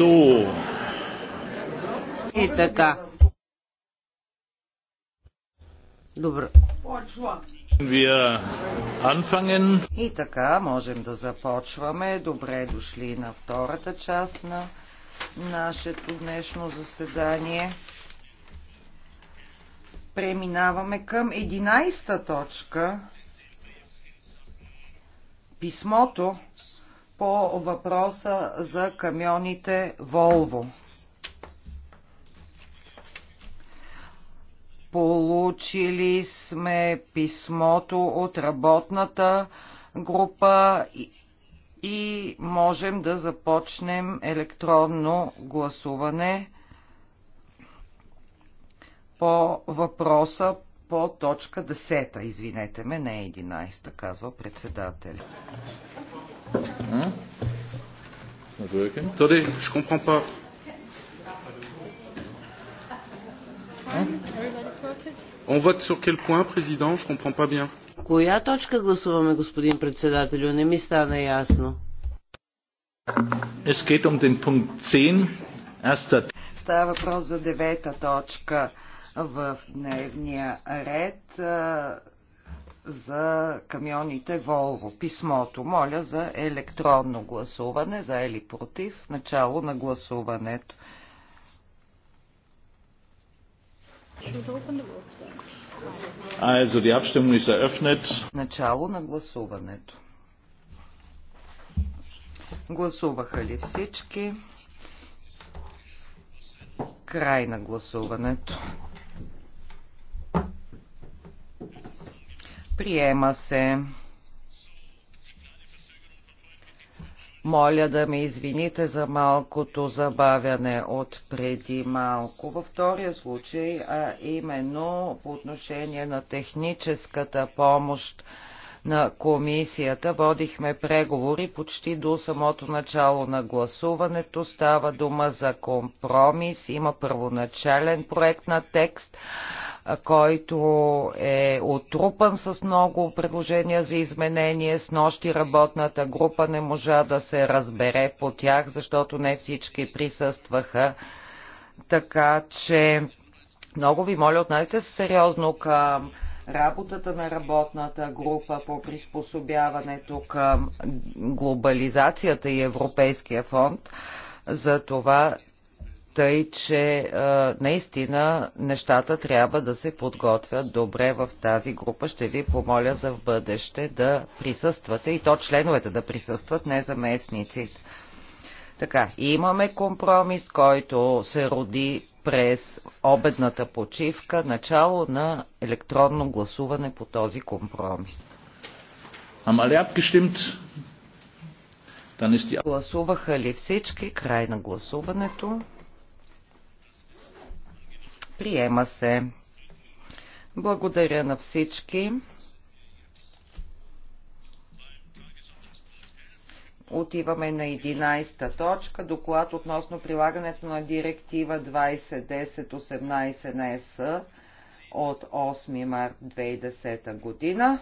So. И така. Добре. И така можем да започваме. Добре дошли на втората част на нашето днешно заседание. Преминаваме към 11-та точка. Писмото, по въпроса за камионите Волво. Получили сме писмото от работната група и, и можем да започнем електронно гласуване по въпроса по точка 10. Извинете ме, не 11, е казва председател. Attendez, ще comprends па. On vote sur quel point, président Je comprends pas bien. Коя точка гласуваме, господин председателю? Не ми стана ясно. Es geht um den Punkt 10. Erster... Става въпрос за девета точка в дневния ред за камионите Волво. Писмото моля за електронно гласуване, за или против, начало на гласуването. Also die Abstimmung ist eröffnet. Начало на гласуването. Гласуваха ли всички? Край на гласуването. Приема се. Моля да ме извините за малкото забавяне от преди малко. Във втория случай, а именно по отношение на техническата помощ на комисията, водихме преговори почти до самото начало на гласуването. Става дума за компромис. Има първоначален проект на текст който е отрупан с много предложения за изменение. С нощи работната група не можа да се разбере по тях, защото не всички присъстваха. Така че много ви моля, отнасяйте се сериозно към работата на работната група по приспособяването към глобализацията и Европейския фонд за това, тъй че а, наистина нещата трябва да се подготвят добре в тази група. Ще ви помоля за в бъдеще да присъствате и то членовете да присъстват, не заместниците. Така, имаме компромис, който се роди през обедната почивка, начало на електронно гласуване по този компромис. Ама ли абгестимт? Гласуваха ли всички? Край на гласуването. Приема се. Благодаря на всички. Отиваме на 11-та точка. Доклад относно прилагането на директива 2010-18 на ЕС от 8 март 2010 година.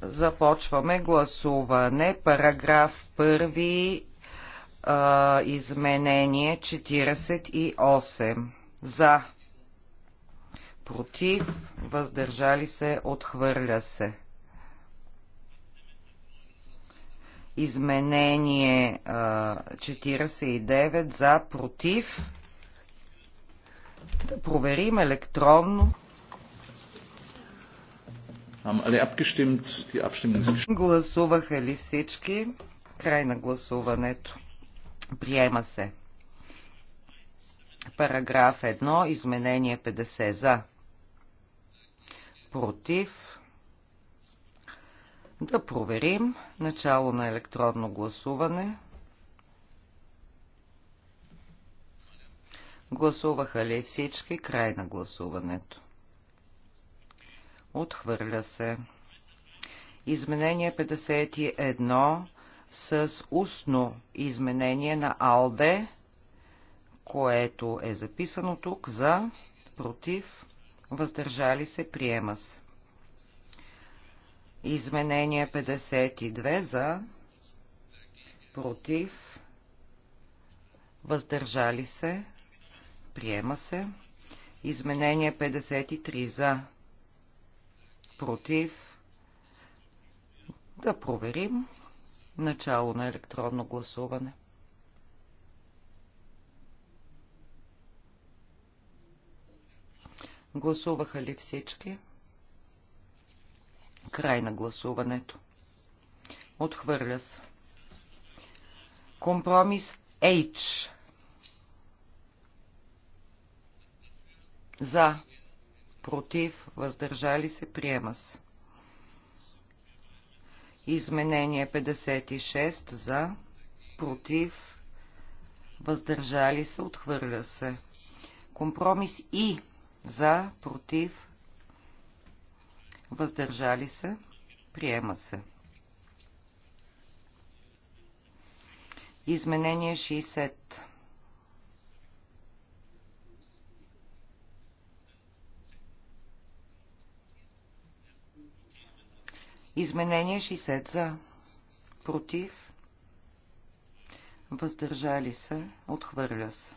Започваме гласуване. Параграф 1 а, изменение 48. За. Против. Въздържали се. Отхвърля се. Изменение а, 49. За. Против. Да проверим електронно. Гласуваха ли всички? Край на гласуването. Приема се. Параграф 1. Изменение 50 за. Против. Да проверим. Начало на електронно гласуване. Гласуваха ли всички? Край на гласуването. Отхвърля се. Изменение 51 с устно изменение на АЛДЕ, което е записано тук за, против, въздържали се, приема се. Изменение 52 за, против, въздържали се, приема се. Изменение 53 за, против, да проверим. Начало на електронно гласуване. Гласуваха ли всички? Край на гласуването. Отхвърля се. Компромис H. За. Против. Въздържали се. Приема се. Изменение 56 за, против, въздържали се, отхвърля се. Компромис И за, против, въздържали се, приема се. Изменение 60 Изменение 60 за. Против. Въздържали се. Отхвърля се.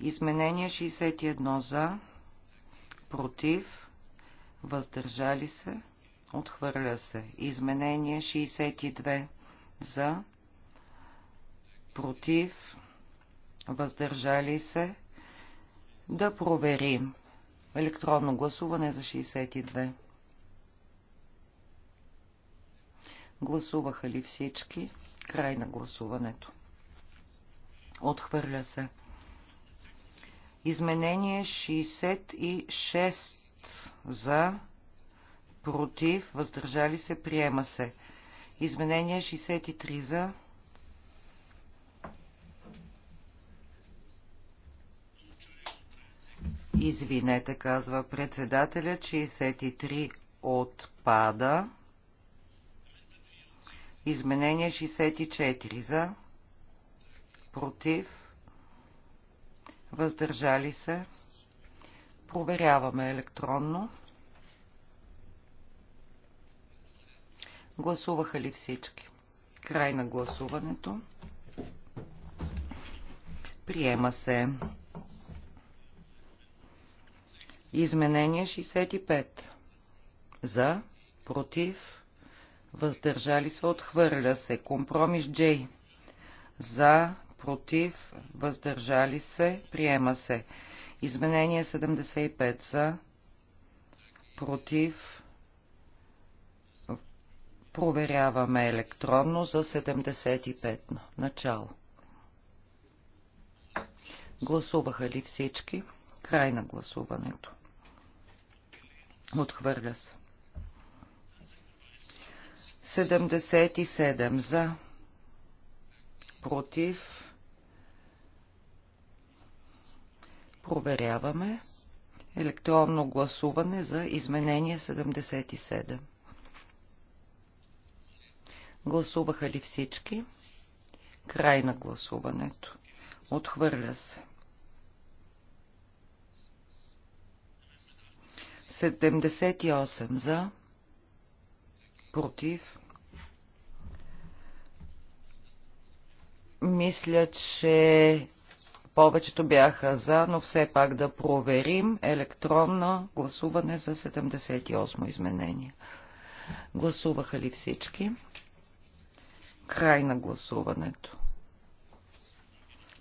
Изменение 61 за. Против. Въздържали се. Отхвърля се. Изменение 62 за. Против. Въздържали се. Да проверим. Електронно гласуване за 62. Гласуваха ли всички? Край на гласуването. Отхвърля се. Изменение 66 за, против, въздържали се, приема се. Изменение 63 за, Извинете, казва председателя, 63 отпада. Изменение 64 за, против, въздържали се. Проверяваме електронно. Гласуваха ли всички? Край на гласуването. Приема се. Изменение 65. За, против, въздържали се, отхвърля се. Компромис J. За, против, въздържали се, приема се. Изменение 75 за, против, проверяваме електронно за 75 начало. Гласуваха ли всички? Край на гласуването. Отхвърля се. 77 за, против, проверяваме електронно гласуване за изменение 77. Гласуваха ли всички? Край на гласуването. Отхвърля се. 78 за, против, Мисля, че повечето бяха за, но все пак да проверим електронно гласуване за 78 изменение. Гласуваха ли всички? Край на гласуването.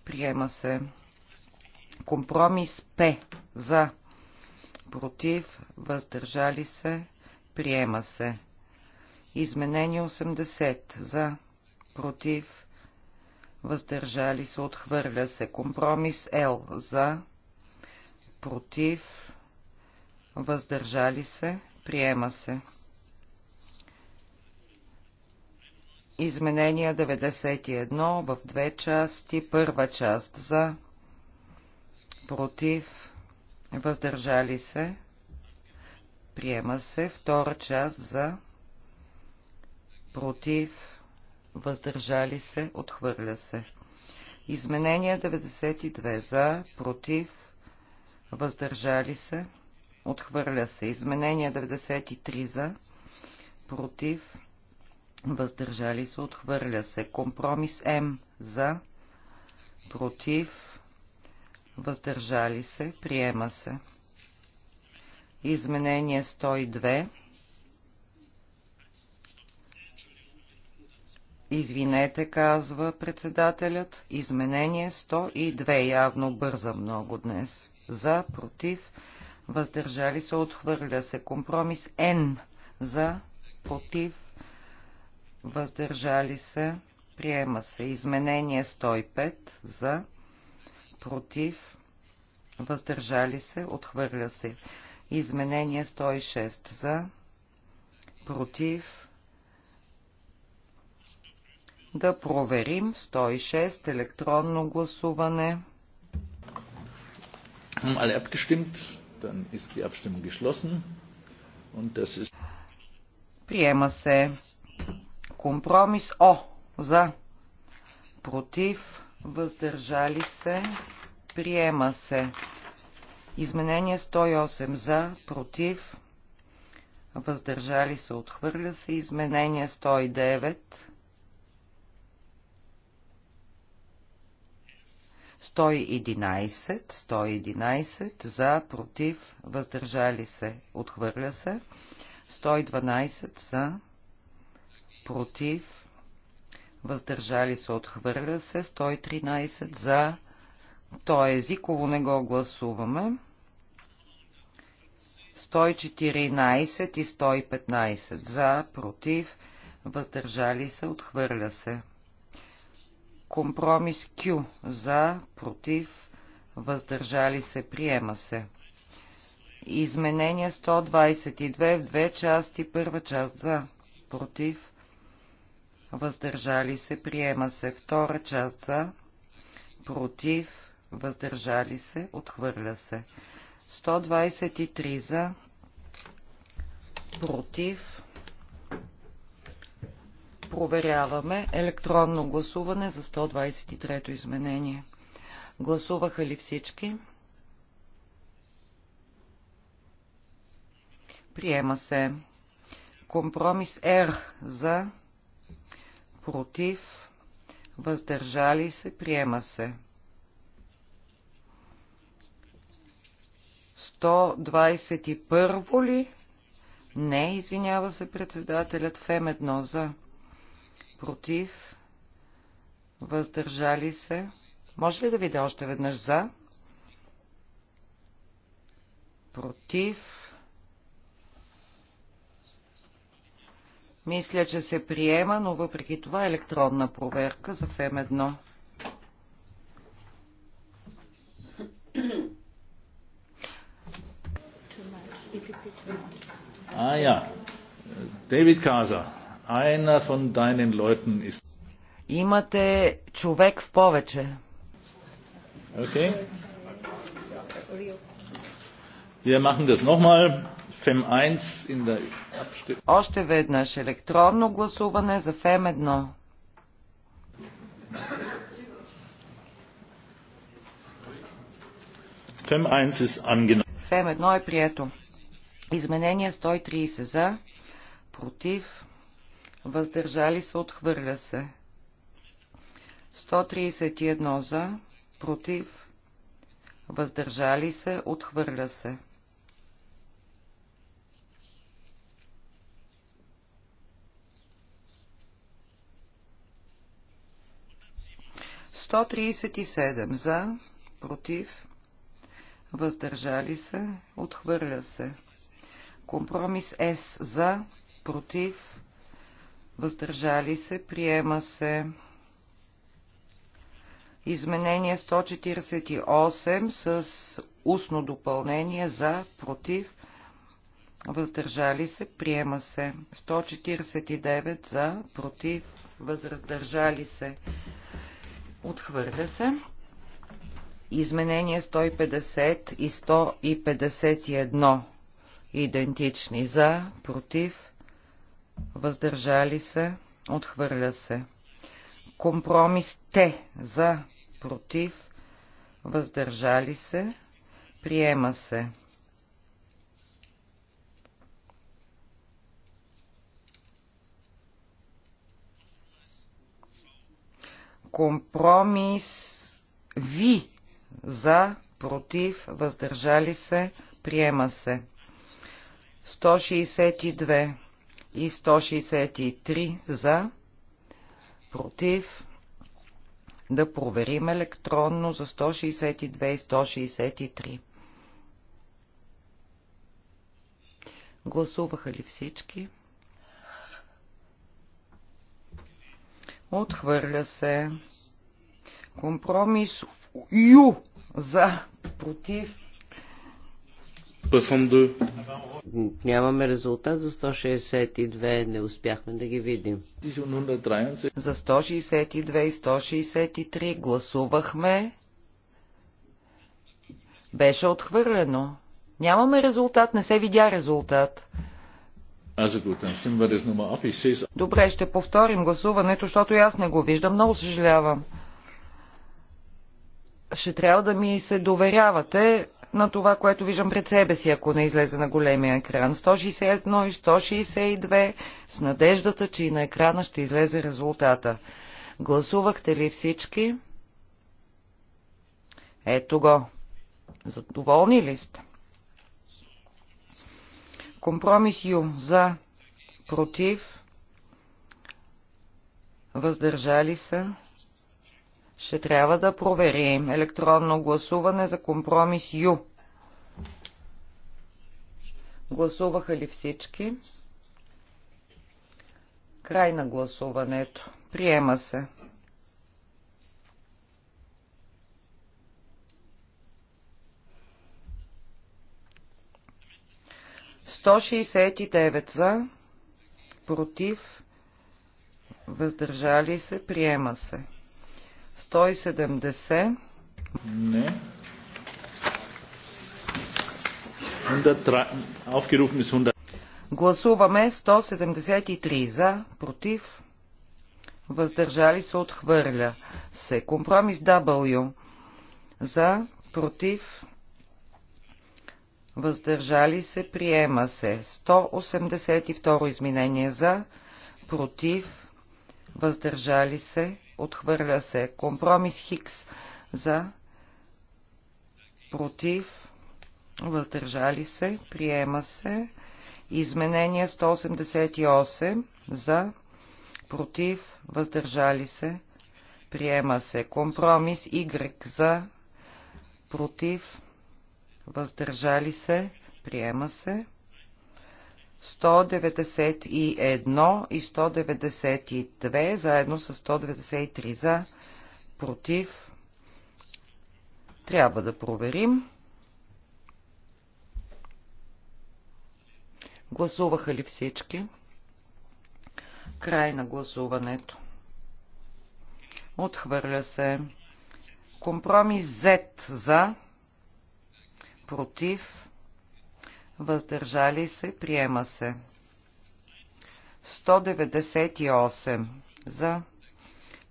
Приема се компромис П за против, въздържали се, приема се. Изменение 80 за против, въздържали се, отхвърля се. Компромис Л за, против, въздържали се, приема се. Изменения 91 в две части. Първа част за, против, въздържали се, приема се. Втора част за, против, въздържали се, отхвърля се. Изменение 92 за, против, въздържали се, отхвърля се. Изменение 93 за, против, въздържали се, отхвърля се. Компромис М за, против, въздържали се, приема се. Изменение 102 Извинете, казва председателят. Изменение 102. Явно бърза много днес. За, против, въздържали се, отхвърля се. Компромис Н. За, против, въздържали се, приема се. Изменение 105. За, против, въздържали се, отхвърля се. Изменение 106. За, против, да проверим 106 електронно гласуване. Alle abgestimmt, dann ist die Abstimmung geschlossen und das ist Приема се компромис О за против, въздържали се, приема се. Изменение 108 за против, въздържали се, отхвърля се. Изменение 109 111, 111 за, против, въздържали се, отхвърля се. 112 за, против, въздържали се, отхвърля се. 113 за, то е езиково, не го гласуваме. 114 и 115 за, против, въздържали се, отхвърля се. Компромис Q. За, против, въздържали се, приема се. Изменение 122 в две части. Първа част за, против, въздържали се, приема се. Втора част за, против, въздържали се, отхвърля се. 123 за, против, проверяваме електронно гласуване за 123-то изменение. Гласуваха ли всички? Приема се. Компромис Р за, против, въздържали се, приема се. 121 ли? Не, извинява се председателят ФЕМ едно за против, въздържали се. Може ли да видя още веднъж за? Против. Мисля, че се приема, но въпреки това електронна проверка за ФМ1. А, я. Дейвид Каза. Einer von deinen Leuten ist. Имате човек в повече. Okay. Wir machen das nochmal. FEM 1 in der Abstimmung. Още веднъж електронно гласуване за ФЕМ 1. ФЕМ 1 ist angenommen. ФЕМ 1 е прието. Изменение 130 за, против въздържали се, отхвърля се. 131 за, против, въздържали се, отхвърля се. Сто тридесет и седем за, против, въздържали се, отхвърля се. Компромис С за, против, въздържали се, приема се. Изменение 148 с устно допълнение за, против, въздържали се, приема се. 149 за, против, въздържали се, отхвърля се. Изменение 150 и 151 идентични за, против, въздържали се, отхвърля се. Компромис Те за, против, въздържали се, приема се. Компромис Ви за, против, въздържали се, приема се. 162 и 163 за, против, да проверим електронно за 162 и 163. Гласуваха ли всички? Отхвърля се. Компромис Ю за против 62. Нямаме резултат за 162, не успяхме да ги видим. За 162 и 163 гласувахме. Беше отхвърлено. Нямаме резултат, не се видя резултат. Добре, ще повторим гласуването, защото и аз не го виждам. Много съжалявам. Ще трябва да ми се доверявате на това, което виждам пред себе си, ако не излезе на големия екран. 161 и 162 с надеждата, че и на екрана ще излезе резултата. Гласувахте ли всички? Ето го. Задоволни ли сте? Компромис Ю за, против, въздържали се, ще трябва да проверим електронно гласуване за компромис Ю. Гласуваха ли всички? Край на гласуването. Приема се. Сто шестдесет за, против, въздържали се, приема се. 170. 100. Гласуваме 173 за, против, въздържали се отхвърля се. Компромис W за, против, въздържали се, приема се. 182 изменение за, против, въздържали се, Отхвърля се. Компромис Хикс за. Против. Въздържали се. Приема се. Изменение 188 за. Против. Въздържали се. Приема се. Компромис Y за. Против. Въздържали се. Приема се. 191 и 192, заедно с 193 за, против. Трябва да проверим. Гласуваха ли всички? Край на гласуването. Отхвърля се. Компромис Z за, против въздържали се, приема се. 198 за,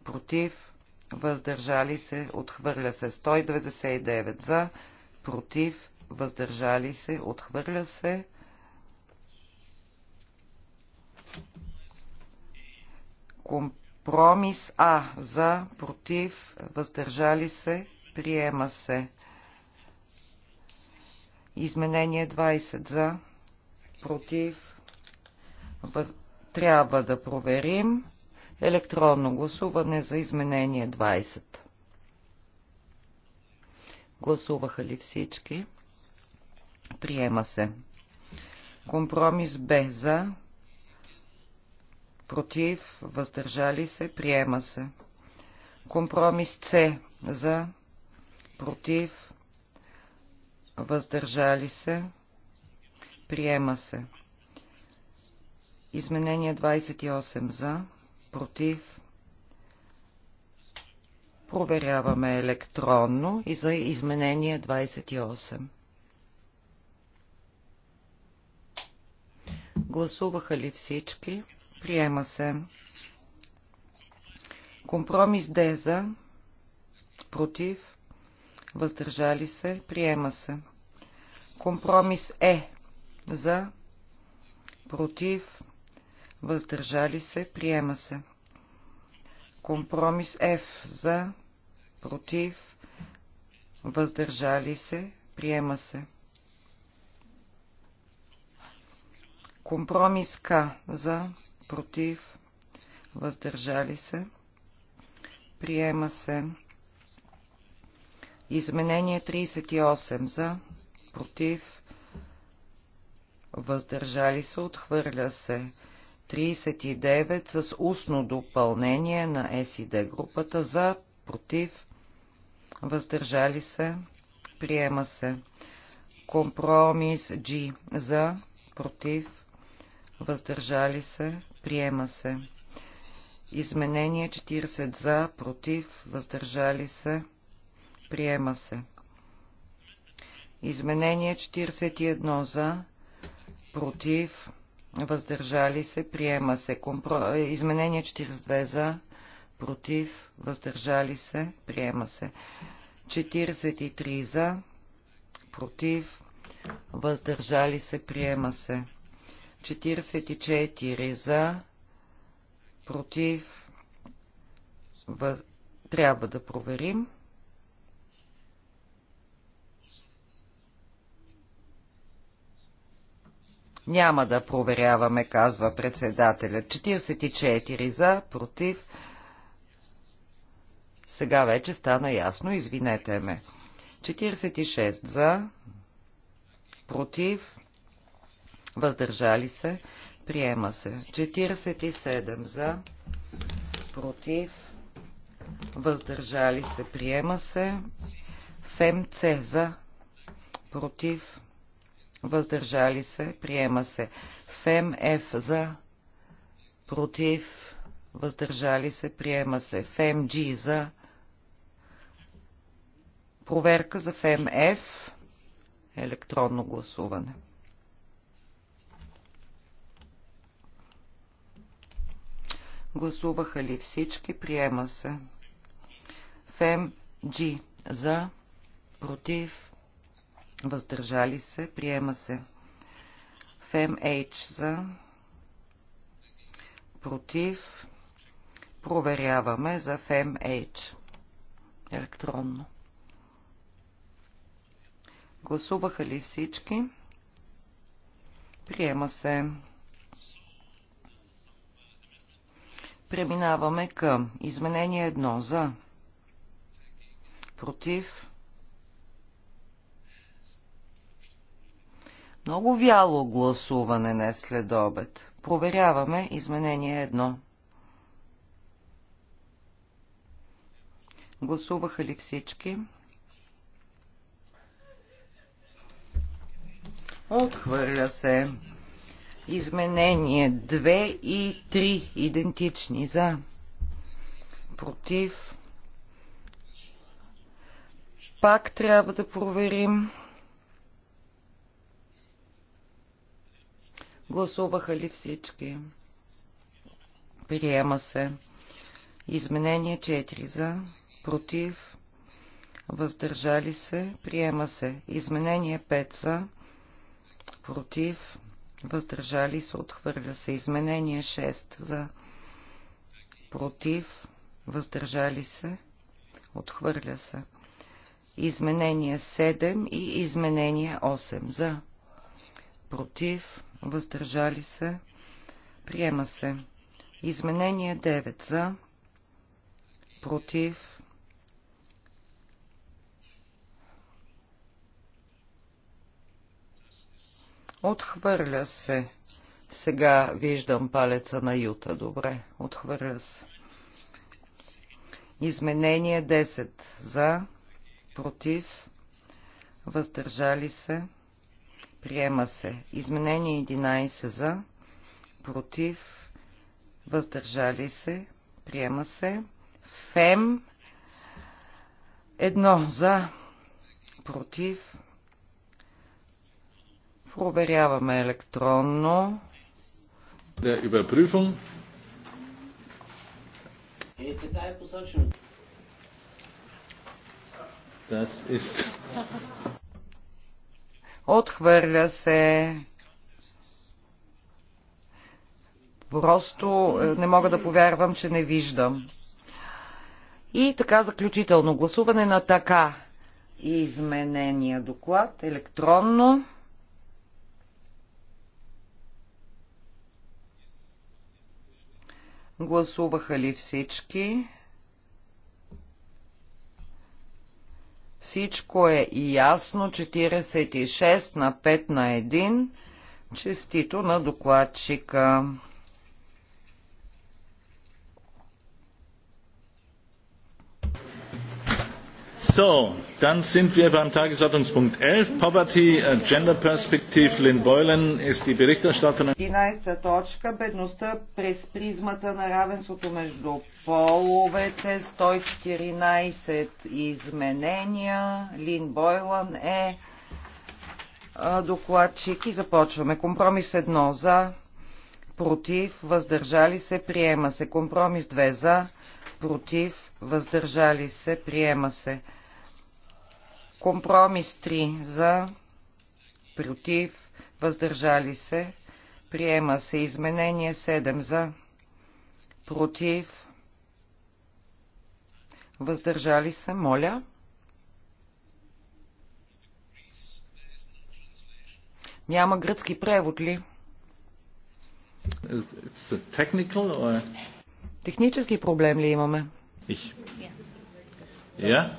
против, въздържали се, отхвърля се. 199 за, против, въздържали се, отхвърля се. Компромис А за, против, въздържали се, приема се. Изменение 20 за, против, трябва да проверим. Електронно гласуване за изменение 20. Гласуваха ли всички? Приема се. Компромис Б за. Против. Въздържали се. Приема се. Компромис С за. Против въздържали се, приема се. Изменение 28 за, против, проверяваме електронно и за изменение 28. Гласуваха ли всички? Приема се. Компромис Деза. за, против, въздържали се, приема се. Компромис Е за, против, въздържали се, приема се. Компромис Ф за, против, въздържали се, приема се. Компромис К за, против, въздържали се, приема се. Изменение 38 за, против, въздържали се, отхвърля се. 39 с устно допълнение на СИД групата за, против, въздържали се, приема се. Компромис G за, против, въздържали се, приема се. Изменение 40 за, против, въздържали се, се. Приема се. Изменение 41 за, против, въздържали се, приема се. Компро... Изменение 42 за, против, въздържали се, приема се. 43 за, против, въздържали се, приема се. 44 за, против, въ... трябва да проверим. Няма да проверяваме, казва председателя. 44 за, против. Сега вече стана ясно, извинете ме. 46 за, против, въздържали се, приема се. 47 за, против, въздържали се, приема се. ФМЦ за, против, въздържали се, приема се. ФЕМ Ф за, против, въздържали се, приема се. ФЕМ Джи за, проверка за ФЕМ Ф, електронно гласуване. Гласуваха ли всички? Приема се. ФЕМ Джи за, против, въздържали се, приема се. FemH за, против, проверяваме за FemH електронно. Гласуваха ли всички? Приема се. Преминаваме към изменение 1 за, против, Много вяло гласуване не след обед. Проверяваме изменение едно. Гласуваха ли всички? Отхвърля се. Изменение 2 и 3 идентични за. Против. Пак трябва да проверим. Гласуваха ли всички? Приема се. Изменение 4 за, против, въздържали се, приема се. Изменение 5 за, против, въздържали се, отхвърля се. Изменение 6 за, против, въздържали се, отхвърля се. Изменение 7 и изменение 8 за, против, въздържали се, приема се. Изменение 9 за, против, отхвърля се. Сега виждам палеца на Юта. Добре, отхвърля се. Изменение 10 за, против, въздържали се. Приема се. Изменение 11 за. Против. Въздържали се. Приема се. ФЕМ. Едно за. Против. Проверяваме електронно. Der Überprüfung. Е, така е посочено. Das ist Отхвърля се. Просто е, не мога да повярвам, че не виждам. И така заключително гласуване на така изменения доклад електронно. Гласуваха ли всички? Всичко е и ясно. 46 на 5 на 1. Честито на докладчика. So, dann sind wir beim Tagesordnungspunkt 11. Poverty, äh, Gender Perspective. Lynn Boylan ist die Berichterstatterin. 11. точка. Бедността през призмата на равенството между половете. 114 изменения. Лин Бойлан е докладчик и започваме. Компромис 1 за, против, въздържали се, приема се. Компромис 2 за, против, въздържали се, приема се. Компромис 3 за, против, въздържали се, приема се изменение 7 за, против, въздържали се, моля. Няма гръцки превод ли? Or... Технически проблем ли имаме? Ich. Yeah.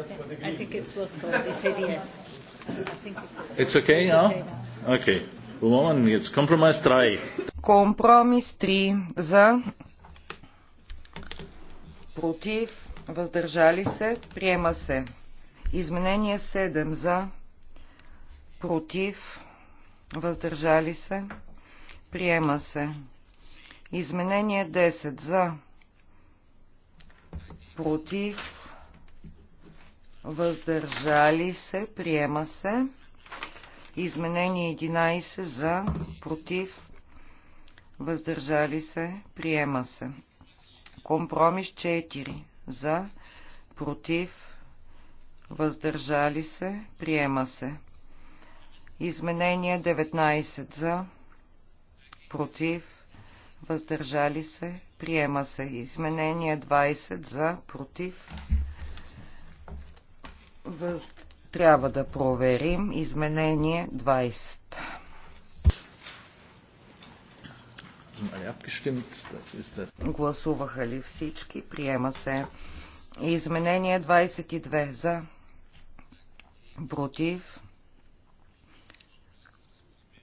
I think they said yes. It's okay now? Okay. One it's compromise try. Компромис 3 за против, въздържали се, приема се. Изменение 7 за против, въздържали се, приема се. Изменение 10 за против, въздържали се, приема се. Изменение 11 за, против, въздържали се, приема се. Компромис 4 за, против, въздържали се, приема се. Изменение 19 за, против, въздържали се, приема се. Изменение 20 за, против, Въз... Трябва да проверим изменение 20. Ами, Гласуваха ли всички? Приема се. Изменение 22 за. Против.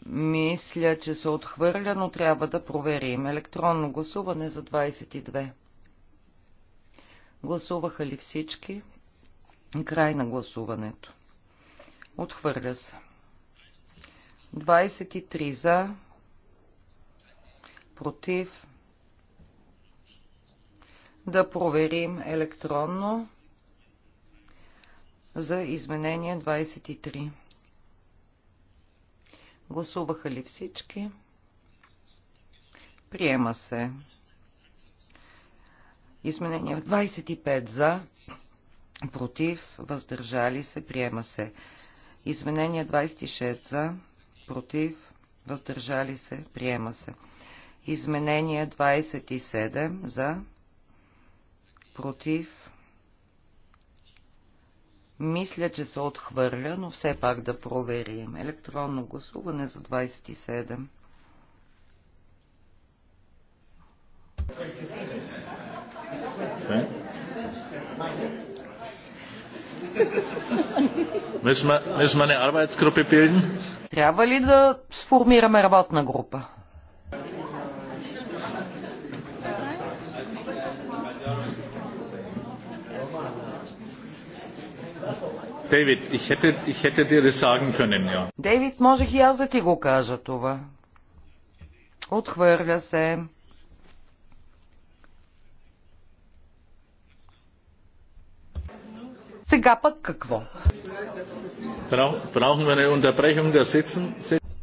Мисля, че се отхвърля, но трябва да проверим. Електронно гласуване за 22. Гласуваха ли всички? Край на гласуването. Отхвърля се. 23 за, против. Да проверим електронно за изменение 23. Гласуваха ли всички? Приема се. Изменение 25 за, против, въздържали се, приема се. Изменение 26 за, против, въздържали се, приема се. Изменение 27 за, против. Мисля, че се отхвърля, но все пак да проверим. Електронно гласуване за 27. Müssen wir eine Arbeitsgruppe bilden? Трябва ли да сформираме работна група? Дейвид, ich hätte, ich hätte dir das sagen können, ja. Дейвид, можех и аз да ти го кажа това. Отхвърля се. Сега пък какво?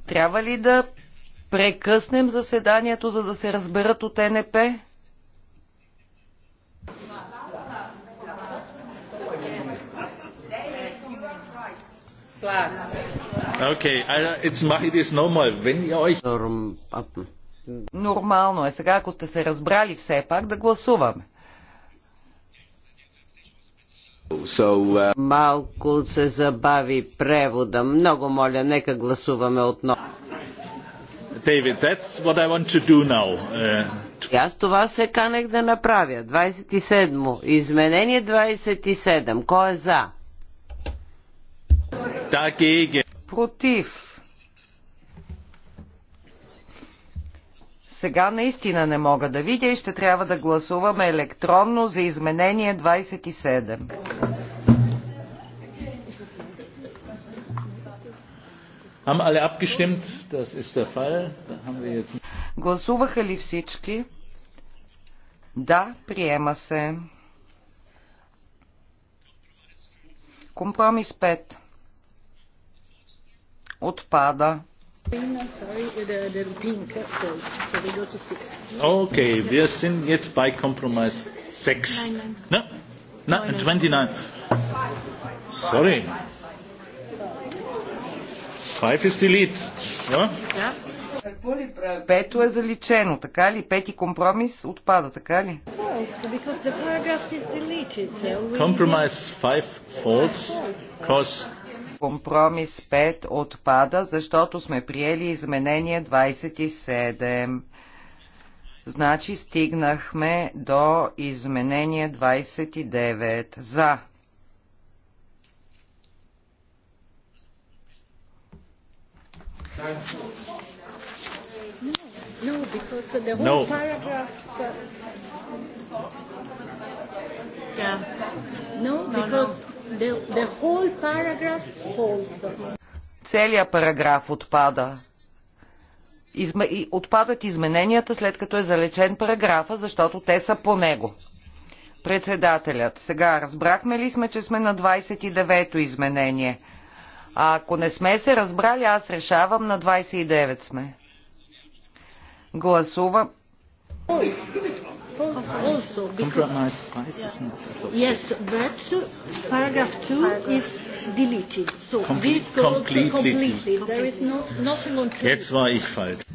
Трябва ли да прекъснем заседанието, за да се разберат от НП? Нормално е сега, ако сте се разбрали все пак, да гласуваме. So, uh... Малко се забави превода. Много моля, нека гласуваме отново. David, that's what I want to do now. Uh... И Аз това се канех да направя. 27. Изменение 27. Кой е за? Dagegen. Против. сега наистина не мога да видя и ще трябва да гласуваме електронно за изменение 27. Гласуваха ли всички? Да, приема се. Компромис 5. Отпада. Okay, wir sind jetzt bei Kompromiss 6. Nein, nein. Na, na, 29. Sorry. Five is delete. Ja? Пето е заличено, така ли? Пети компромис отпада, така ли? Compromise 5 false, cause Компромис 5 отпада, защото сме приели изменение 27. Значи стигнахме до изменение 29. За. No, because the whole no. paragraph. Uh, yeah. No, no because no The, whole paragraph falls. Целият параграф отпада. Изме... Отпадат измененията след като е залечен параграфа, защото те са по него. Председателят, сега разбрахме ли сме, че сме на 29-то изменение? А ако не сме се разбрали, аз решавам на 29 сме. Гласувам also compromise five yes but paragraph two is deleted so Com this goes completely completely there is no nothing on jetzt war ich falsch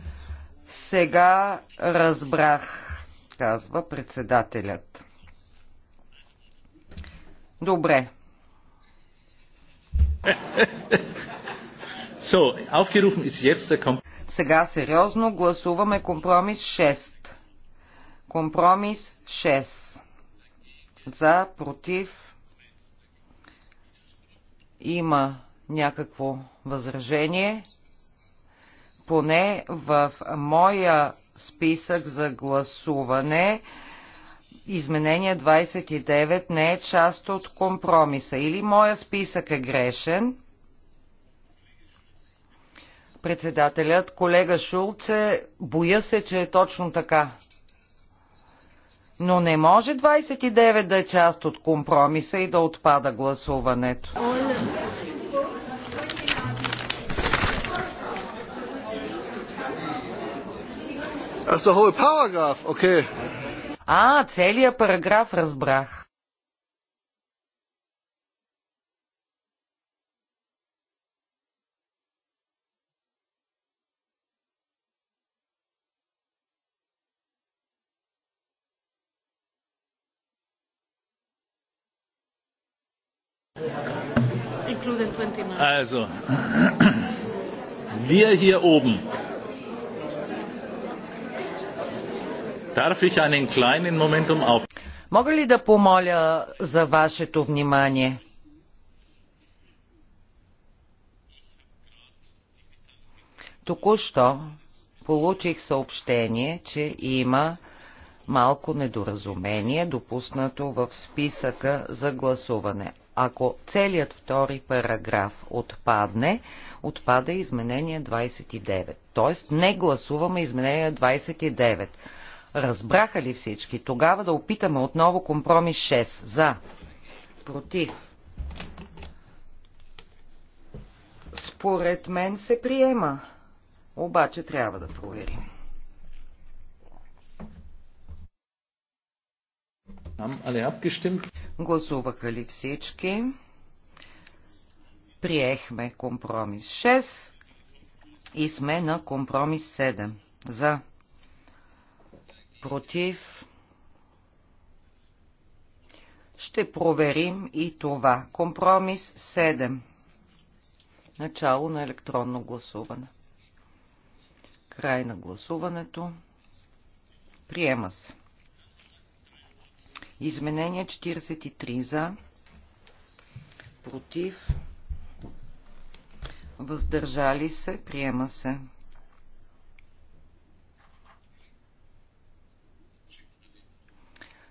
сега разбрах казва председателят добре so, aufgerufen ist jetzt der Kompromiss. Сега сериозно гласуваме компромис 6. Компромис 6. За, против. Има някакво възражение. Поне в моя списък за гласуване изменение 29 не е част от компромиса. Или моя списък е грешен. Председателят, колега Шулце, боя се, че е точно така. Но не може 29 да е част от компромиса и да отпада гласуването. А, целият параграф разбрах. Also, wir hier oben. Darf ich einen kleinen um auf? Мога ли да помоля за вашето внимание? Току-що получих съобщение, че има малко недоразумение, допуснато в списъка за гласуване. Ако целият втори параграф отпадне, отпада изменение 29. Тоест не гласуваме изменение 29. Разбраха ли всички? Тогава да опитаме отново компромис 6. За. Против. Според мен се приема. Обаче трябва да проверим. Haben alle abgestimmt? Гласуваха ли всички? Приехме компромис 6 и сме на компромис 7. За. Против. Ще проверим и това. Компромис 7. Начало на електронно гласуване. Край на гласуването. Приема се. Изменение 43 за, против, въздържали се, приема се.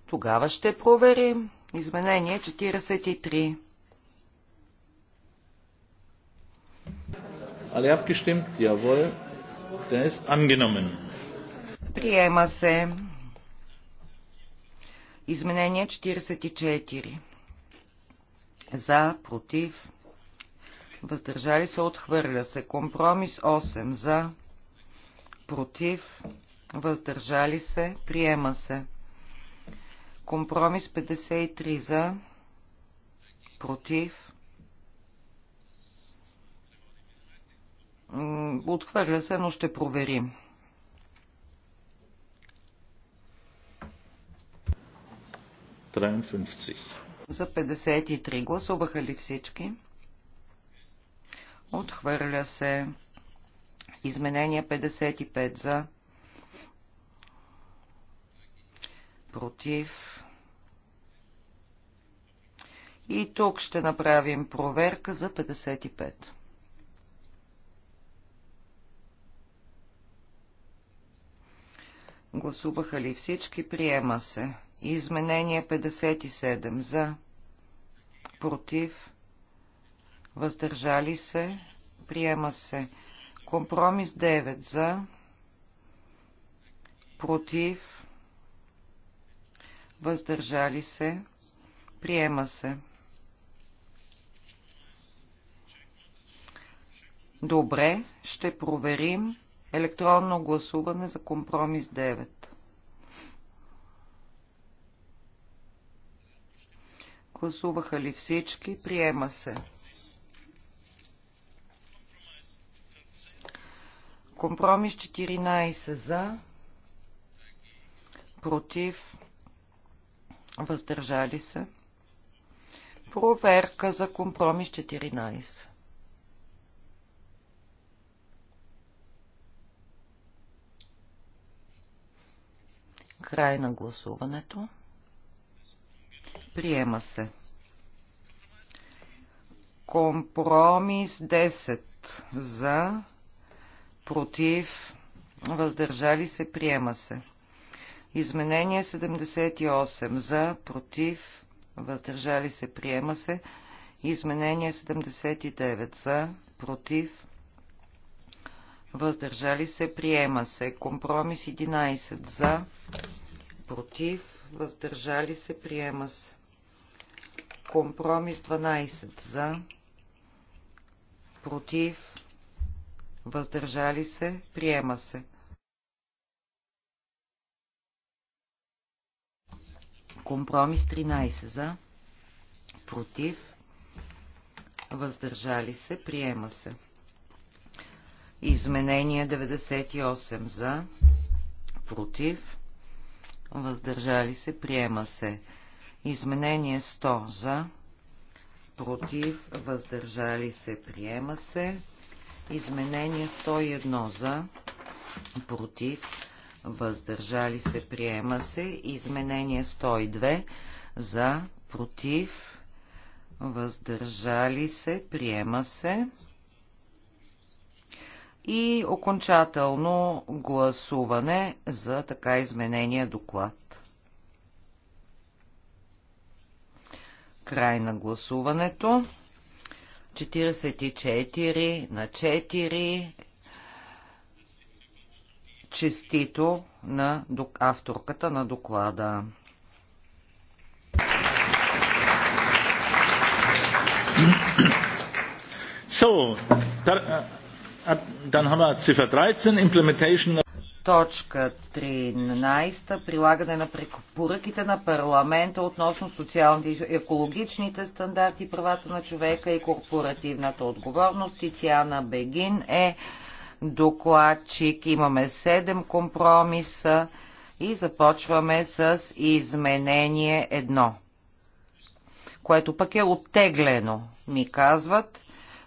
Тогава ще проверим. Изменение 43. Alle abgestimmt? Jawohl. Der ist angenommen. Приема се. Изменение 44. За, против, въздържали се, отхвърля се. Компромис 8. За, против, въздържали се, приема се. Компромис 53 за, против, отхвърля се, но ще проверим. 53. За 53 гласуваха ли всички? Отхвърля се. Изменение 55 за. Против. И тук ще направим проверка за 55. Гласуваха ли всички? Приема се. Изменение 57 за, против, въздържали се, приема се. Компромис 9 за, против, въздържали се, приема се. Добре, ще проверим електронно гласуване за компромис 9. Гласуваха ли всички? Приема се. Компромис 14 за, против, въздържали се. Проверка за компромис 14. Край на гласуването. Приема се. Компромис 10 за, против, въздържали се, приема се. Изменение 78 за, против, въздържали се, приема се. Изменение 79 за, против, въздържали се, приема се. Компромис 11 за, против, въздържали се, приема се. Компромис 12 за, против, въздържали се, приема се. Компромис 13 за, против, въздържали се, приема се. Изменение 98 за, против, въздържали се, приема се. Изменение 100 за, против, въздържали се, приема се. Изменение 101 за, против, въздържали се, приема се. Изменение 102 за, против, въздържали се, приема се. И окончателно гласуване за така изменения доклад. Край на гласуването. 44 на 4. Честито на авторката на доклада. So, dann haben wir Ziffer 13, Implementation. Точка 13. Прилагане на препоръките на парламента относно социалните и екологичните стандарти, правата на човека и корпоративната отговорност. Тициана Бегин е докладчик. Имаме 7 компромиса и започваме с изменение 1, което пък е оттеглено, ми казват.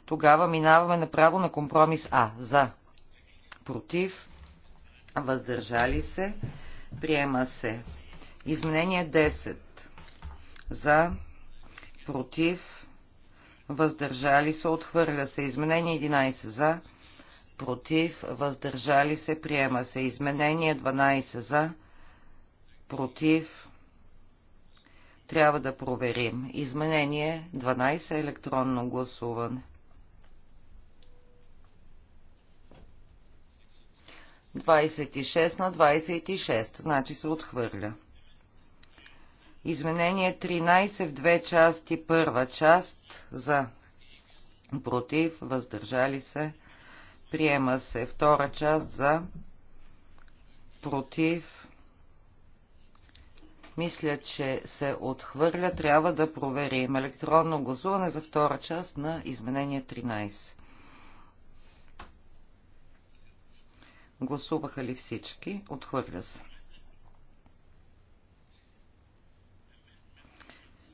Тогава минаваме направо на компромис А. За. Против въздържали се, приема се. Изменение 10 за, против, въздържали се, отхвърля се. Изменение 11 за, против, въздържали се, приема се. Изменение 12 за, против, трябва да проверим. Изменение 12 електронно гласуване. 26 на 26, значи се отхвърля. Изменение 13 в две части. Първа част за против, въздържали се, приема се. Втора част за против, мисля, че се отхвърля. Трябва да проверим електронно гласуване за втора част на изменение 13. Гласуваха ли всички? Отхвърля се.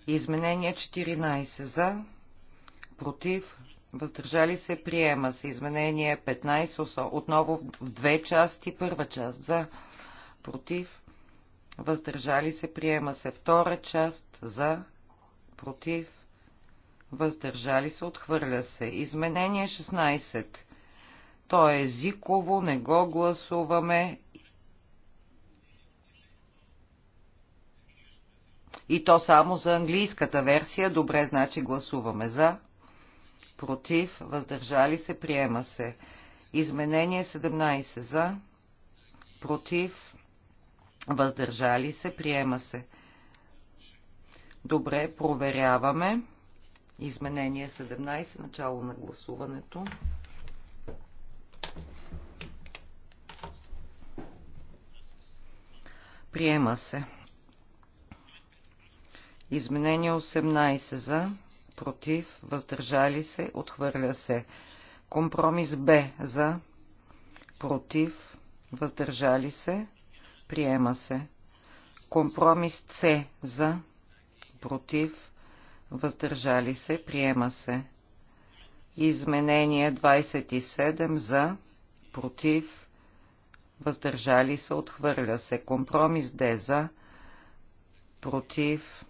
Изменение 14 за, против, въздържали се, приема се. Изменение 15 отново в две части. Първа част за, против, въздържали се, приема се. Втора част за, против, въздържали се, отхвърля се. Изменение 16 то е езиково, не го гласуваме. И то само за английската версия. Добре, значи гласуваме за. Против, въздържали се, приема се. Изменение 17 за. Против, въздържали се, приема се. Добре, проверяваме. Изменение 17, начало на гласуването. Приема се. Изменение 18 за, против, въздържали се, отхвърля се. Компромис Б за, против, въздържали се, приема се. Компромис С за, против, въздържали се, приема се. Изменение 27 за, против, въздържали се, отхвърля се. Компромис Д за, против,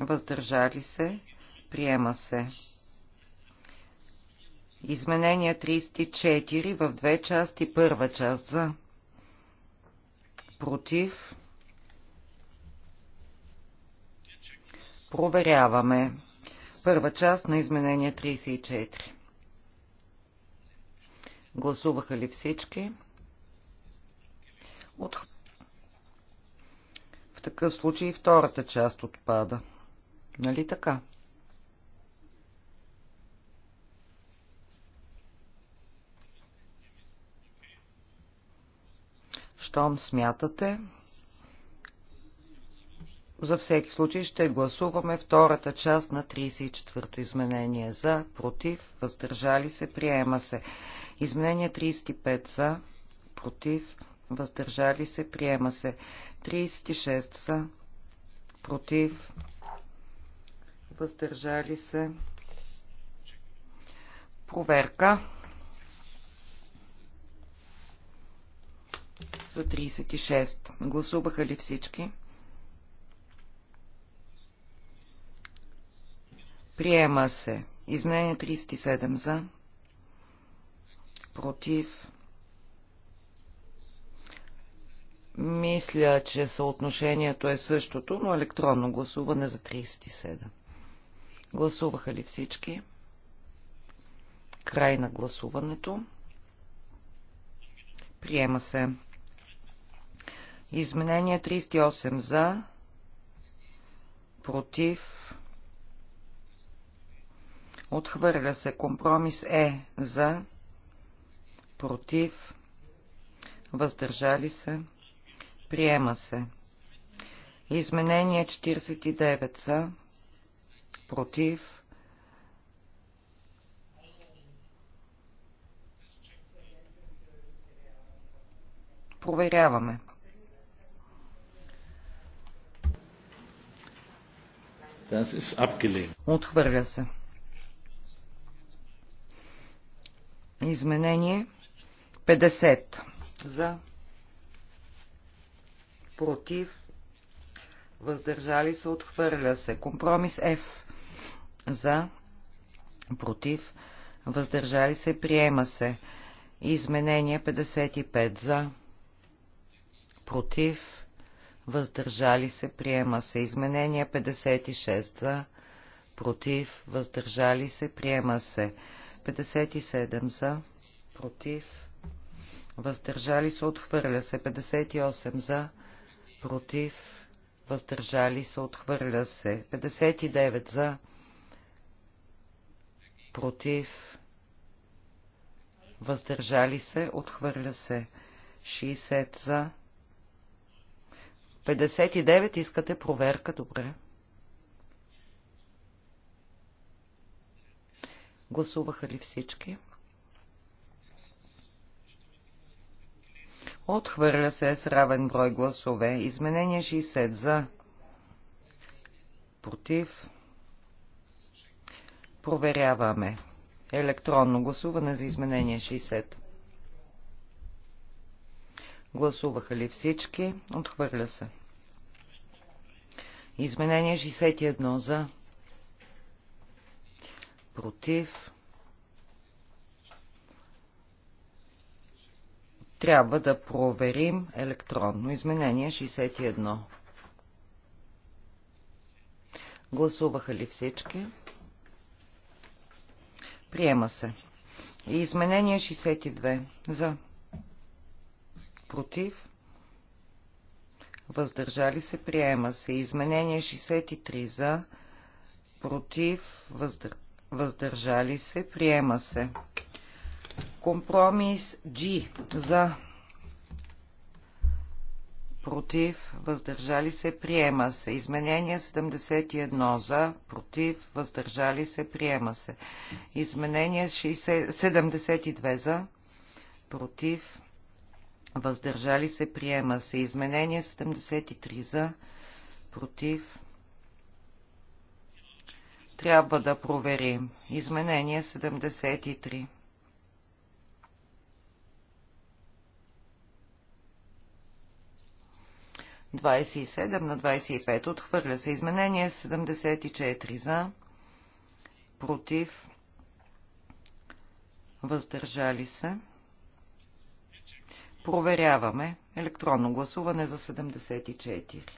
въздържали се, приема се. Изменение 34 в две части. Първа част за против. Проверяваме. Първа част на изменение 34. Гласуваха ли всички? От... В такъв случай втората част отпада. Нали така? Щом смятате, за всеки случай ще гласуваме втората част на 34-то изменение. За, против, въздържали се, приема се. Изменение 35 за, против, въздържали се, приема се. 36 са против, въздържали се. Проверка за 36. Гласуваха ли всички? Приема се. Изменение 37 за. Против. Мисля, че съотношението е същото, но електронно гласуване за 37. Гласуваха ли всички? Край на гласуването. Приема се. Изменение 38 за, против, отхвърля се. Компромис е за, против, въздържали се, Приема се. Изменение 49 са против. Проверяваме. Отхвърля се. Изменение 50 за против, въздържали се, отхвърля се. Компромис F за, против, въздържали се, приема се. Изменение 55 за, против, въздържали се, приема се. Изменение 56 за, против, въздържали се, приема се. 57 за, против, въздържали се, отхвърля се. 58 за, против, против, въздържали се, отхвърля се. 59 за, против, въздържали се, отхвърля се. 60 за. 59 искате проверка, добре. Гласуваха ли всички? Отхвърля се с равен брой гласове. Изменение 60 за. Против. Проверяваме. Електронно гласуване за изменение 60. Гласуваха ли всички? Отхвърля се. Изменение 61 за. Против. Трябва да проверим електронно. Изменение 61. Гласуваха ли всички? Приема се. изменение 62. За. Против. Въздържали се. Приема се. Изменение 63. За. Против. Въздър... Въздържали се. Приема се. Компромис G за против, въздържали се, приема се. Изменение 71 за, против, въздържали се, приема се. Изменение 60, 72 за, против, въздържали се, приема се. Изменение 73 за, против. Трябва да проверим. Изменение 73. 27 на 25. Отхвърля се. Изменение 74 за, против, въздържали се. Проверяваме. Електронно гласуване за 74.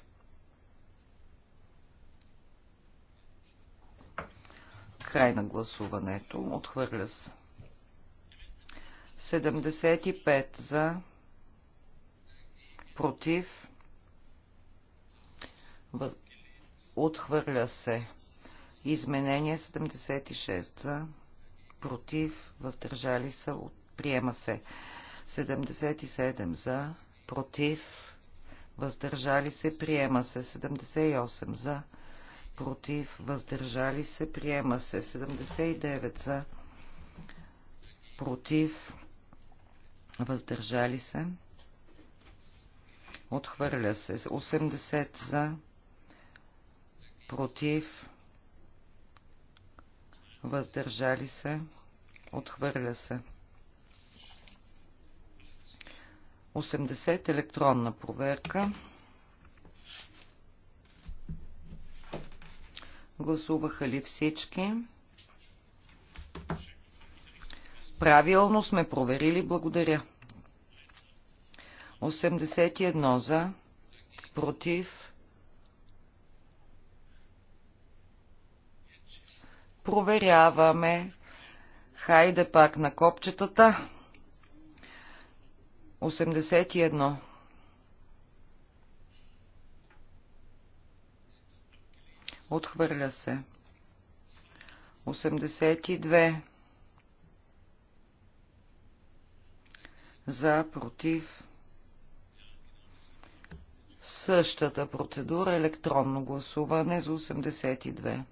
Край на гласуването. Отхвърля се. 75 за, против, Въз... Отхвърля се. Изменение 76 за. Против. Въздържали се. Приема се. 77 за. Против. Въздържали се. Приема се. 78 за. Против. Въздържали се. Приема се. 79 за. Против. Въздържали се. Отхвърля се. 80 за против, въздържали се, отхвърля се. 80 електронна проверка. Гласуваха ли всички? Правилно сме проверили, благодаря. 81 за, против, Проверяваме. Хайде пак на копчетата. 81. Отхвърля се. 82. За, против. Същата процедура електронно гласуване за 82.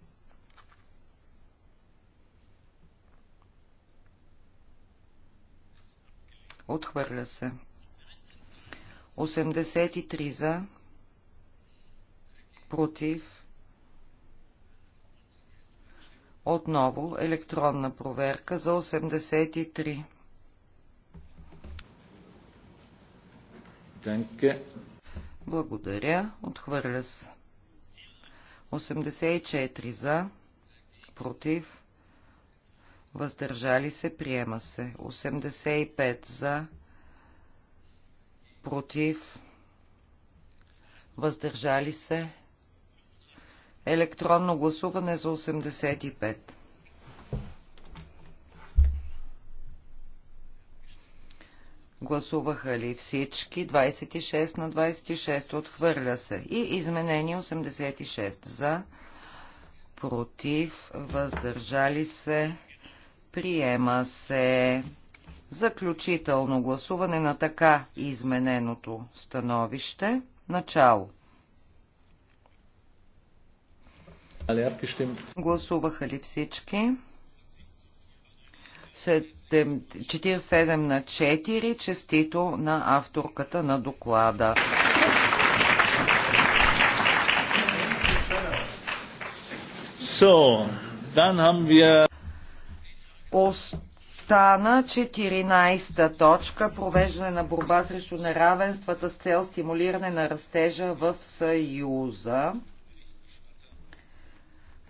Отхвърля се. 83 за. Против. Отново електронна проверка за 83. Благодаря. Отхвърля се. 84 за. Против въздържали се, приема се. 85 за, против, въздържали се. Електронно гласуване за 85. Гласуваха ли всички? 26 на 26 отхвърля се. И изменение 86 за, против, въздържали се. Приема се заключително гласуване на така измененото становище. Начало. Гласуваха ли всички? 47 на 4. Честито на авторката на доклада. So, dann haben wir... Остана 14-та точка – провеждане на борба срещу неравенствата с цел стимулиране на растежа в Съюза.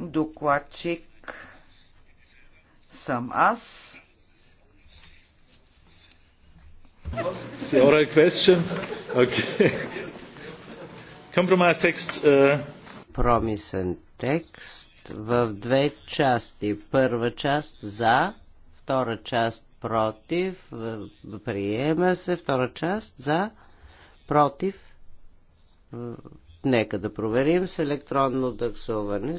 Докладчик съм аз. the oral question. Okay. Compromise text. Uh... Промисен текст в две части. Първа част за, втора част против, приема се, втора част за, против. Нека да проверим с електронно таксуване.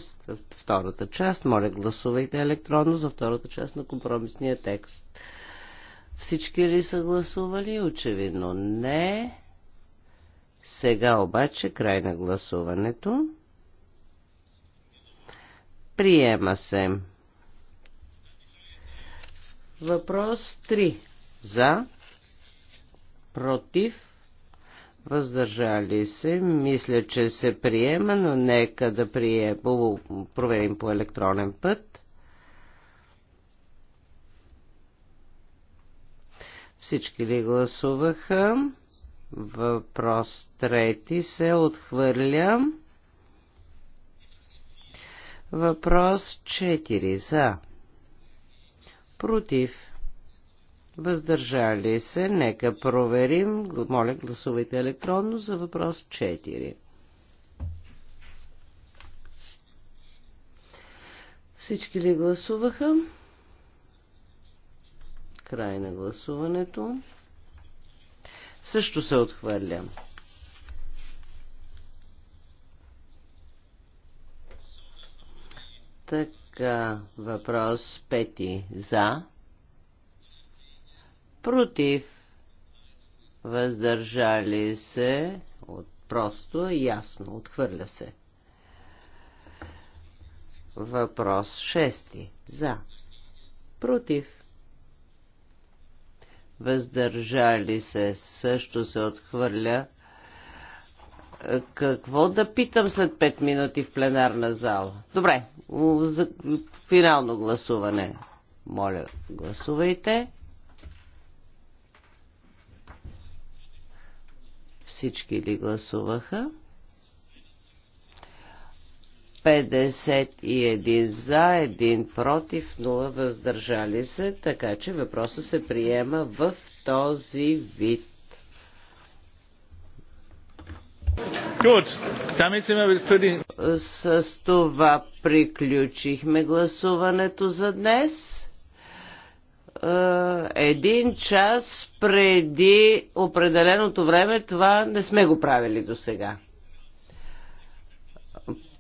Втората част, моля гласувайте електронно за втората част на компромисния текст. Всички ли са гласували? Очевидно не. Сега обаче край на гласуването. Приема се. Въпрос 3. За. Против. Въздържали се. Мисля, че се приема, но нека да приема, проверим по електронен път. Всички ли гласуваха? Въпрос трети се отхвърлям. Въпрос 4. За. Против. Въздържали се. Нека проверим. Моля, гласувайте електронно за въпрос 4. Всички ли гласуваха? Край на гласуването. Също се отхвърлям. Така, въпрос пети. За. Против. Въздържали се. От просто ясно. Отхвърля се. Въпрос шести. За. Против. Въздържали се. Също се отхвърля какво да питам след 5 минути в пленарна зала? Добре, за финално гласуване. Моля, гласувайте. Всички ли гласуваха? 51 за, 1 против, 0 въздържали се, така че въпросът се приема в този вид. С това приключихме гласуването за днес. Е, един час преди определеното време това не сме го правили до сега.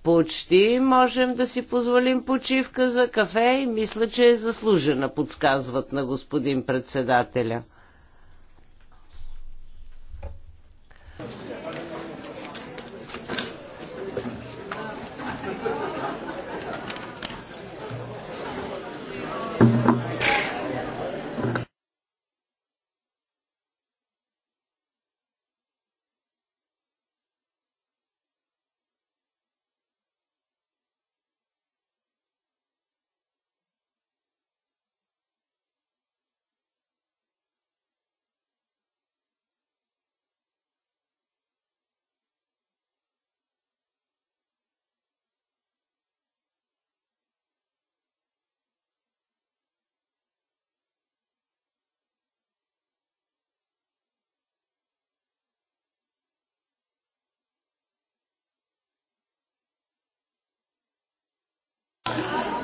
Почти можем да си позволим почивка за кафе и мисля, че е заслужена, подсказват на господин председателя.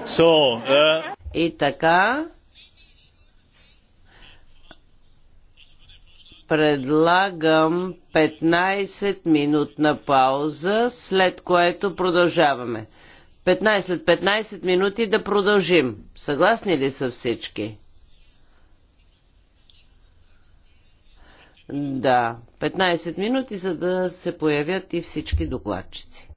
So, uh... И така, предлагам 15-минутна пауза, след което продължаваме. 15-15 минути да продължим. Съгласни ли са всички? Да, 15 минути, за да се появят и всички докладчици.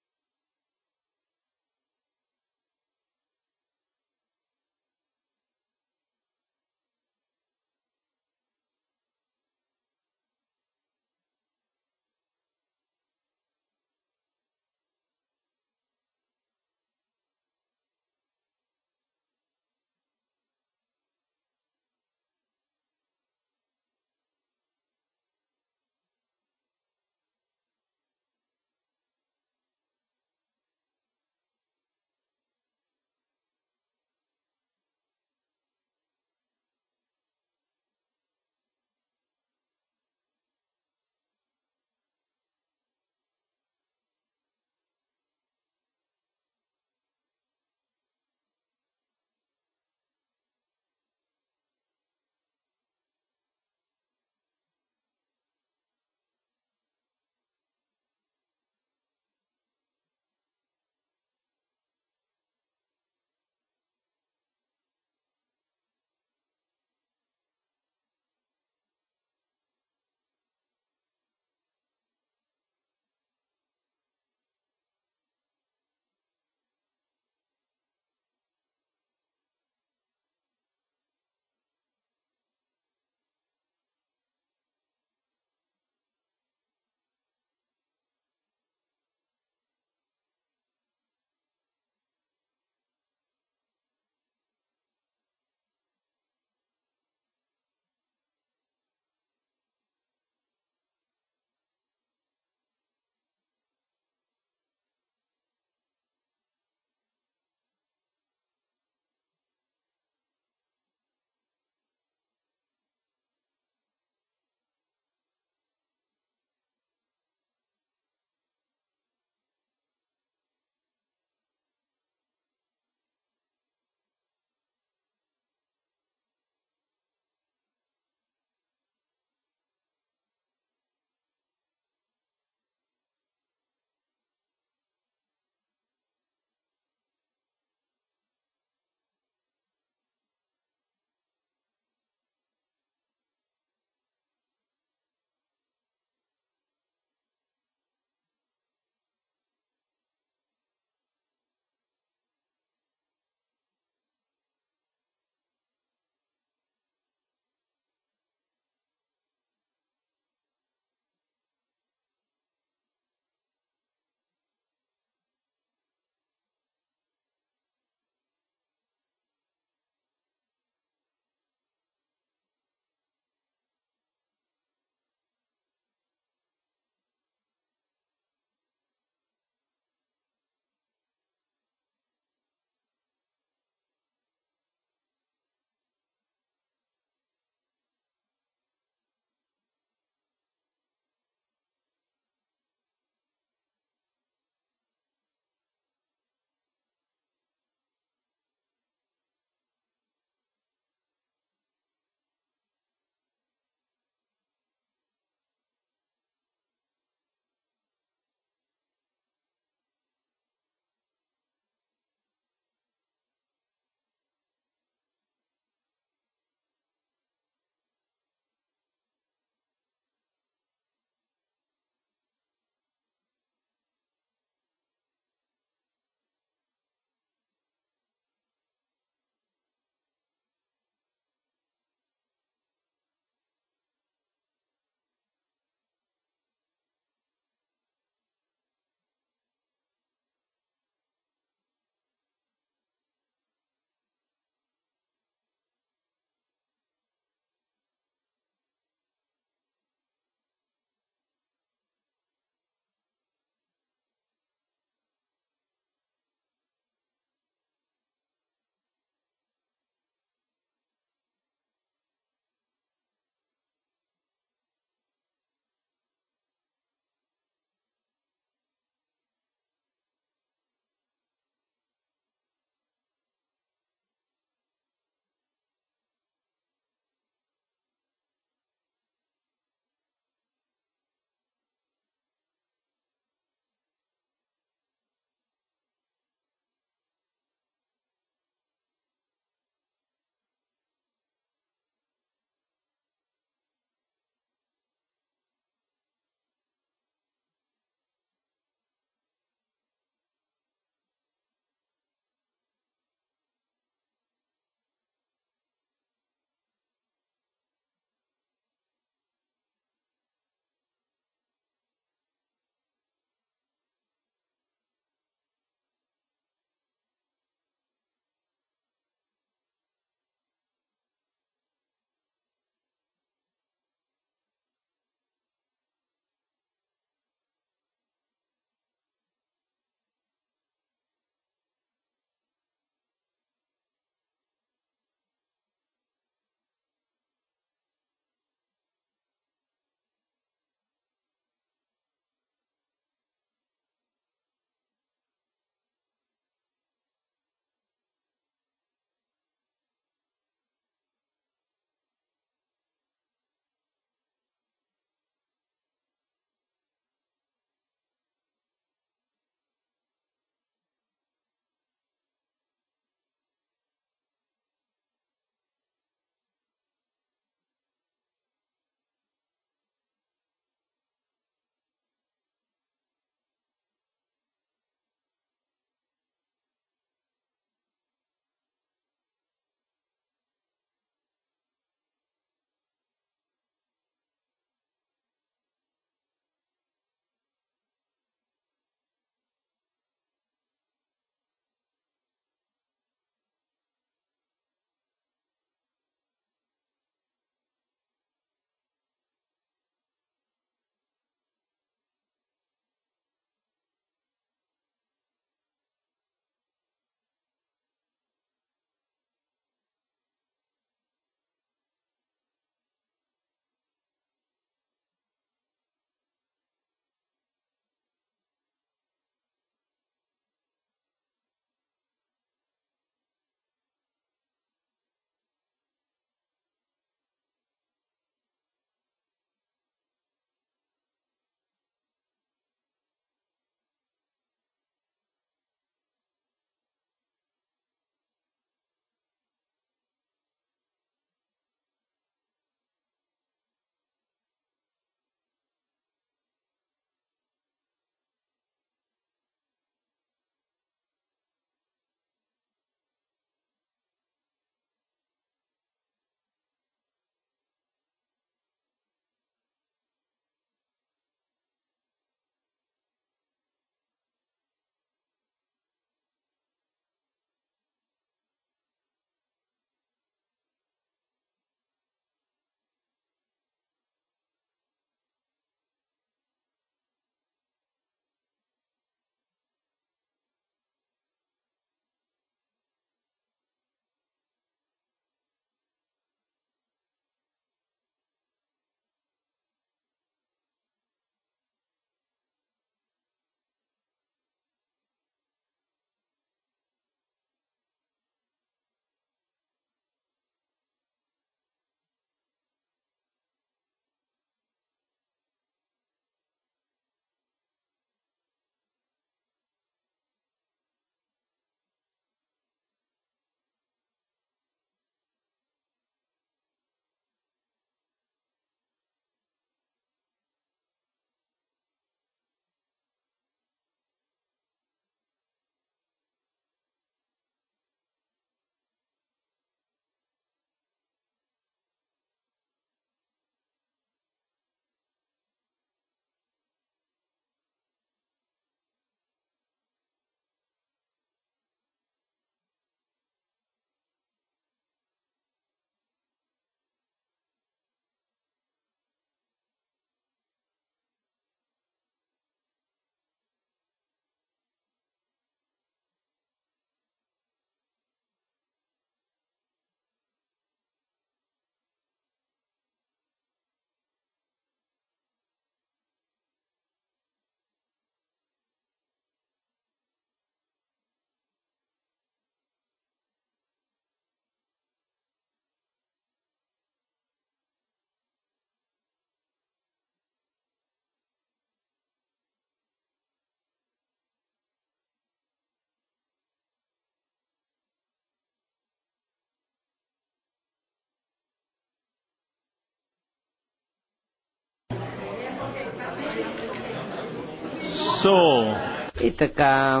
soul. И така.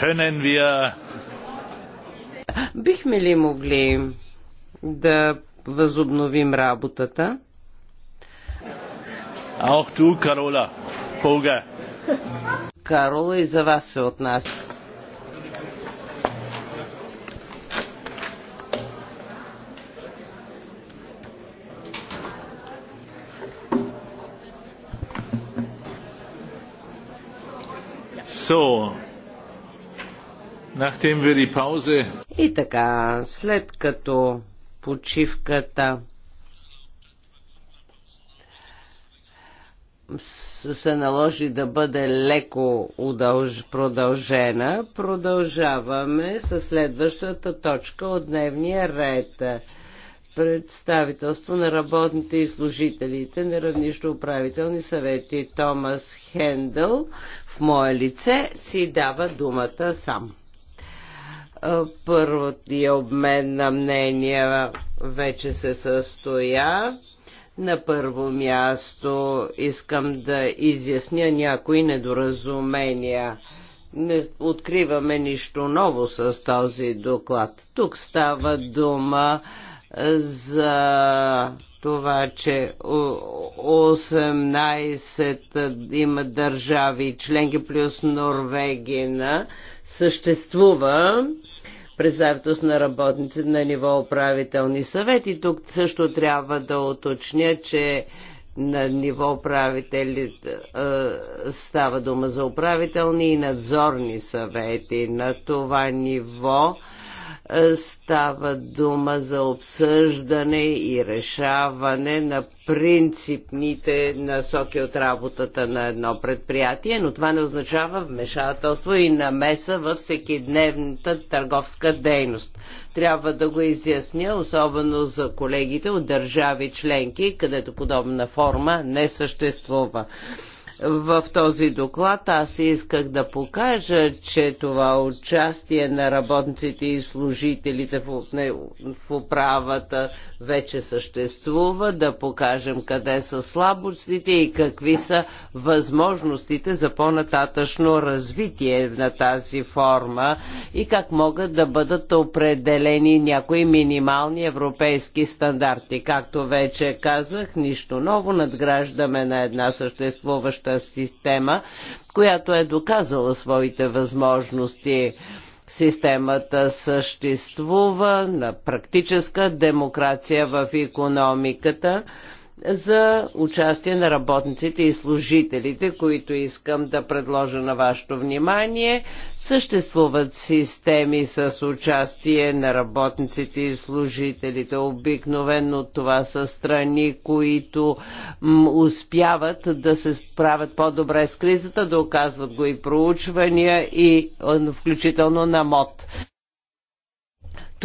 Können wir... Бихме ли могли да възобновим работата? Auch du, Karola. Карола и за вас се отнася. So, nachdem wir die Pause... И така, след като почивката се наложи да бъде леко удълж, продължена, продължаваме с следващата точка от дневния ред представителство на работните и служителите на равнищо управителни съвети Томас Хендъл в мое лице си дава думата сам. и обмен на мнения вече се състоя. На първо място искам да изясня някои недоразумения. Не откриваме нищо ново с този доклад. Тук става дума за това, че 18 има държави членки плюс Норвегина, съществува представителност на работници на ниво управителни съвети. Тук също трябва да уточня, че на ниво управители става дума за управителни и надзорни съвети. На това ниво Става дума за обсъждане и решаване на принципните насоки от работата на едно предприятие, но това не означава вмешателство и намеса във всекидневната търговска дейност. Трябва да го изясня, особено за колегите от държави членки, където подобна форма не съществува. В този доклад аз исках да покажа, че това участие на работниците и служителите в, не, в управата вече съществува, да покажем къде са слабостите и какви са възможностите за по-нататъчно развитие на тази форма и как могат да бъдат определени някои минимални европейски стандарти. Както вече казах, нищо ново надграждаме на една съществуваща нашата система, която е доказала своите възможности. Системата съществува на практическа демокрация в економиката за участие на работниците и служителите, които искам да предложа на вашето внимание. Съществуват системи с участие на работниците и служителите. Обикновено това са страни, които успяват да се справят по-добре с кризата, да оказват го и проучвания и включително на МОД.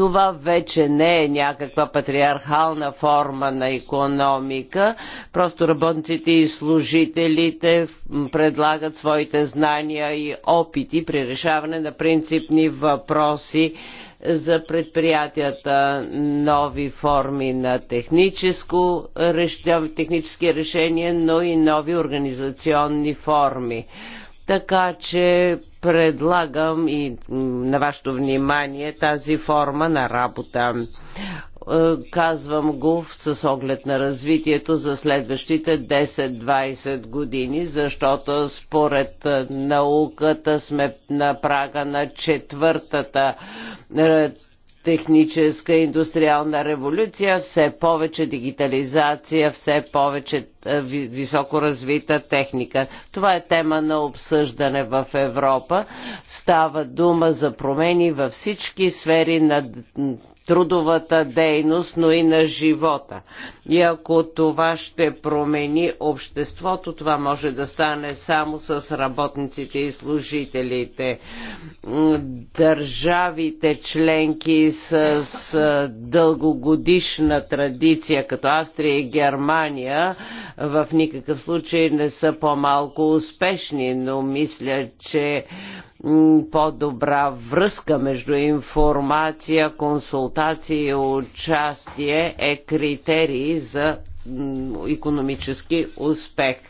Това вече не е някаква патриархална форма на економика. Просто работниците и служителите предлагат своите знания и опити при решаване на принципни въпроси за предприятията нови форми на техническо, технически решения, но и нови организационни форми. Така че предлагам и на вашето внимание тази форма на работа. Е, казвам го с оглед на развитието за следващите 10-20 години, защото според науката сме на прага на четвъртата е, техническа индустриална революция, все повече дигитализация, все повече е, високо развита техника. Това е тема на обсъждане в Европа. Става дума за промени във всички сфери на трудовата дейност, но и на живота. И ако това ще промени обществото, това може да стане само с работниците и служителите. Държавите членки с дългогодишна традиция, като Австрия и Германия, в никакъв случай не са по-малко успешни, но мисля, че по-добра връзка между информация, консултации и участие е критерий за економически успех. Е,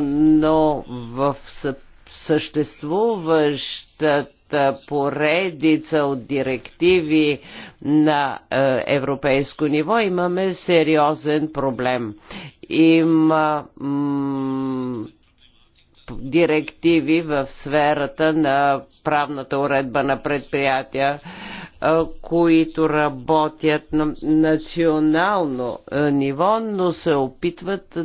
но в съществуващата поредица от директиви на е, европейско ниво имаме сериозен проблем. Има директиви в сферата на правната уредба на предприятия, които работят на национално ниво, но се опитват,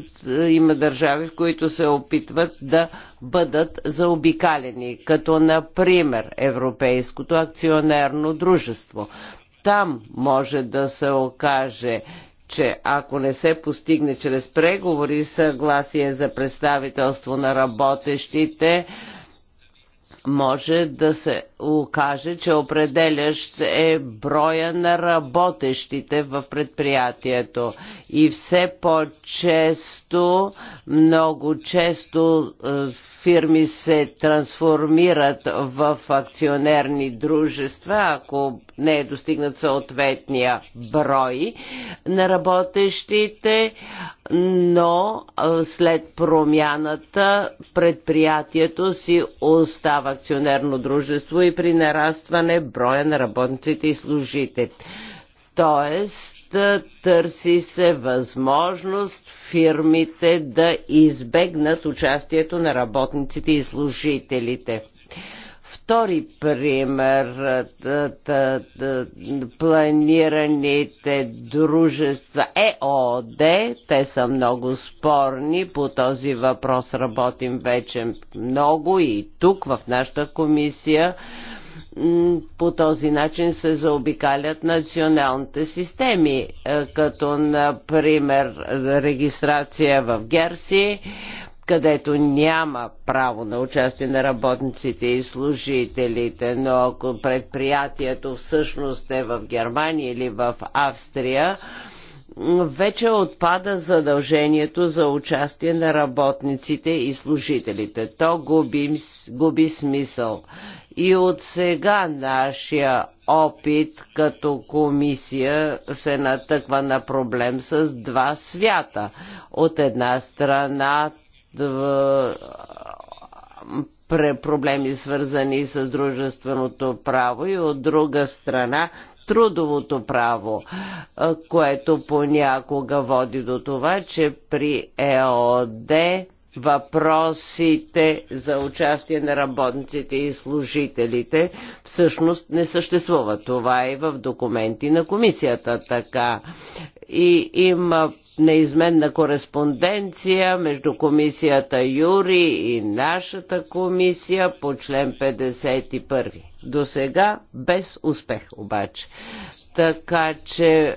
има държави, в които се опитват да бъдат заобикалени, като например Европейското акционерно дружество. Там може да се окаже, че ако не се постигне чрез преговори съгласие за представителство на работещите, може да се окаже, че определящ е броя на работещите в предприятието. И все по-често, много често е, фирми се трансформират в акционерни дружества, ако не е достигнат съответния брой на работещите, но след промяната предприятието си остава акционерно дружество и при нарастване броя на работниците и служителите. Тоест, търси се възможност фирмите да избегнат участието на работниците и служителите. Втори пример планираните дружества ЕОД, те са много спорни, по този въпрос работим вече много и тук в нашата комисия по този начин се заобикалят националните системи, е, като например регистрация в Герси, където няма право на участие на работниците и служителите, но ако предприятието всъщност е в Германия или в Австрия, вече отпада задължението за участие на работниците и служителите. То губи, губи смисъл. И от сега нашия опит като комисия се натъква на проблем с два свята. От една страна проблеми свързани с дружественото право и от друга страна трудовото право, което понякога води до това, че при ЕОД въпросите за участие на работниците и служителите всъщност не съществува. Това е в документи на комисията така. И има неизменна кореспонденция между комисията Юри и нашата комисия по член 51. До сега без успех обаче така че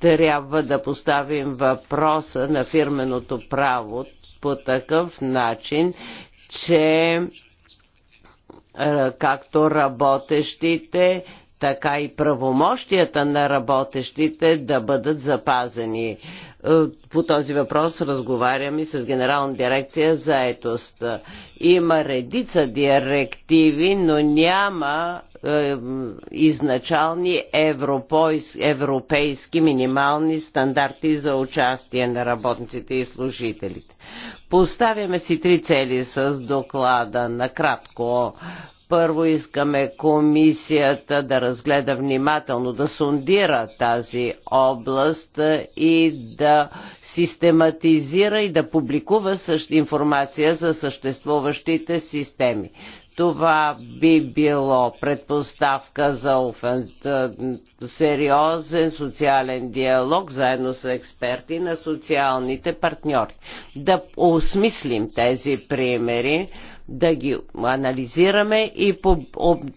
трябва да поставим въпроса на фирменото право по такъв начин, че както работещите, така и правомощията на работещите да бъдат запазени. Е, по този въпрос разговарям и с Генерална дирекция за етост. Има редица директиви, но няма е, изначални европейски минимални стандарти за участие на работниците и служителите. Поставяме си три цели с доклада. Накратко, първо искаме комисията да разгледа внимателно, да сондира тази област и да систематизира и да публикува информация за съществуващите системи. Това би било предпоставка за сериозен социален диалог заедно с експерти на социалните партньори. Да осмислим тези примери, да ги анализираме и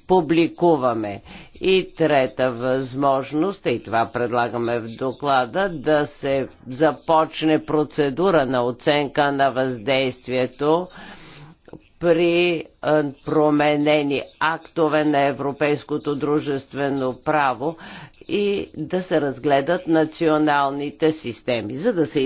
публикуваме. И трета възможност, и това предлагаме в доклада, да се започне процедура на оценка на въздействието при променени актове на европейското дружествено право и да се разгледат националните системи, за да се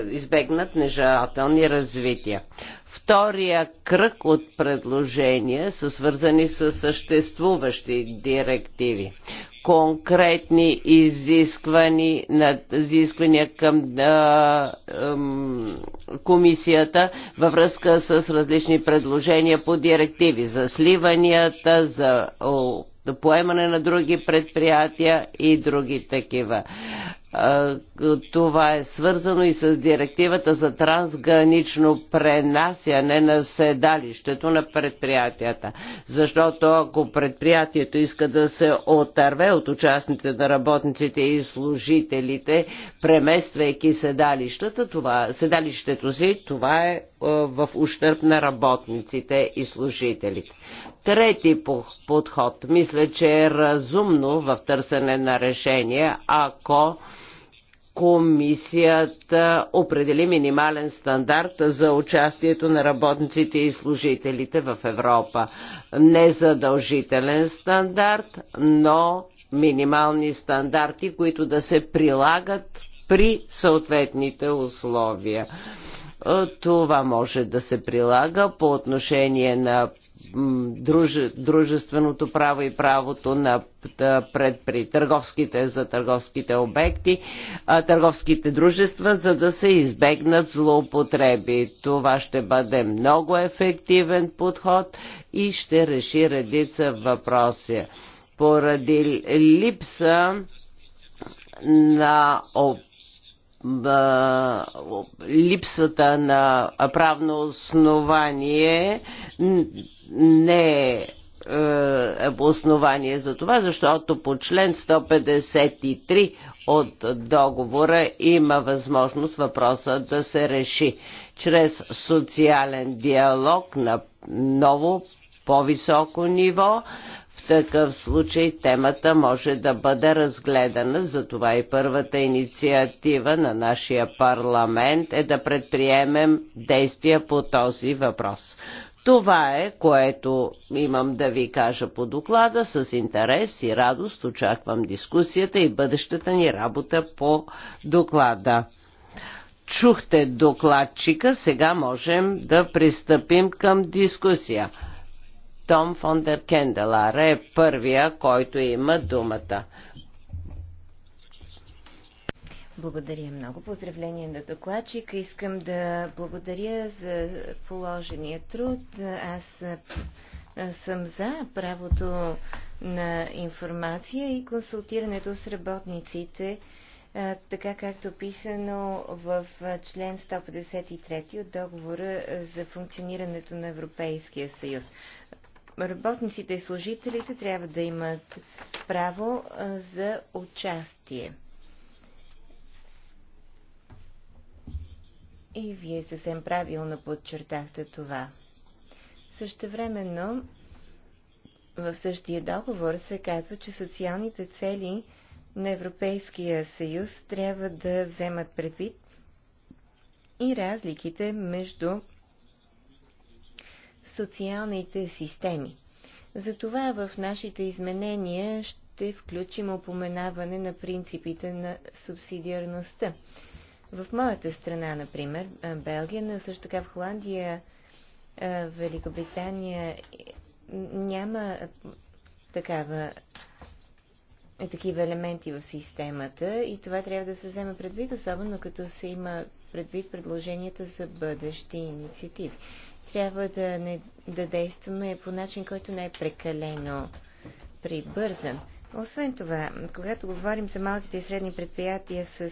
избегнат нежелателни развития. Втория кръг от предложения са свързани с съществуващи директиви конкретни изисквани, изисквания към а, ам, комисията във връзка с различни предложения по директиви за сливанията, за поемане на други предприятия и други такива. Това е свързано и с директивата за трансгранично пренасяне на седалището на предприятията. Защото ако предприятието иска да се отърве от участниците на работниците и служителите, премествайки седалищата, това, седалището си, това е в ущърп на работниците и служителите трети подход. Мисля, че е разумно в търсене на решение, ако комисията определи минимален стандарт за участието на работниците и служителите в Европа. Незадължителен стандарт, но минимални стандарти, които да се прилагат при съответните условия. Е, това може да се прилага по отношение на дружественото право и правото на пред при търговските за търговските обекти, търговските дружества, за да се избегнат злоупотреби. Това ще бъде много ефективен подход и ще реши редица въпроси. Поради липса на липсата на правно основание не е, е основание за това, защото по член 153 от договора има възможност въпроса да се реши чрез социален диалог на ново по-високо ниво такъв случай темата може да бъде разгледана. Затова и първата инициатива на нашия парламент е да предприемем действия по този въпрос. Това е, което имам да ви кажа по доклада. С интерес и радост очаквам дискусията и бъдещата ни работа по доклада. Чухте докладчика, сега можем да пристъпим към дискусия. Том фон дер Кенделар е първия, който има думата. Благодаря много. Поздравление на докладчика. Искам да благодаря за положения труд. Аз съм за правото на информация и консултирането с работниците, така както писано в член 153 от договора за функционирането на Европейския съюз работниците и служителите трябва да имат право за участие. И вие съвсем правилно подчертахте това. Същевременно, в същия договор се казва, че социалните цели на Европейския съюз трябва да вземат предвид и разликите между социалните системи. Затова в нашите изменения ще включим опоменаване на принципите на субсидиарността. В моята страна, например, Белгия, но също така в Холандия, Великобритания няма такава, такива елементи в системата и това трябва да се вземе предвид, особено като се има предвид предложенията за бъдещи инициативи трябва да, не, да действаме по начин, който не е прекалено прибързан. Освен това, когато говорим за малките и средни предприятия с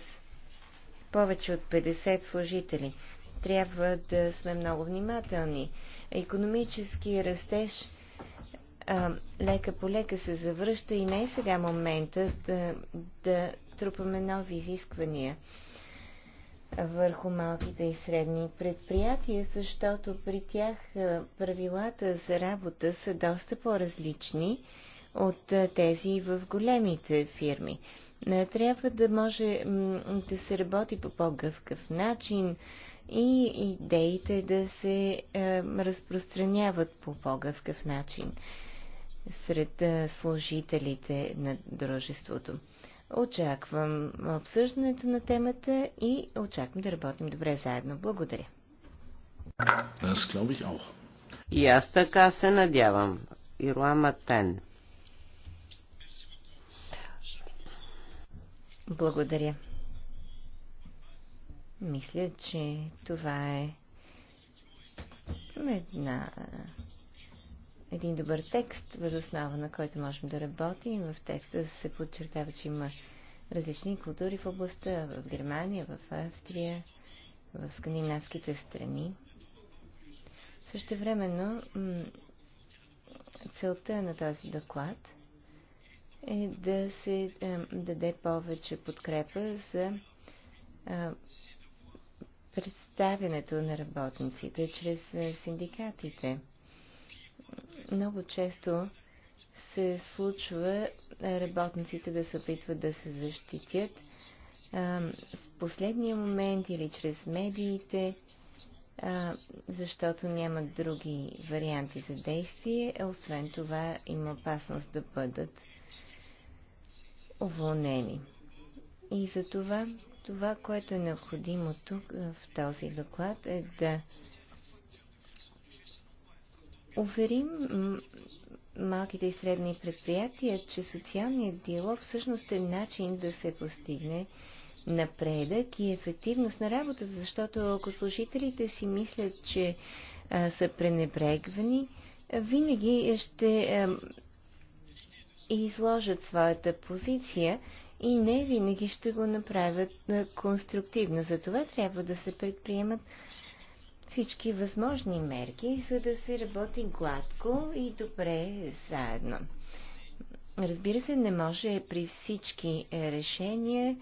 повече от 50 служители, трябва да сме много внимателни. Економически растеж а, лека по лека се завръща и не е сега момента да, да трупаме нови изисквания върху малките и средни предприятия, защото при тях е, правилата за работа са доста по-различни от е, тези в големите фирми. Е, трябва да може да се работи по по-гъвкав начин и идеите да се разпространяват по по-гъвкав начин сред служителите на дружеството. Очаквам обсъждането на темата и очаквам да работим добре заедно. Благодаря. ich auch. И аз така се надявам. Ируа Матен. Благодаря. Мисля, че това е една един добър текст, възоснова на който можем да работим. В текста се подчертава, че има различни култури в областта, в Германия, в Австрия, в скандинавските страни. Също времено целта на този доклад е да се е, даде повече подкрепа за е, представянето на работниците чрез е, синдикатите много често се случва работниците да се опитват да се защитят а, в последния момент или чрез медиите, а, защото нямат други варианти за действие, а освен това има опасност да бъдат уволнени. И за това, това, което е необходимо тук в този доклад е да уверим малките и средни предприятия, че социалният диалог всъщност е начин да се постигне напредък и ефективност на работа, защото ако служителите си мислят, че а, са пренебрегвани, винаги ще а, изложат своята позиция и не винаги ще го направят а, конструктивно. Затова трябва да се предприемат всички възможни мерки, за да се работи гладко и добре заедно. Разбира се, не може при всички решения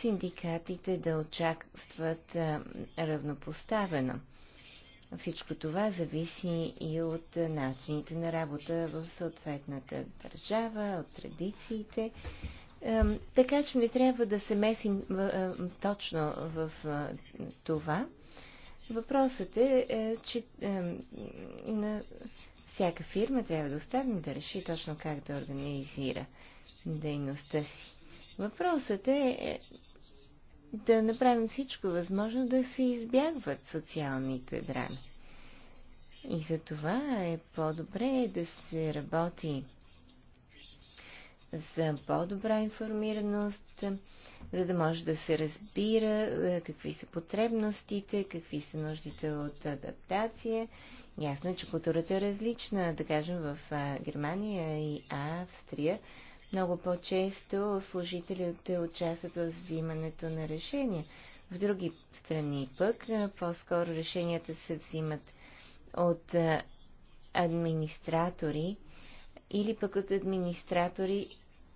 синдикатите да очакват равнопоставено. Всичко това зависи и от начините на работа в съответната държава, от традициите. Така че не трябва да се месим точно в това. Въпросът е, е, че е, на всяка фирма трябва да оставим да реши точно как да организира дейността си. Въпросът е, е да направим всичко възможно да се избягват социалните драми. И за това е по-добре да се работи за по-добра информираност, за да може да се разбира е, какви са потребностите, какви са нуждите от адаптация. Ясно е, че културата е различна. Да кажем, в Германия и Австрия много по-често служителите участват в взимането на решения. В други страни пък по-скоро решенията се взимат от администратори или пък от администратори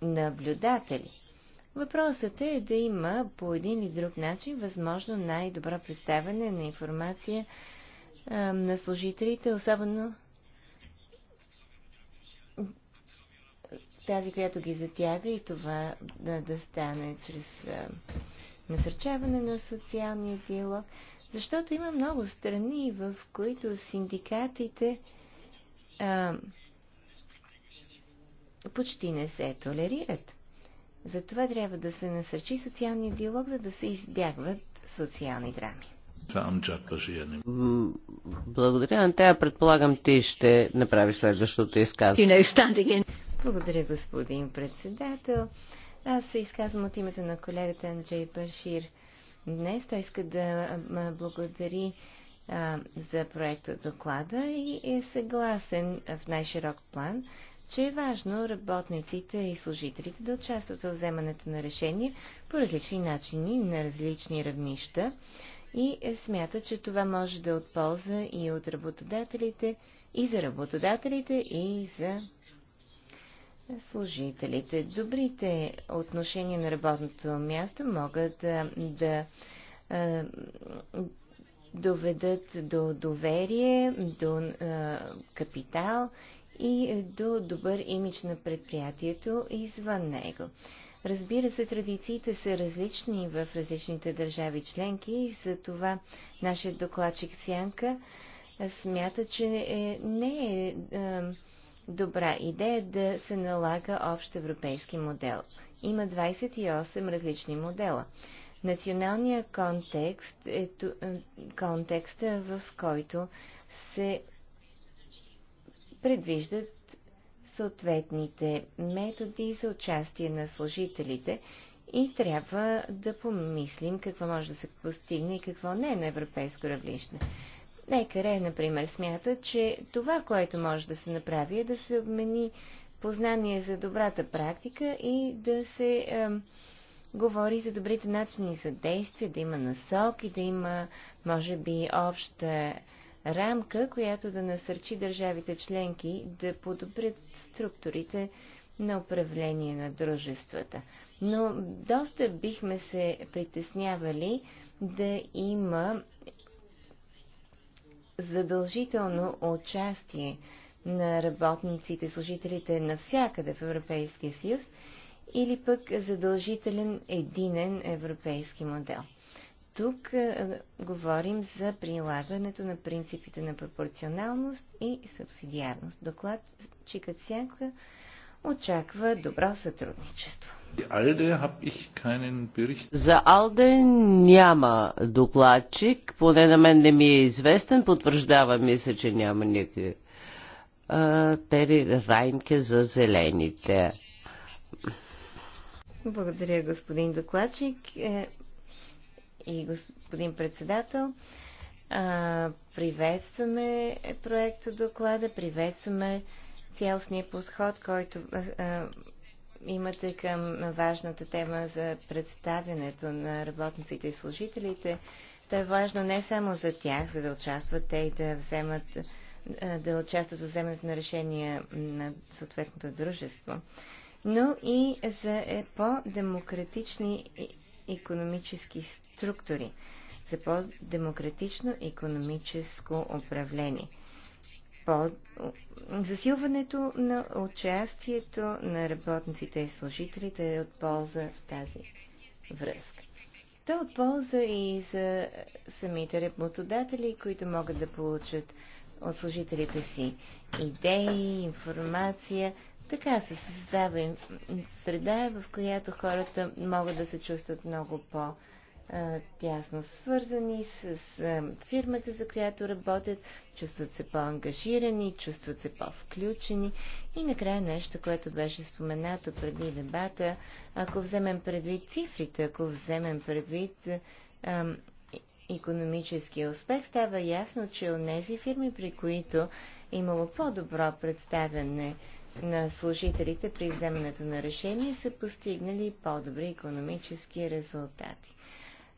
наблюдатели. Въпросът е да има по един или друг начин възможно най-добро представяне на информация на служителите, особено тази, която ги затяга и това да, да стане чрез а, насърчаване на социалния диалог, защото има много страни, в които синдикатите а, почти не се толерират. Затова трябва да се насърчи социалния диалог, за да се избягват социални драми. Благодаря, тея, Предполагам, ти ще направиш следващото изказване. Благодаря, господин председател. Аз се изказвам от името на колегата Анджей Башир. Днес той иска да благодари а, за проекта доклада и е съгласен в най-широк план че е важно работниците и служителите да участват в вземането на решения по различни начини, на различни равнища и смята, че това може да е отполза и от работодателите, и за работодателите, и за служителите. Добрите отношения на работното място могат да, да доведат до доверие, до е, капитал и до добър имидж на предприятието и извън него. Разбира се, традициите са различни в различните държави членки и за това нашия докладчик Сянка смята, че е, не е, е добра идея да се налага общ европейски модел. Има 28 различни модела. Националният контекст е, е контекста, в който се предвиждат съответните методи за участие на служителите и трябва да помислим какво може да се постигне и какво не е на европейско равнище. Лекаре, например, смята, че това, което може да се направи е да се обмени познание за добрата практика и да се е, говори за добрите начини за действие, да има насоки, да има, може би, обща рамка, която да насърчи държавите членки да подобрят структурите на управление на дружествата. Но доста бихме се притеснявали да има задължително участие на работниците и служителите навсякъде в Европейския съюз или пък задължителен единен европейски модел. Тук а, говорим за прилагането на принципите на пропорционалност и субсидиарност. Доклад Чикът Сянка очаква добро сътрудничество. За Алде няма докладчик, поне на мен не ми е известен, потвърждава ми се, че няма никакви. Тери Райнке за зелените. Благодаря, господин докладчик. Е, и господин председател. А, приветстваме проекта доклада, приветстваме цялостния подход, който а, имате към важната тема за представянето на работниците и служителите. То е важно не само за тях, за да участват те и да вземат да участват в вземането на решения на съответното дружество, но и за е, по-демократични економически структури, за по-демократично економическо управление. По засилването на участието на работниците и служителите е от полза в тази връзка. То е от полза и за самите работодатели, които могат да получат от служителите си идеи, информация – така се създава среда, в която хората могат да се чувстват много по- тясно свързани с фирмата, за която работят, чувстват се по-ангажирани, чувстват се по-включени. И накрая нещо, което беше споменато преди дебата, ако вземем предвид цифрите, ако вземем предвид ам, економическия успех, става ясно, че от тези фирми, при които имало по-добро представяне на служителите при вземането на решение са постигнали по-добри економически резултати.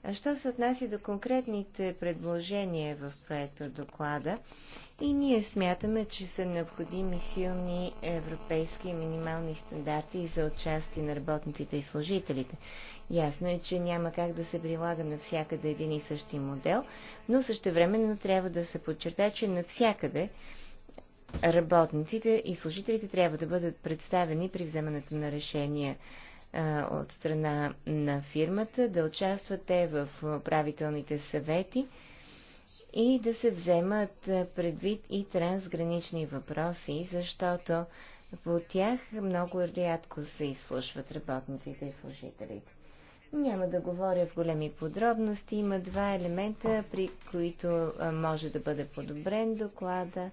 А що се отнася до конкретните предложения в проекта доклада, и ние смятаме, че са необходими силни европейски минимални стандарти за участие на работниците и служителите. Ясно е, че няма как да се прилага навсякъде един и същи модел, но същевременно трябва да се подчерта, че навсякъде работниците и служителите трябва да бъдат представени при вземането на решения от страна на фирмата, да участват те в правителните съвети и да се вземат предвид и трансгранични въпроси, защото по тях много рядко се изслушват работниците и служителите. Няма да говоря в големи подробности. Има два елемента, при които може да бъде подобрен доклада.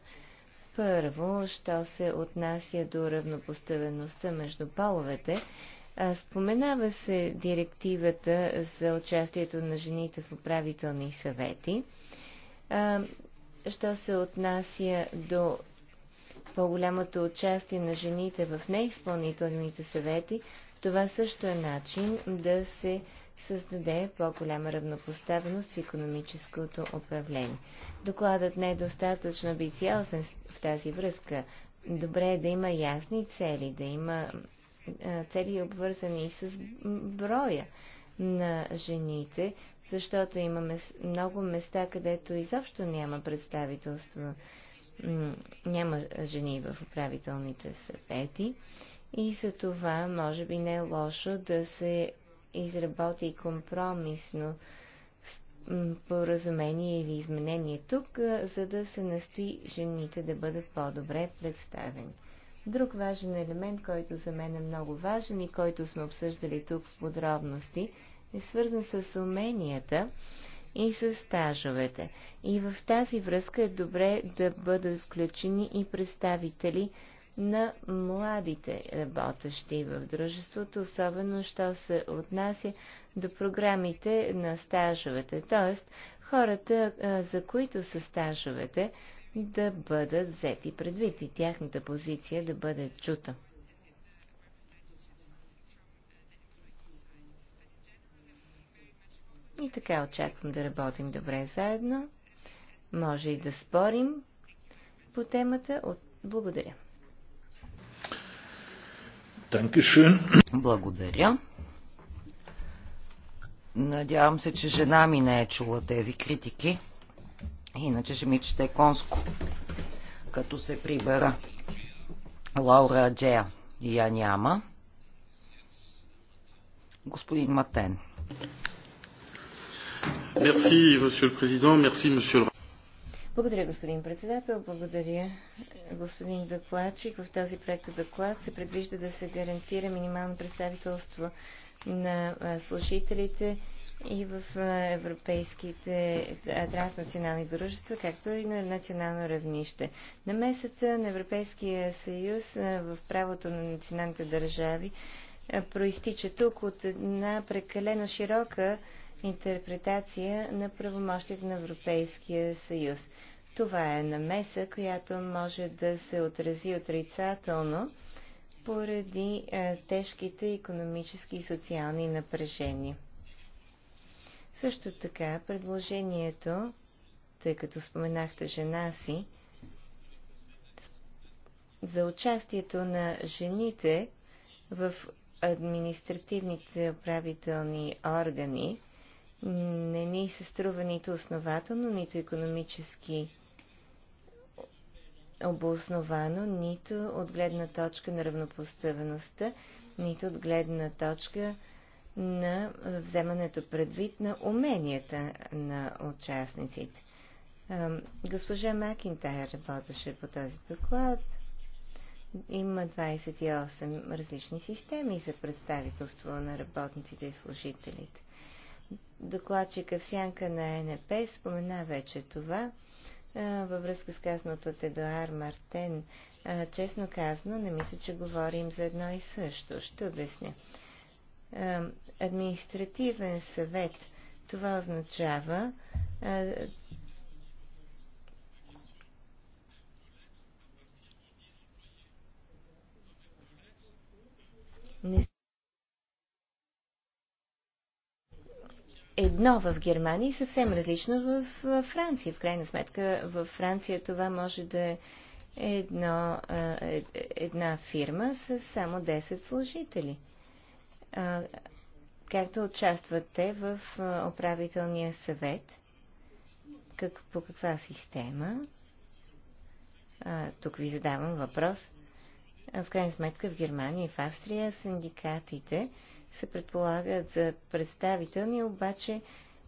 Първо, що се отнася до равнопоставеността между половете, споменава се директивата за участието на жените в управителни съвети. Що се отнася до по-голямото участие на жените в неизпълнителните съвети, това също е начин да се създаде по-голяма равнопоставеност в економическото управление. Докладът не е достатъчно амбициозен в тази връзка. Добре е да има ясни цели, да има цели обвързани и с броя на жените, защото имаме много места, където изобщо няма представителство, няма жени в управителните съвети и за това може би не е лошо да се изработи компромисно поразумение или изменение тук, за да се настои жените да бъдат по-добре представени. Друг важен елемент, който за мен е много важен и който сме обсъждали тук в подробности, е свързан с уменията и с стажовете. И в тази връзка е добре да бъдат включени и представители на младите работещи в дружеството, особено що се отнася до програмите на стажовете, т.е. хората, за които са стажовете, да бъдат взети предвид и тяхната позиция да бъде чута. И така очаквам да работим добре заедно. Може и да спорим по темата. Благодаря. Благодаря. Надявам се, че жена ми не е чула тези критики. Иначе ще ми чете конско, като се прибера. Лаура Аджея я няма. Господин Матен. Merci, господин президент, président. господин благодаря, господин председател. Благодаря, господин докладчик. В този проект доклад се предвижда да се гарантира минимално представителство на служителите и в европейските транснационални дружества, както и на национално равнище. Намесата на Европейския съюз в правото на националните държави проистича тук от една прекалено широка интерпретация на правомощите на Европейския съюз. Това е намеса, която може да се отрази отрицателно поради е, тежките економически и социални напрежения. Също така, предложението, тъй като споменахте жена си, за участието на жените в административните управителни органи не ни се струва нито основателно, нито економически обосновано, нито от гледна точка на равнопоставеността, нито от гледна точка на вземането предвид на уменията на участниците. Госпожа Макинтайр работеше по този доклад. Има 28 различни системи за представителство на работниците и служителите докладчика в сянка на НП спомена вече това във връзка с казаното от Едуар Мартен. Честно казано, не мисля, че говорим за едно и също. Ще обясня. Административен съвет. Това означава не едно в Германия и съвсем различно в Франция. В крайна сметка в Франция това може да е едно, е, една фирма с само 10 служители. Как да участват те в управителния съвет? Как, по каква система? А, тук ви задавам въпрос. В крайна сметка в Германия и в Австрия синдикатите се предполагат за представителни, обаче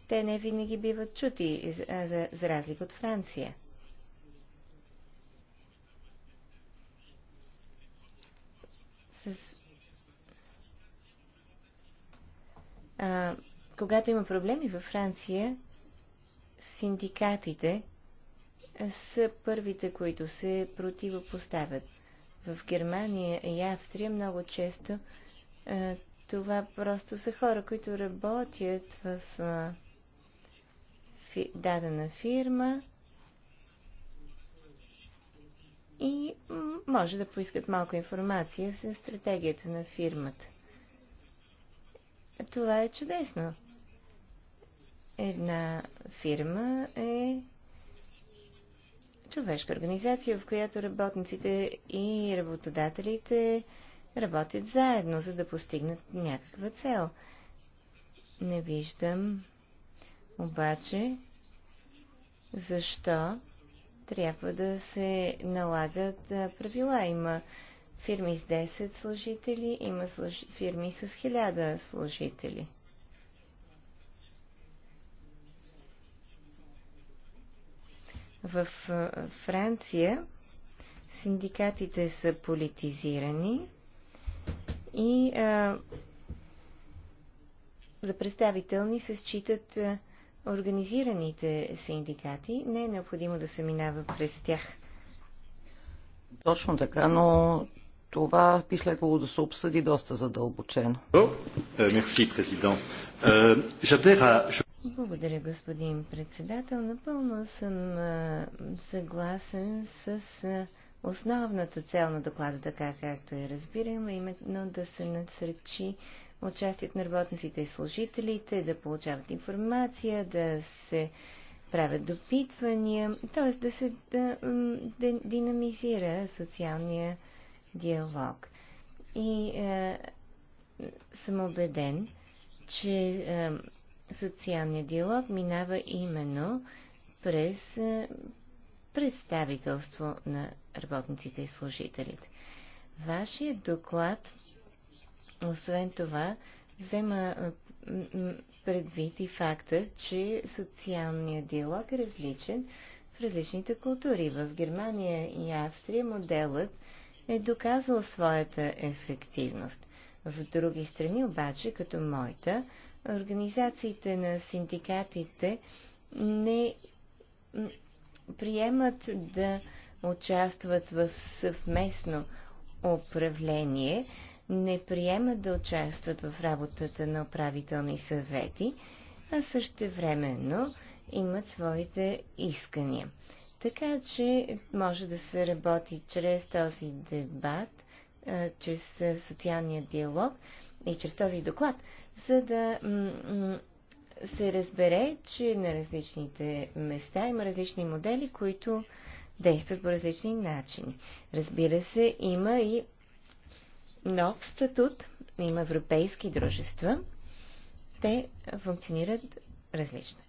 те не винаги биват чути, за, за разлика от Франция. С... А, когато има проблеми във Франция, синдикатите са първите, които се противопоставят. В Германия и Австрия много често това просто са хора, които работят в а, фи, дадена фирма и може да поискат малко информация за стратегията на фирмата. Това е чудесно. Една фирма е човешка организация, в която работниците и работодателите работят заедно, за да постигнат някаква цел. Не виждам обаче защо трябва да се налагат правила. Има фирми с 10 служители, има служ... фирми с 1000 служители. В Франция синдикатите са политизирани и а, за представителни се считат а, организираните синдикати. Не е необходимо да се минава през тях. Точно така, но това би следвало да се обсъди доста задълбочено. Е, е, Благодаря, господин председател. Напълно съм съгласен с Основната цел на доклада, така както я разбирам, е именно да се насречи участието на работниците и служителите, да получават информация, да се правят допитвания, т.е. да се да, да, динамизира социалния диалог. И е, съм убеден, че е, социалният диалог минава именно през е, представителство на работниците и служителите. Вашия доклад, освен това, взема предвид и факта, че социалният диалог е различен в различните култури. В Германия и Австрия моделът е доказал своята ефективност. В други страни обаче, като моята, организациите на синдикатите не приемат да участват в съвместно управление, не приемат да участват в работата на управителни съвети, а също времено имат своите искания. Така че може да се работи чрез този дебат, чрез социалния диалог и чрез този доклад, за да се разбере, че на различните места има различни модели, които действат по различни начини. Разбира се, има и нов статут, има европейски дружества. Те функционират различно.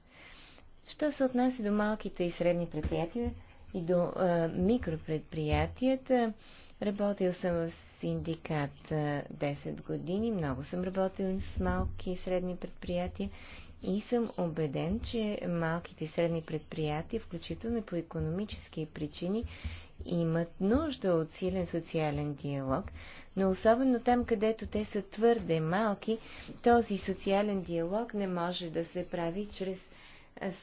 Що се отнася до малките и средни предприятия и до а, микропредприятията, работил съм в синдикат а, 10 години, много съм работил с малки и средни предприятия и съм убеден, че малките и средни предприятия, включително по економически причини, имат нужда от силен социален диалог, но особено там, където те са твърде малки, този социален диалог не може да се прави чрез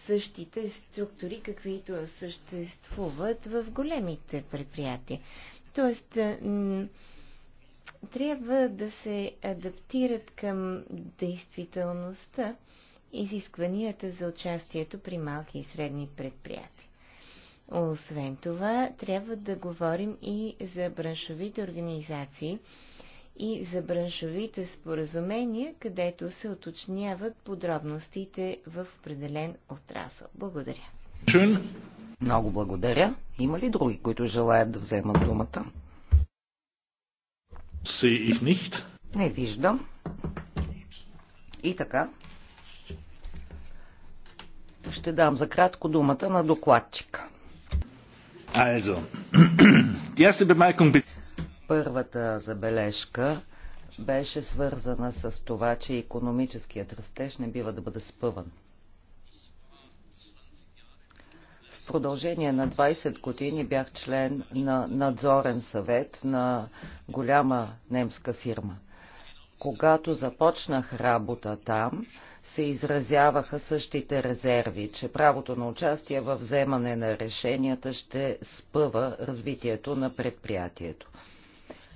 същите структури, каквито съществуват в големите предприятия. Тоест, трябва да се адаптират към действителността изискванията за участието при малки и средни предприятия. Освен това, трябва да говорим и за браншовите организации и за браншовите споразумения, където се уточняват подробностите в определен отрасъл. Благодаря. Шун. Много благодаря. Има ли други, които желаят да вземат думата? Не виждам. И така, ще дам за кратко думата на докладчика. Also, erste Bemerkung... Първата забележка беше свързана с това, че економическият растеж не бива да бъде спъван. В продължение на 20 години бях член на надзорен съвет на голяма немска фирма. Когато започнах работа там, се изразяваха същите резерви, че правото на участие в вземане на решенията ще спъва развитието на предприятието.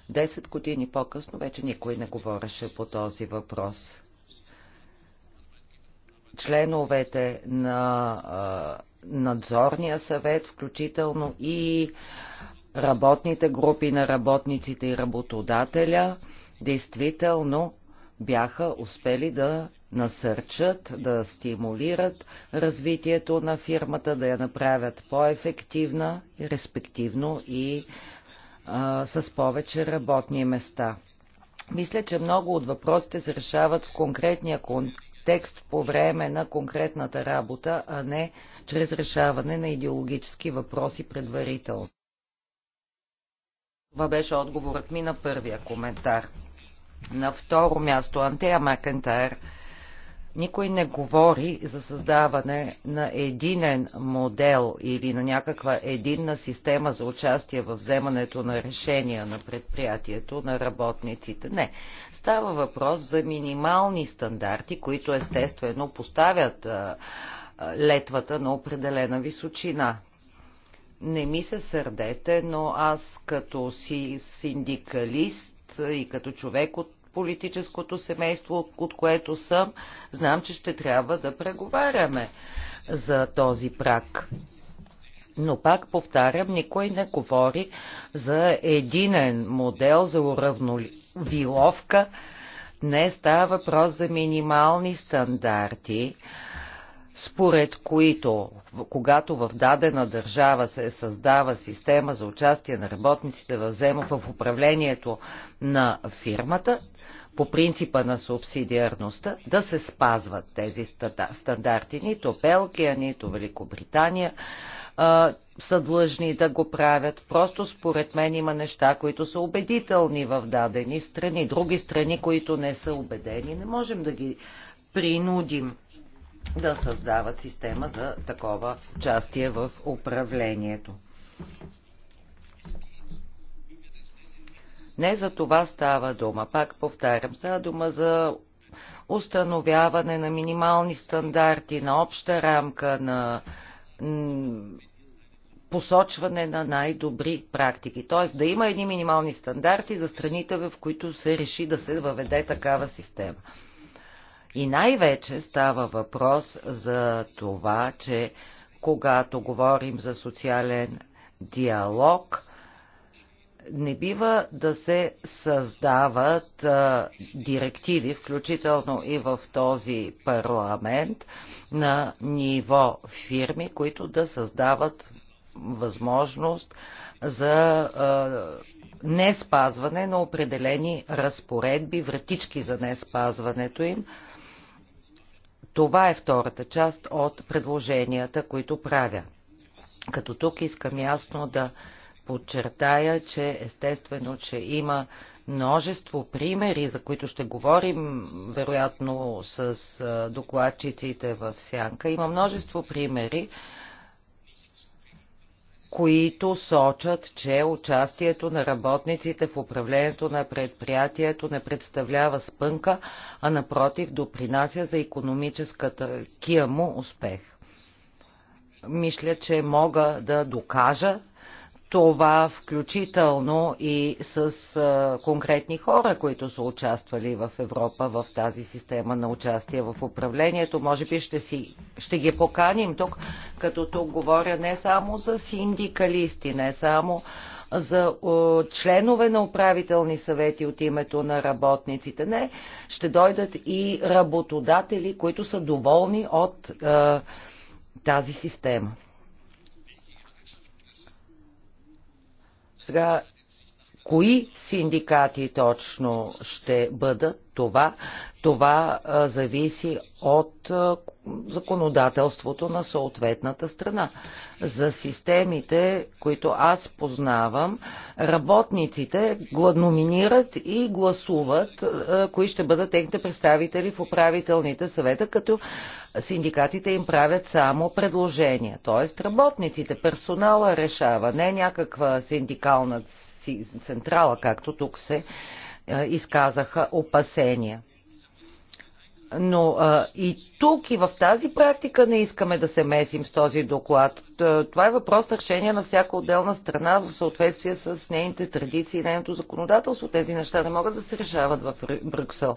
Десет години по-късно вече никой не говореше по този въпрос. Членовете на надзорния съвет, включително и работните групи на работниците и работодателя, действително бяха успели да насърчат, да стимулират развитието на фирмата, да я направят по-ефективна, респективно и а, с повече работни места. Мисля, че много от въпросите се решават в конкретния контекст по време на конкретната работа, а не чрез решаване на идеологически въпроси предварително. Това беше отговорът ми на първия коментар. На второ място Антея Макентар. Никой не говори за създаване на единен модел или на някаква единна система за участие в вземането на решения на предприятието, на работниците. Не. Става въпрос за минимални стандарти, които естествено поставят летвата на определена височина. Не ми се сърдете, но аз като си синдикалист и като човек от политическото семейство, от което съм, знам, че ще трябва да преговаряме за този прак. Но пак повтарям, никой не говори за единен модел за уравновиловка. Не става въпрос за минимални стандарти, според които, когато в дадена държава се създава система за участие на работниците в, взема, в управлението на фирмата, по принципа на субсидиарността да се спазват тези стандарти. Нито Белгия, нито Великобритания а, са длъжни да го правят. Просто според мен има неща, които са убедителни в дадени страни. Други страни, които не са убедени, не можем да ги принудим да създават система за такова участие в управлението. Не за това става дума. Пак повтарям, става дума за установяване на минимални стандарти, на обща рамка, на посочване на най-добри практики. Т.е. да има едни минимални стандарти за страните, в които се реши да се въведе такава система. И най-вече става въпрос за това, че когато говорим за социален диалог – не бива да се създават а, директиви, включително и в този парламент, на ниво фирми, които да създават възможност за а, не спазване на определени разпоредби, вратички за не спазването им. Това е втората част от предложенията, които правя. Като тук искам ясно да подчертая, че естествено, че има множество примери, за които ще говорим, вероятно, с докладчиците в Сянка. Има множество примери, които сочат, че участието на работниците в управлението на предприятието не представлява спънка, а напротив допринася за економическата кия му успех. Мисля, че мога да докажа това включително и с а, конкретни хора, които са участвали в Европа в тази система на участие в управлението. Може би ще, си, ще ги поканим тук, като тук говоря не само за синдикалисти, не само за о, членове на управителни съвети от името на работниците. Не, ще дойдат и работодатели, които са доволни от е, тази система. Сега, кои синдикати точно ще бъдат това, това зависи от законодателството на съответната страна. За системите, които аз познавам, работниците номинират и гласуват кои ще бъдат техните представители в управителните съвета, като синдикатите им правят само предложения. Тоест работниците, персонала решава, не някаква синдикална централа, както тук се изказаха опасения. Но а, и тук, и в тази практика не искаме да се месим с този доклад. Това е въпрос на решение на всяка отделна страна в съответствие с нейните традиции и нейното законодателство. Тези неща не могат да се решават в Брюксел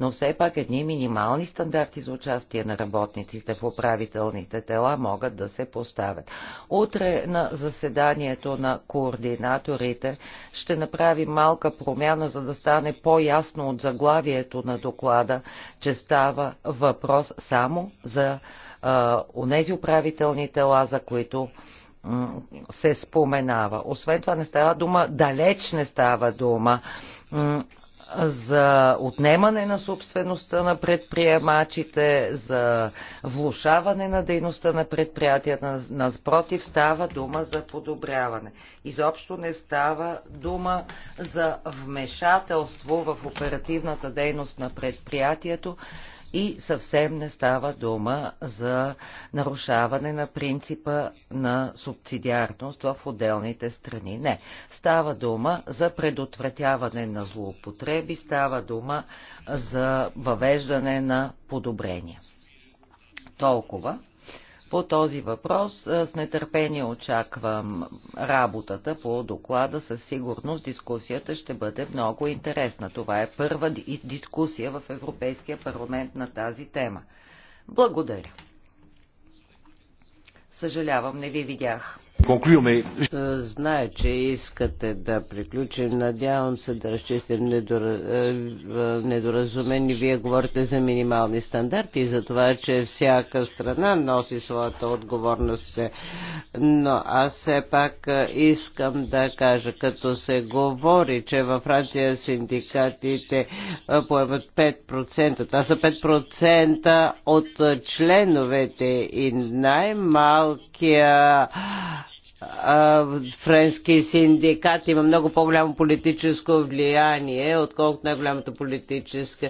но все пак едни минимални стандарти за участие на работниците в управителните тела могат да се поставят. Утре на заседанието на координаторите ще направим малка промяна, за да стане по-ясно от заглавието на доклада, че става въпрос само за онези управителни тела, за които се споменава. Освен това не става дума, далеч не става дума за отнемане на собствеността на предприемачите, за влушаване на дейността на предприятията. наспротив, става дума за подобряване. Изобщо не става дума за вмешателство в оперативната дейност на предприятието, и съвсем не става дума за нарушаване на принципа на субсидиарност в отделните страни. Не. Става дума за предотвратяване на злоупотреби, става дума за въвеждане на подобрения. Толкова по този въпрос. С нетърпение очаквам работата по доклада. Със сигурност дискусията ще бъде много интересна. Това е първа дискусия в Европейския парламент на тази тема. Благодаря. Съжалявам, не ви видях. Е, знае, че искате да приключим. Надявам се да разчистим е, е, недоразумени. Вие говорите за минимални стандарти и за това, че всяка страна носи своята отговорност. Но аз все пак искам да кажа, като се говори, че във Франция синдикатите поемат 5%. Това са 5% от членовете и най-малкия френски синдикат има много по-голямо политическо влияние, отколкото най-голямото политическо.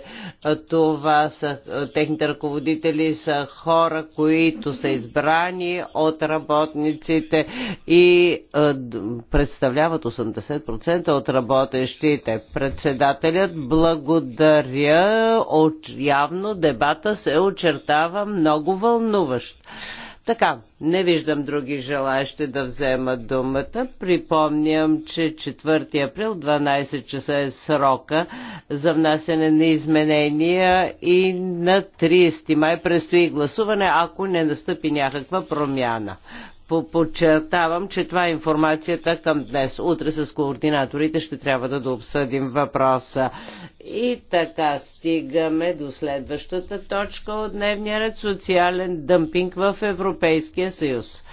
Това са, техните ръководители са хора, които са избрани от работниците и представляват 80% от работещите. Председателят благодаря. Явно дебата се очертава много вълнуващ. Така, не виждам други желаящи да вземат думата. Припомням, че 4 април 12 часа е срока за внасяне на изменения и на 30 май предстои гласуване, ако не настъпи някаква промяна подчертавам, че това е информацията към днес. Утре с координаторите ще трябва да, да обсъдим въпроса. И така стигаме до следващата точка от дневния ред социален дъмпинг в Европейския съюз.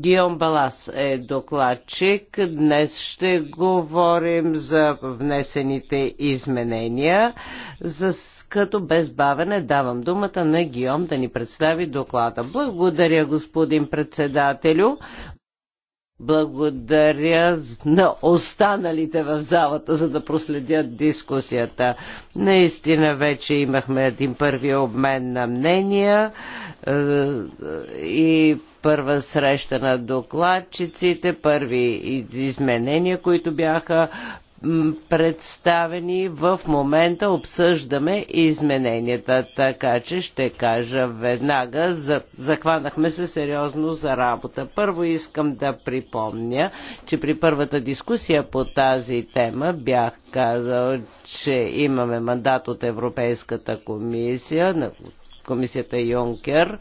Гион Балас е докладчик. Днес ще говорим за внесените изменения. За като без бавене давам думата на Гиом да ни представи доклада. Благодаря, господин председателю. Благодаря на останалите в залата, за да проследят дискусията. Наистина вече имахме един първи обмен на мнения е, и първа среща на докладчиците, първи изменения, които бяха представени в момента обсъждаме измененията, така че ще кажа веднага, за, захванахме се сериозно за работа. Първо искам да припомня, че при първата дискусия по тази тема бях казал, че имаме мандат от Европейската комисия, на комисията Юнкер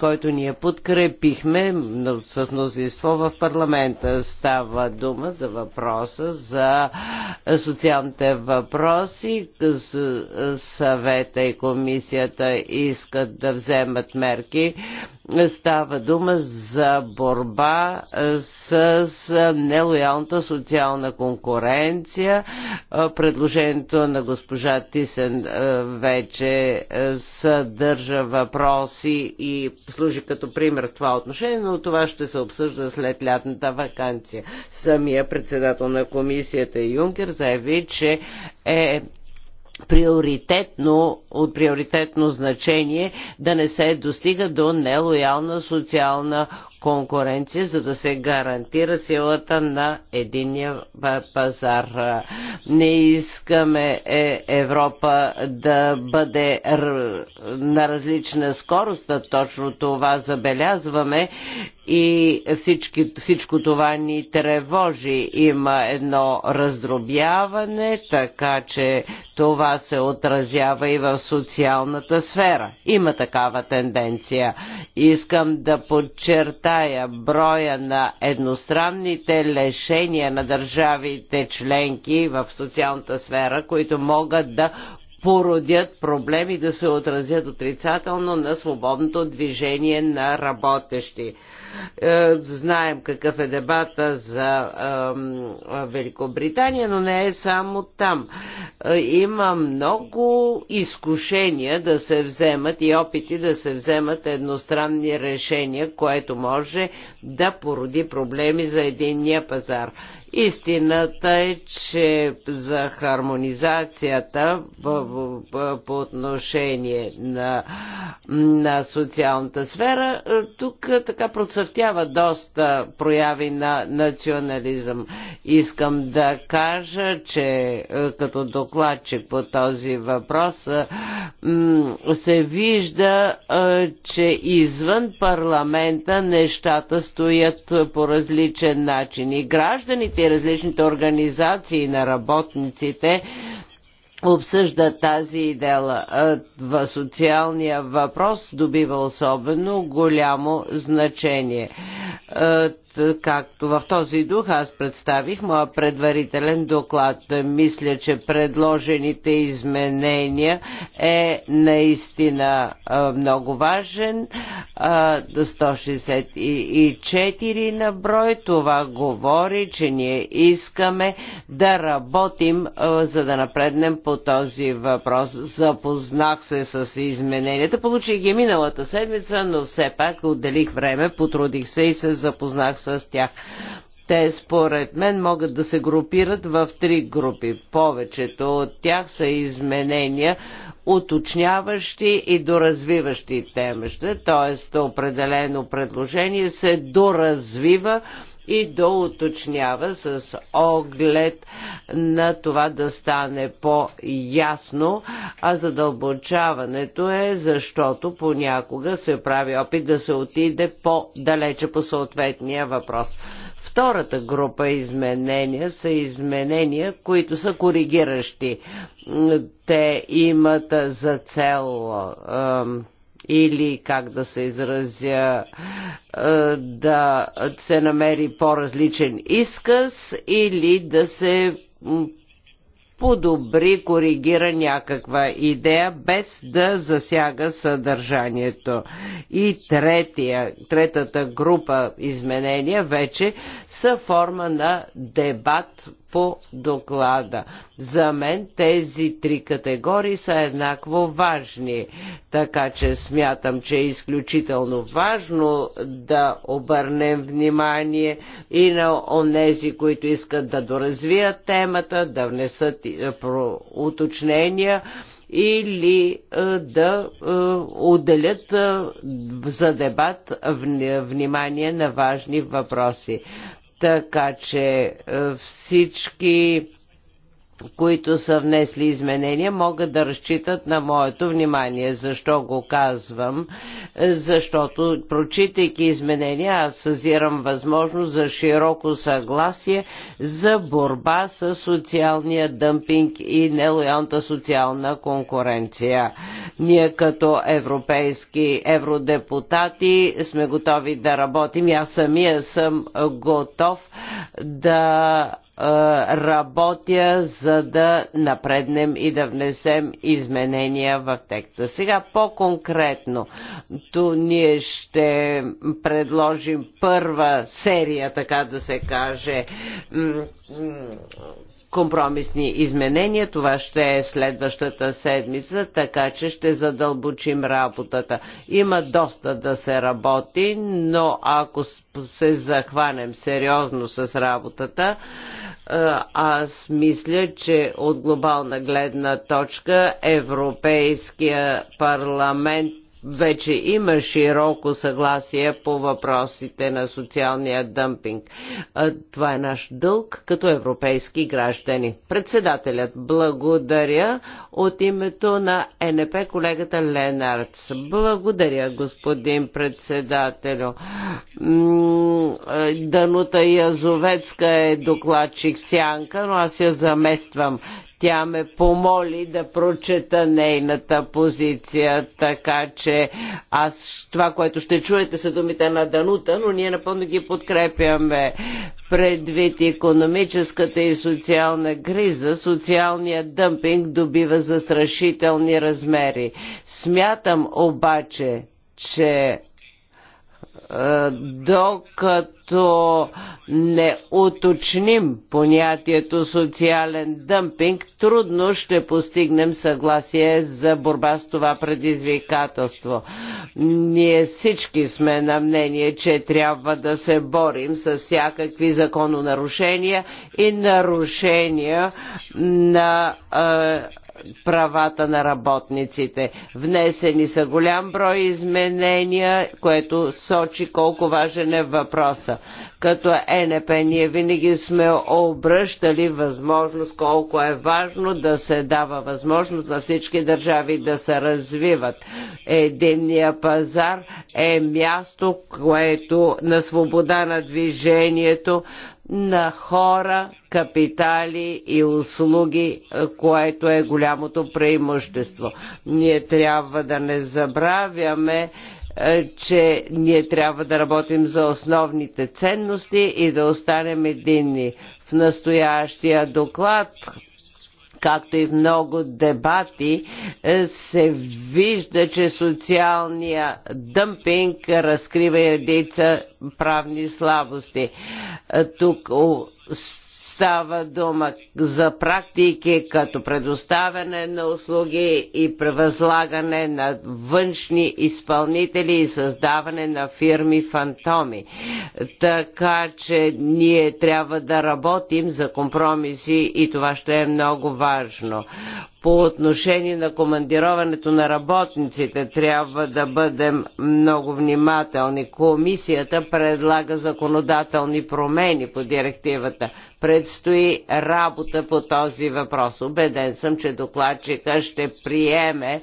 който ние подкрепихме с мнозинство в парламента. Става дума за въпроса за социалните въпроси. Съвета и комисията искат да вземат мерки. Става дума за борба с нелоялната социална конкуренция. Предложението на госпожа Тисен вече съдържа въпроси и служи като пример в това отношение, но това ще се обсъжда след лятната вакансия. Самия председател на комисията Юнкер заяви, че е приоритетно, от приоритетно значение да не се достига до нелоялна социална конкуренция, за да се гарантира силата на единия пазар. Не искаме е, Европа да бъде на различна скорост, а точно това забелязваме и всички, всичко това ни тревожи. Има едно раздробяване, така че това се отразява и в социалната сфера. Има такава тенденция. Искам да подчертая, подчертая броя на едностранните лишения на държавите членки в социалната сфера, които могат да породят проблеми да се отразят отрицателно на свободното движение на работещи. Е, знаем какъв е дебата за Великобритания, но не е само там. Е, има много изкушения да се вземат и опити да се вземат едностранни решения, което може да породи проблеми за единния пазар. Истината е, че за хармонизацията по отношение на, на социалната сфера, е, тук така процъфтява доста прояви на национализъм. Искам да кажа, че е, като докладчик по този въпрос е, се вижда, че извън парламента нещата стоят по различен начин и гражданите различните организации на работниците обсъжда тази идея. Е, в социалния въпрос добива особено голямо значение. Е, както в този дух аз представих моя предварителен доклад. Мисля, че предложените изменения е наистина много важен. 164 на брой. Това говори, че ние искаме да работим, за да напреднем по този въпрос. Запознах се с измененията. Получих ги миналата седмица, но все пак отделих време, потрудих се и се запознах с с тях. Те според мен могат да се групират в три групи. Повечето от тях са изменения, уточняващи и доразвиващи темеща, т.е. определено предложение се доразвива и доуточнява с оглед на това да стане по-ясно, а задълбочаването е защото понякога се прави опит да се отиде по-далече по съответния въпрос. Втората група изменения са изменения, които са коригиращи. Те имат за цел. Е, или как да се изразя, е, да се намери по-различен изказ или да се подобри, коригира някаква идея, без да засяга съдържанието. И третия, третата група изменения вече са форма на дебат по доклада. За мен тези три категории са еднакво важни, така че смятам, че е изключително важно да обърнем внимание и на онези, които искат да доразвият темата, да внесат е, уточнения или е, да е, отделят за дебат внимание на важни въпроси така че е, всички които са внесли изменения, могат да разчитат на моето внимание. Защо го казвам? Защото, прочитайки изменения, аз съзирам възможност за широко съгласие за борба с социалния дъмпинг и нелоялната социална конкуренция. Ние като европейски евродепутати сме готови да работим. Аз самия съм готов да работя, за да напреднем и да внесем изменения в текста. Сега по-конкретно, то ние ще предложим първа серия, така да се каже, компромисни изменения. Това ще е следващата седмица, така че ще задълбочим работата. Има доста да се работи, но ако се захванем сериозно с работата, е, аз мисля, че от глобална гледна точка Европейския парламент вече има широко съгласие по въпросите на социалния дъмпинг. Това е наш дълг като европейски граждани. Председателят, благодаря от името на НП колегата Ленардс. Благодаря, господин председателю. Данута Язовецка е докладчик Сянка, но аз я замествам. Тя ме помоли да прочета нейната позиция, така че аз това, което ще чуете са думите на Данута, но ние напълно ги подкрепяме предвид економическата и социална криза, социалният дъмпинг добива застрашителни размери. Смятам обаче, че е, докато докато не уточним понятието социален дъмпинг, трудно ще постигнем съгласие за борба с това предизвикателство. Ние всички сме на мнение, че трябва да се борим с всякакви закононарушения и нарушения на правата на работниците. Внесени са голям брой изменения, което сочи колко важен е въпроса. Като ЕНП ние винаги сме обръщали възможност, колко е важно да се дава възможност на всички държави да се развиват. Единния пазар е място, което на свобода на движението, на хора, капитали и услуги, е, което е голямото преимущество. Ние трябва да не забравяме, е, че ние трябва да работим за основните ценности и да останем единни. В настоящия доклад както и в много дебати, е, се вижда, че социалния дъмпинг разкрива редица правни слабости. Е, тук Става дума за практики като предоставяне на услуги и превъзлагане на външни изпълнители и създаване на фирми фантоми. Така че ние трябва да работим за компромиси и това ще е много важно по отношение на командироването на работниците трябва да бъдем много внимателни. Комисията предлага законодателни промени по директивата. Предстои работа по този въпрос. Обеден съм, че докладчика ще приеме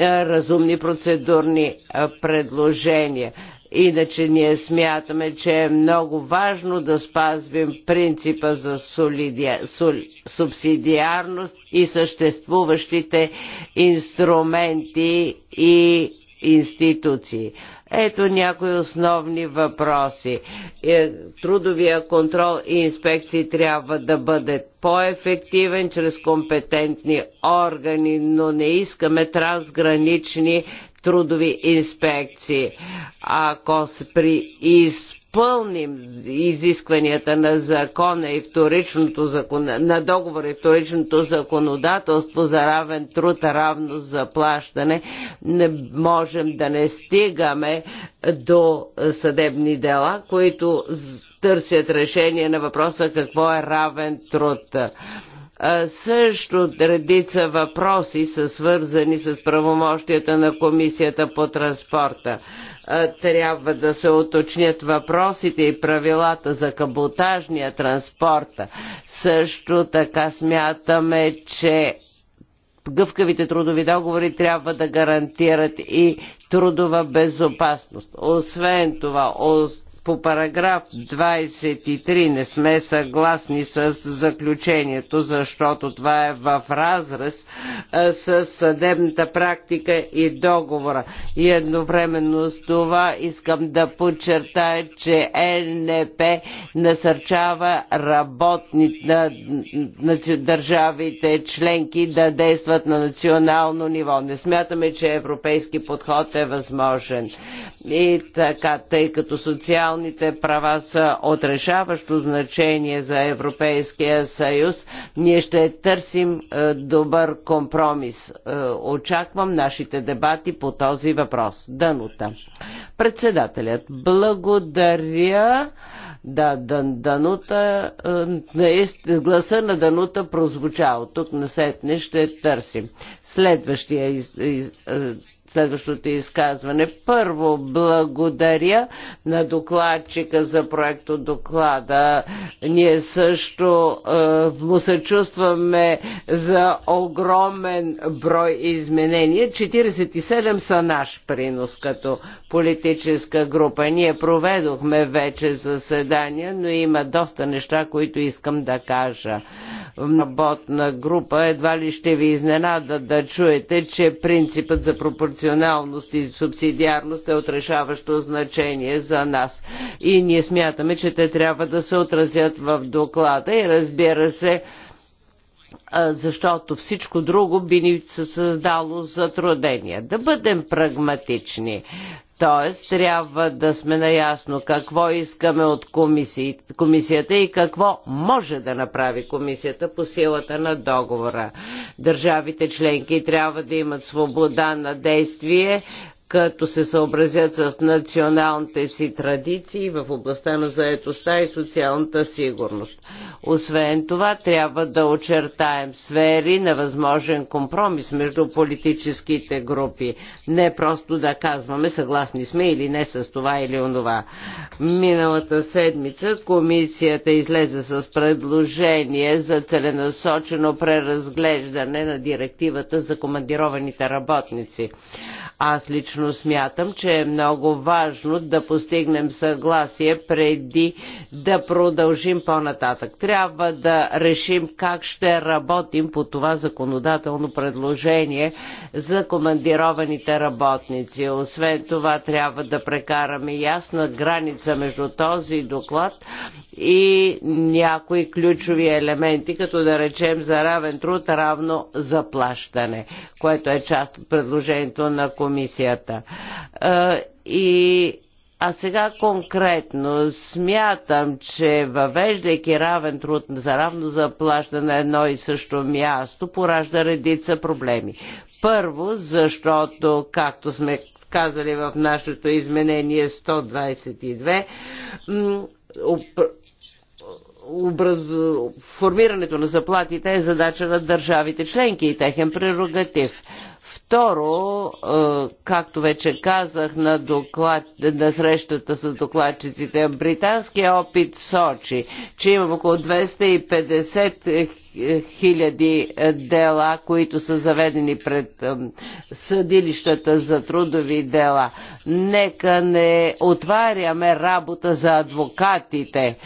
разумни процедурни предложения. Иначе ние смятаме, че е много важно да спазвим принципа за солидия, сол, субсидиарност и съществуващите инструменти и институции. Ето някои основни въпроси. Е, трудовия контрол и инспекции трябва да бъде по-ефективен чрез компетентни органи, но не искаме трансгранични трудови инспекции. Ако при изпълним изискванията на закона и вторичното закон... на договор и вторичното законодателство за равен труд, равно заплащане, не можем да не стигаме до съдебни дела, които търсят решение на въпроса какво е равен труд. Също редица въпроси са свързани с правомощията на Комисията по транспорта. Трябва да се уточнят въпросите и правилата за каботажния транспорт. Също така смятаме, че гъвкавите трудови договори трябва да гарантират и трудова безопасност. Освен това, по параграф 23 не сме съгласни с заключението, защото това е в разрез с съдебната практика и договора. И едновременно с това искам да подчертая, че НП насърчава работни на, на държавите членки да действат на национално ниво. Не смятаме, че европейски подход е възможен. И така, тъй като социално социалните права са отрешаващо значение за Европейския съюз. Ние ще търсим е, добър компромис. Е, очаквам нашите дебати по този въпрос. Данута. Председателят, благодаря. Да, Дан, Данута, е, гласа на Данута прозвуча. От тук сетне, ще търсим. Следващия из, из, следващото изказване. Първо, благодаря на докладчика за проекто доклада. Ние също е, му съчувстваме за огромен брой изменения. 47 са наш принос като политическа група. Ние проведохме вече заседания, но има доста неща, които искам да кажа. Работна група едва ли ще ви изненада да чуете, че принципът за пропорционалност пропорционалност и субсидиарност е отрешаващо значение за нас. И ние смятаме, че те трябва да се отразят в доклада и разбира се, защото всичко друго би ни се създало затруднения. Да бъдем прагматични. Т.е. трябва да сме наясно какво искаме от комисията и какво може да направи комисията по силата на договора. Държавите членки трябва да имат свобода на действие като се съобразят с националните си традиции в областта на заетостта и социалната сигурност. Освен това, трябва да очертаем сфери на възможен компромис между политическите групи. Не просто да казваме съгласни сме или не с това или онова. Миналата седмица комисията излезе с предложение за целенасочено преразглеждане на директивата за командированите работници. Аз лично лично смятам, че е много важно да постигнем съгласие преди да продължим по-нататък. Трябва да решим как ще работим по това законодателно предложение за командированите работници. Освен това трябва да прекараме ясна граница между този доклад и някои ключови елементи, като да речем за равен труд, равно заплащане, което е част от предложението на комисията. Е, и а сега конкретно смятам, че въвеждайки равен труд за равно заплащане на едно и също място, поражда редица проблеми. Първо, защото, както сме казали в нашето изменение 122, образ... формирането на заплатите е задача на държавите членки и техен прерогатив. Второ, е, както вече казах на, доклад, на срещата с докладчиците, британския опит сочи, че има около 250 хиляди дела, които са заведени пред е, съдилищата за трудови дела. Нека не отваряме работа за адвокатите.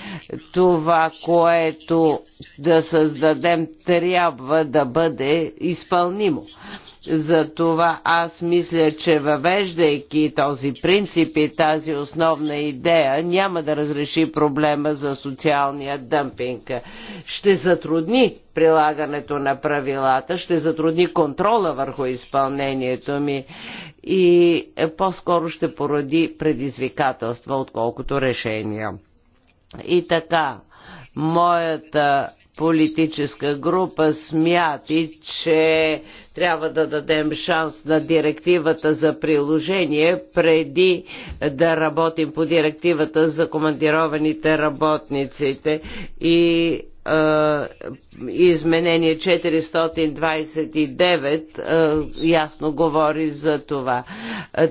Това, което да създадем, трябва да бъде изпълнимо. Затова аз мисля, че въвеждайки този принцип и тази основна идея, няма да разреши проблема за социалния дъмпинг. Ще затрудни прилагането на правилата, ще затрудни контрола върху изпълнението ми и по-скоро ще породи предизвикателства, отколкото решения. И така, моята политическа група смяти, че трябва да дадем шанс на директивата за приложение преди да работим по директивата за командированите работниците и изменение 429 ясно говори за това.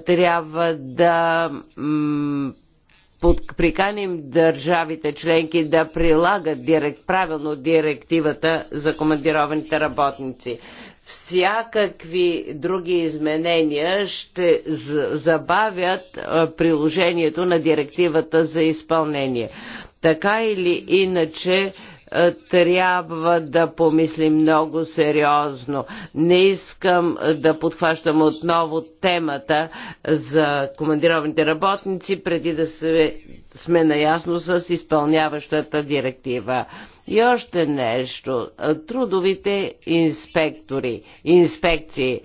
Трябва да приканим държавите членки да прилагат директ, правилно директивата за командированите работници всякакви други изменения ще забавят приложението на директивата за изпълнение. Така или иначе, трябва да помислим много сериозно. Не искам да подхващам отново темата за командированите работници, преди да сме наясно с изпълняващата директива. И още нещо. Трудовите инспектори, инспекции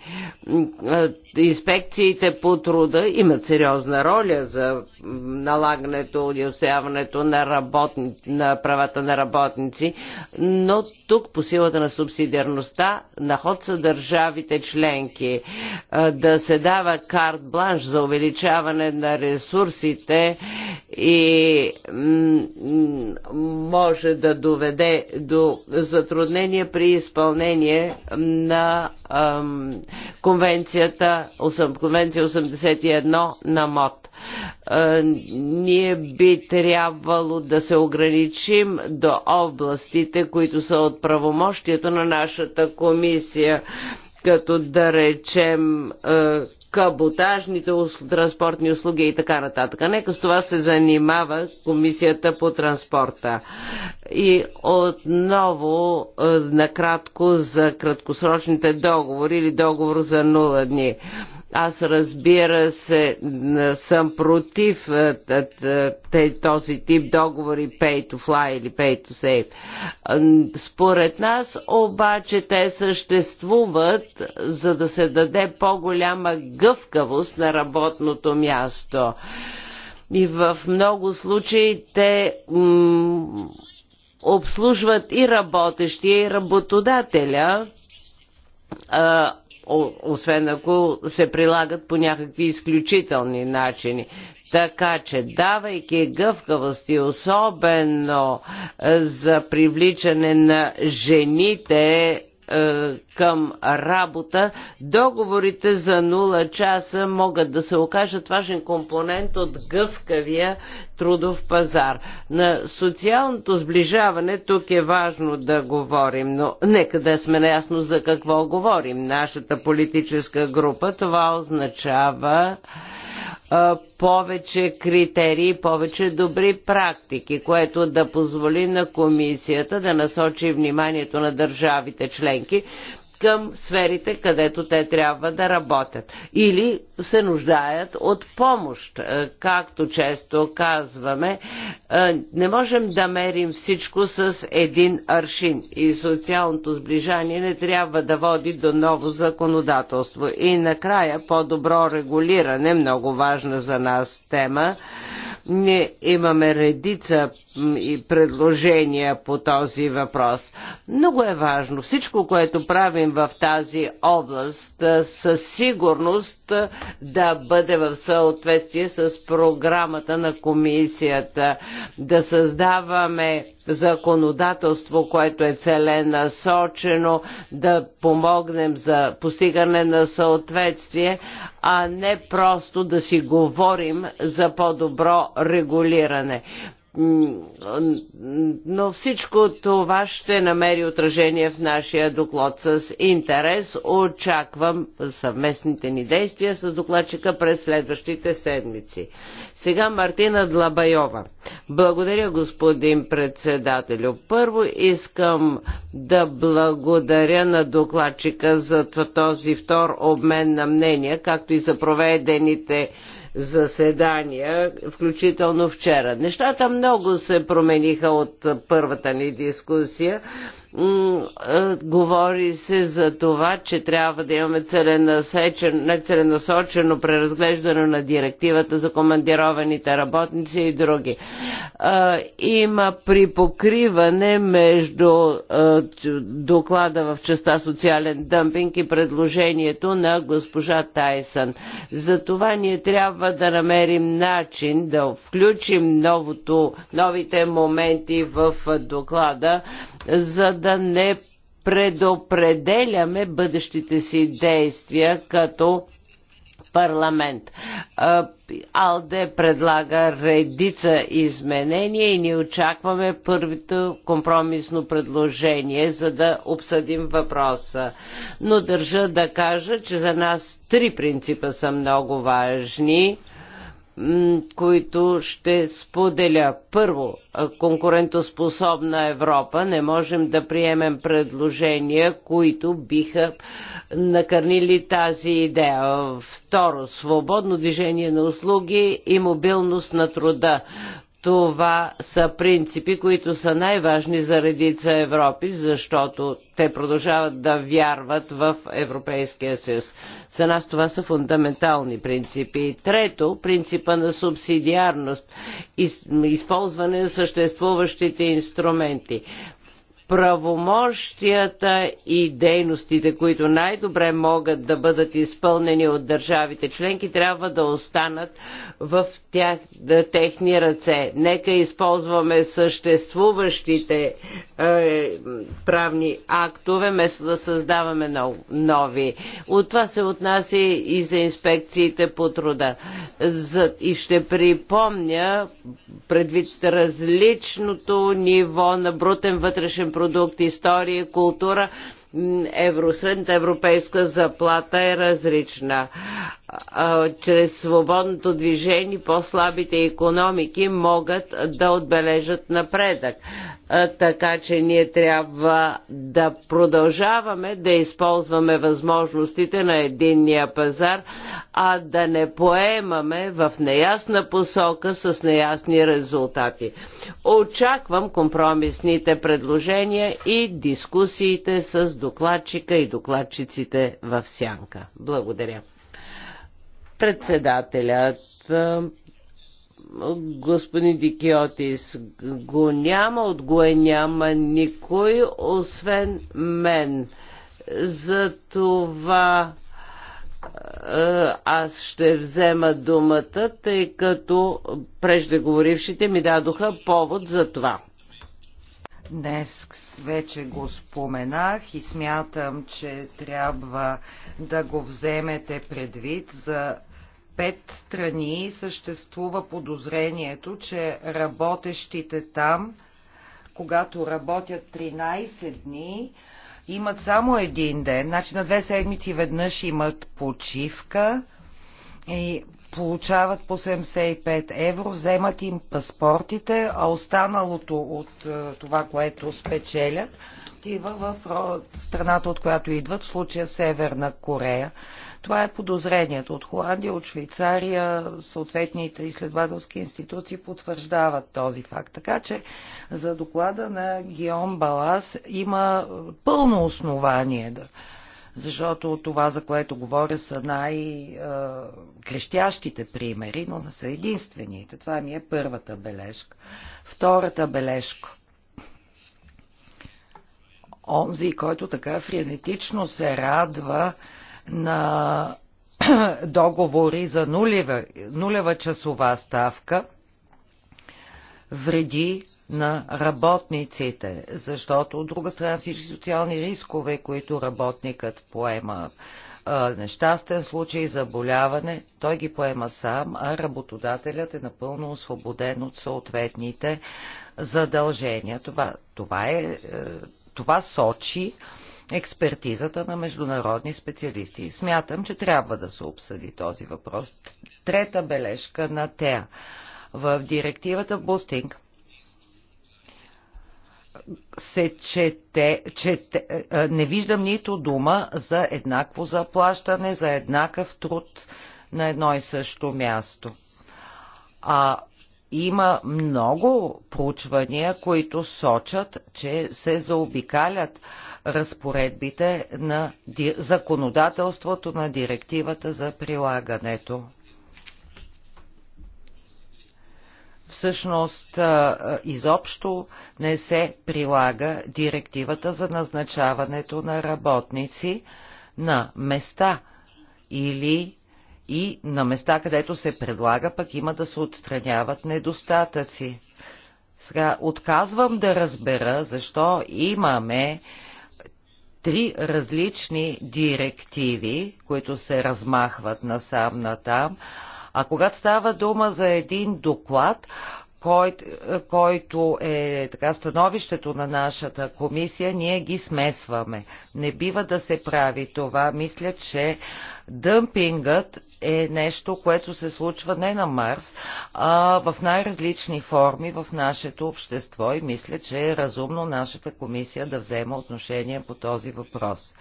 инспекциите по труда имат сериозна роля за налагането и осяването на, работни, на правата на работници, но тук по силата на субсидиарността на ход са държавите членки да се дава карт бланш за увеличаване на ресурсите и може да доведе до затруднения при изпълнение на конвенцията Конвенция 81 на МОД. Ние би трябвало да се ограничим до областите, които са от правомощието на нашата комисия като да речем каботажните транспортни услуги и така нататък. Нека с това се занимава Комисията по транспорта. И отново е, накратко за краткосрочните договори или договор за нула дни. Аз разбира се съм против този тип договори pay to fly или pay to save. Според нас обаче те съществуват за да се даде по-голяма гъвкавост на работното място. И в много случаи те обслужват и работещия, и работодателя, освен ако се прилагат по някакви изключителни начини. Така че, давайки гъвкавост и особено за привличане на жените е, към работа, договорите за 0 часа могат да се окажат важен компонент от гъвкавия трудов пазар. На социалното сближаване тук е важно да говорим, но нека да сме наясно за какво говорим. Нашата политическа група това означава повече критерии, повече добри практики, което да позволи на комисията да насочи вниманието на държавите членки към сферите, където те трябва да работят. Или се нуждаят от помощ. Е, както често казваме, е, не можем да мерим всичко с един аршин и социалното сближание не трябва да води до ново законодателство. И накрая по-добро регулиране, много важна за нас тема. Ние имаме редица и предложения по този въпрос. Много е важно всичко, което правим в тази област със сигурност да бъде в съответствие с програмата на комисията, да създаваме законодателство, което е целенасочено, да помогнем за постигане на съответствие, а не просто да си говорим за по-добро регулиране но всичко това ще намери отражение в нашия доклад. С интерес очаквам съвместните ни действия с докладчика през следващите седмици. Сега Мартина Длабайова. Благодаря, господин председателю. Първо искам да благодаря на докладчика за този втор обмен на мнения, както и за проведените заседания, включително вчера. Нещата много се промениха от първата ни дискусия говори се за това, че трябва да имаме целенасочено преразглеждане на директивата за командированите работници и други. Има припокриване между доклада в частта социален дъмпинг и предложението на госпожа Тайсън. За това ние трябва да намерим начин да включим новото, новите моменти в доклада, за да не предопределяме бъдещите си действия като парламент. Алде предлага редица изменения и ни очакваме първото компромисно предложение, за да обсъдим въпроса. Но държа да кажа, че за нас три принципа са много важни – които ще споделя. Първо, конкурентоспособна Европа. Не можем да приемем предложения, които биха накърнили тази идея. Второ, свободно движение на услуги и мобилност на труда. Това са принципи, които са най-важни за редица Европи, защото те продължават да вярват в Европейския съюз. За нас това са фундаментални принципи. И трето, принципа на субсидиарност, използване на съществуващите инструменти правомощията и дейностите, които най-добре могат да бъдат изпълнени от държавите членки, трябва да останат в тях, да, техни ръце. Нека използваме съществуващите е, правни актове, вместо да създаваме нов, нови. От това се отнася и за инспекциите по труда. За, и ще припомня предвид различното ниво на брутен вътрешен продукт, история, култура, евро. Средната европейска заплата е различна. Чрез свободното движение по-слабите економики могат да отбележат напредък. Така че ние трябва да продължаваме да използваме възможностите на единния пазар, а да не поемаме в неясна посока с неясни резултати. Очаквам компромисните предложения и дискусиите с докладчика и докладчиците в сянка. Благодаря. Председателят господин Дикиотис го няма, от го е няма никой, освен мен. За това аз ще взема думата, тъй като преждеговорившите ми дадоха повод за това. Днес вече го споменах и смятам, че трябва да го вземете предвид. За пет страни съществува подозрението, че работещите там, когато работят 13 дни, имат само един ден. Значи на две седмици веднъж имат почивка и получават по 75 евро, вземат им паспортите, а останалото от е, това, което спечелят, отива в страната, от която идват, в случая Северна Корея. Това е подозрението. От Холандия, от Швейцария, съответните изследователски институции потвърждават този факт. Така че за доклада на Гион Балас има пълно основание да защото това, за което говоря, са най-крещящите примери, но не са единствените. Това ми е първата бележка. Втората бележка. Онзи, който така френетично се радва на договори за нулева, нулева часова ставка, вреди на работниците, защото от друга страна всички социални рискове, които работникът поема, нещастен случай, заболяване, той ги поема сам, а работодателят е напълно освободен от съответните задължения. Това, това, е, е, това сочи експертизата на международни специалисти. Смятам, че трябва да се обсъди този въпрос. Трета бележка на ТЕА. В директивата Бустинг се чете, чете, е, е, не виждам нито дума за еднакво заплащане, за еднакъв труд на едно и също място. А има много проучвания, които сочат, че се заобикалят разпоредбите на законодателството на директивата за прилагането. всъщност изобщо не се прилага директивата за назначаването на работници на места или и на места, където се предлага, пък има да се отстраняват недостатъци. Сега отказвам да разбера защо имаме три различни директиви, които се размахват насам натам, а когато става дума за един доклад, кой, който е така становището на нашата комисия, ние ги смесваме. Не бива да се прави това. Мисля, че дъмпингът е нещо, което се случва не на Марс, а в най-различни форми в нашето общество и мисля, че е разумно нашата комисия да взема отношение по този въпрос.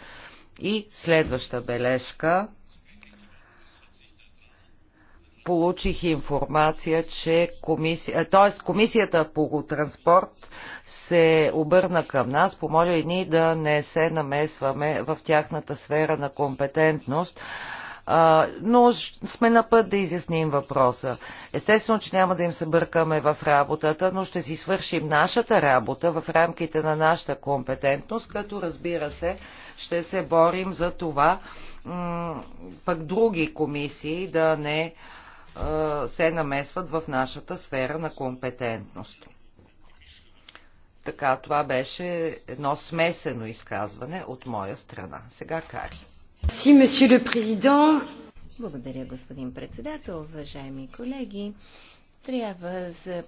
И следваща бележка получих информация, че комисия, т.е. комисията по транспорт се обърна към нас, и ни да не се намесваме в тяхната сфера на компетентност, но сме на път да изясним въпроса. Естествено, че няма да им се бъркаме в работата, но ще си свършим нашата работа в рамките на нашата компетентност, като разбира се, ще се борим за това пък други комисии да не а, се намесват в нашата сфера на компетентност. Така, това беше едно смесено изказване от моя страна. Сега Кари. Си, месье ле президент. Благодаря, господин председател, уважаеми колеги. Трябва за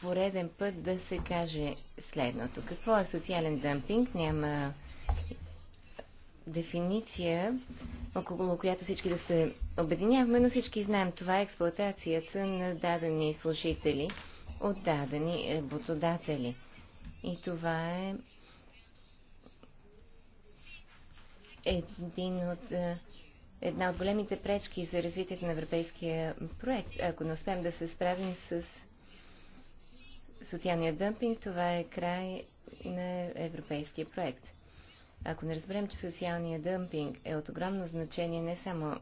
пореден път да се каже следното. Какво е социален дъмпинг? Няма дефиниция, около която всички да се обединяваме, но всички знаем, това е експлуатацията на дадени служители от дадени е, работодатели. И това е един от, е, една от големите пречки за развитието на европейския проект. Ако не успеем да се справим с социалния дъмпинг, това е край на европейския проект. Ако не разберем, че социалният дъмпинг е от огромно значение не само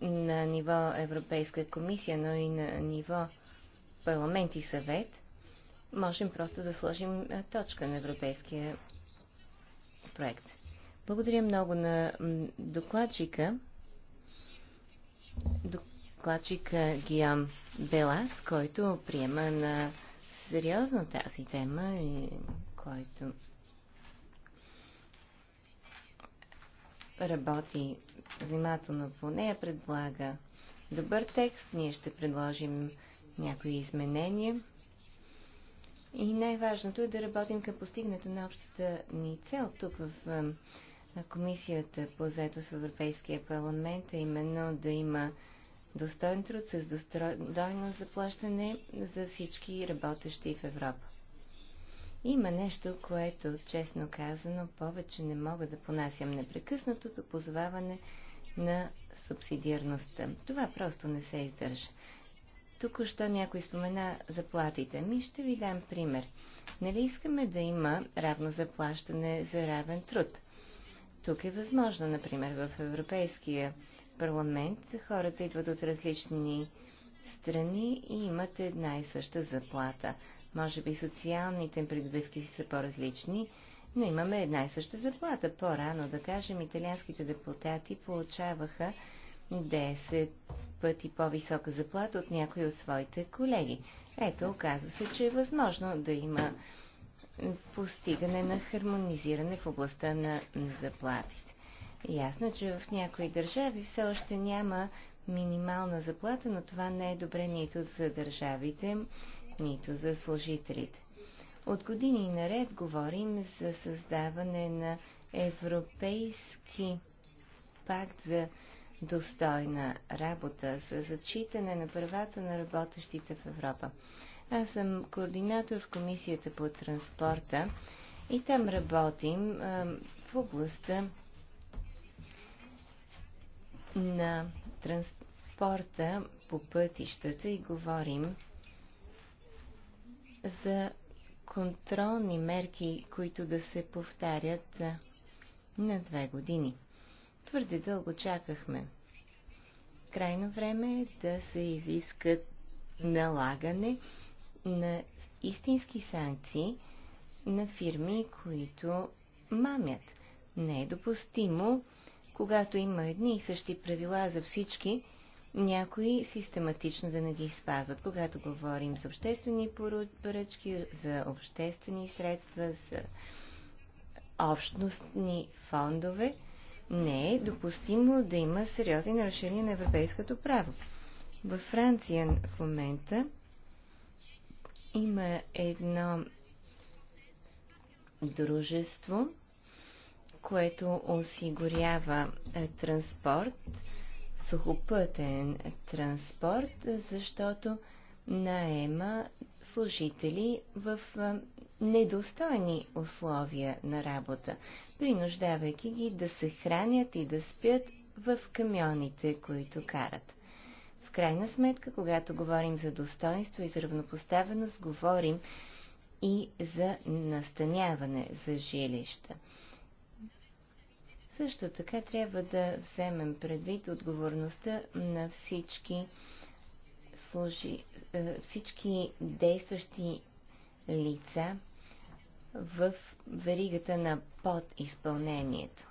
на ниво Европейска комисия, но и на ниво парламент и съвет, можем просто да сложим точка на европейския проект. Благодаря много на докладчика, докладчика Гиам Белас, който приема на сериозно тази тема и който работи внимателно по нея, предлага добър текст. Ние ще предложим някои изменения. И най-важното е да работим към постигнето на общата ни цел тук в Комисията по заедост в Европейския парламент, а е именно да има достоен труд с достойно заплащане за всички работещи в Европа. Има нещо, което, честно казано, повече не мога да понасям непрекъснатото позоваване на субсидиарността. Това просто не се издържа. Тук още някой спомена заплатите. Ми ще ви дам пример. Нали искаме да има равно заплащане за равен труд? Тук е възможно, например, в Европейския парламент хората идват от различни страни и имат една и съща заплата. Може би социалните придобивки са по-различни, но имаме една и съща заплата. По-рано, да кажем, италианските депутати получаваха 10 пъти по-висока заплата от някои от своите колеги. Ето, оказва се, че е възможно да има постигане на хармонизиране в областта на заплатите. Ясно, че в някои държави все още няма минимална заплата, но това не е добре нито за държавите, нито за служителите. От години наред говорим за създаване на европейски пакт за достойна работа, за зачитане на правата на работещите в Европа. Аз съм координатор в Комисията по транспорта и там работим а, в областта на транспорта по пътищата и говорим за контролни мерки, които да се повтарят на две години. Твърде дълго чакахме. Крайно време е да се изискат налагане на истински санкции на фирми, които мамят. Не е допустимо, когато има едни и същи правила за всички, някои систематично да не ги спазват. Когато говорим за обществени поръчки, за обществени средства, за общностни фондове, не е допустимо да има сериозни нарушения на европейското право. Във Франция в момента има едно дружество, което осигурява е, транспорт сухопътен транспорт, защото наема служители в недостойни условия на работа, принуждавайки ги да се хранят и да спят в камионите, които карат. В крайна сметка, когато говорим за достоинство и за равнопоставеност, говорим и за настаняване, за жилища. Също така трябва да вземем предвид отговорността на всички, служи, е, всички действащи лица в веригата на подизпълнението.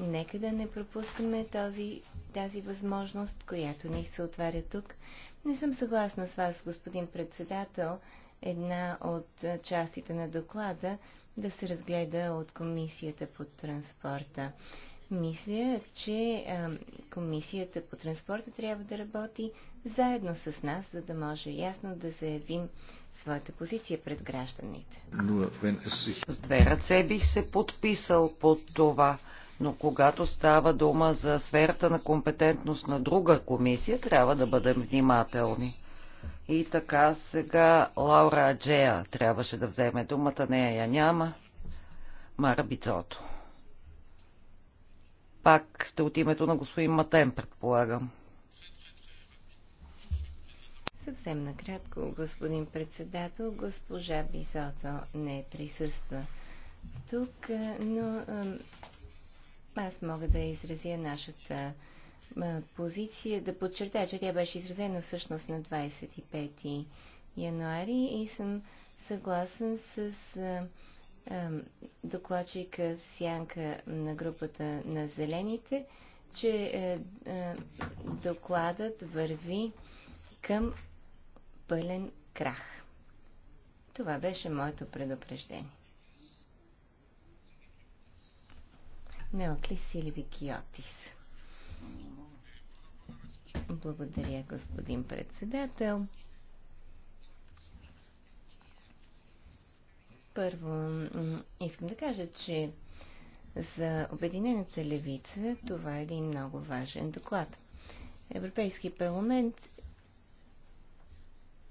Нека да не пропускаме този, тази възможност, която ни се отваря тук. Не съм съгласна с вас, господин председател. Една от е, частите на доклада да се разгледа от Комисията по транспорта. Мисля, че а, Комисията по транспорта трябва да работи заедно с нас, за да може ясно да заявим своята позиция пред гражданите. С две ръце бих се подписал под това, но когато става дума за сферата на компетентност на друга комисия, трябва да бъдем внимателни. И така сега Лаура Аджея трябваше да вземе думата, нея я няма. Мара Бицото. Пак сте от името на господин Матен, предполагам. Съвсем накратко, господин председател, госпожа Бизото не присъства тук, но аз мога да изразя нашата позиция да подчертая, че тя беше изразена всъщност на 25 януари и съм съгласен с докладчика в сянка на групата на зелените, че е, е, докладът върви към пълен крах. Това беше моето предупреждение. Неоклис или викиотис. Благодаря, господин председател. Първо, искам да кажа, че за Обединената левица това е един много важен доклад. Европейски парламент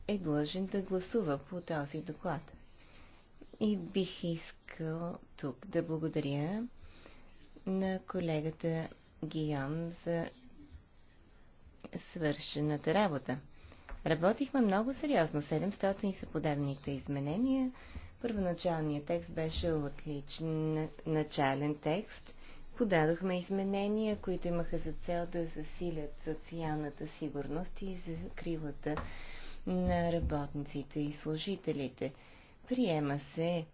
е длъжен да гласува по този доклад. И бих искал тук да благодаря на колегата Гийом за свършената работа. Работихме много сериозно. 700 са подадените изменения. Първоначалният текст беше отличен начален текст. Подадохме изменения, които имаха за цел да засилят социалната сигурност и закрилата на работниците и служителите. Приема се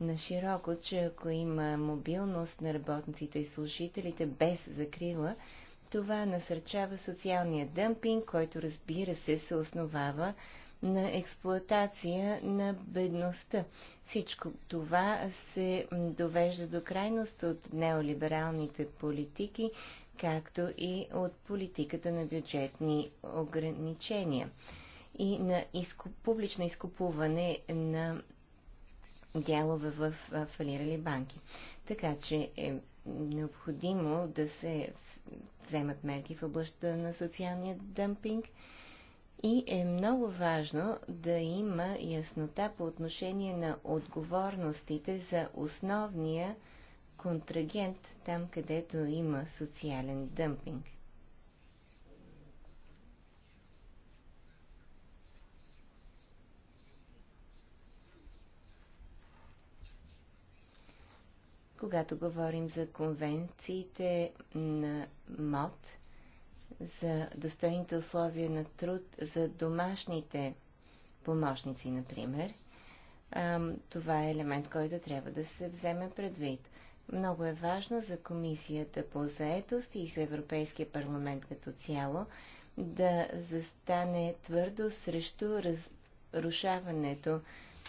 на широко, че ако има мобилност на работниците и служителите без закрила, това насърчава социалния дъмпинг, който разбира се се основава на експлоатация на бедността. Всичко това се довежда до крайност от неолибералните политики, както и от политиката на бюджетни ограничения и на изку... публично изкупуване на дялове в фалирали банки. Така че е необходимо да се вземат мерки в областта на социалния дъмпинг и е много важно да има яснота по отношение на отговорностите за основния контрагент там, където има социален дъмпинг. когато говорим за конвенциите на МОД, за достойните условия на труд за домашните помощници, например. Това е елемент, който трябва да се вземе предвид. Много е важно за Комисията по заетост и за Европейския парламент като цяло да застане твърдо срещу разрушаването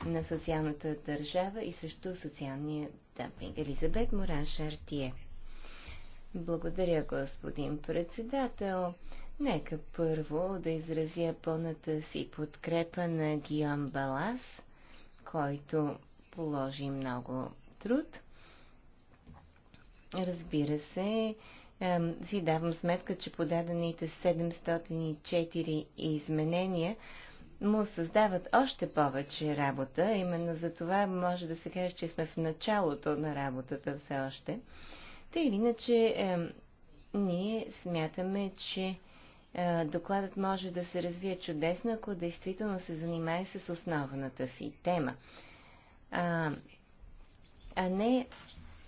на социалната държава и срещу социалния антидампинг. Елизабет Моран Шартие. Благодаря, господин председател. Нека първо да изразя пълната си подкрепа на Гион Балас, който положи много труд. Разбира се, си давам сметка, че подадените 704 изменения му създават още повече работа. Именно за това може да се каже, че сме в началото на работата все още. Та или иначе, е, ние смятаме, че е, докладът може да се развие чудесно, ако действително се занимае с основната си тема. А, а не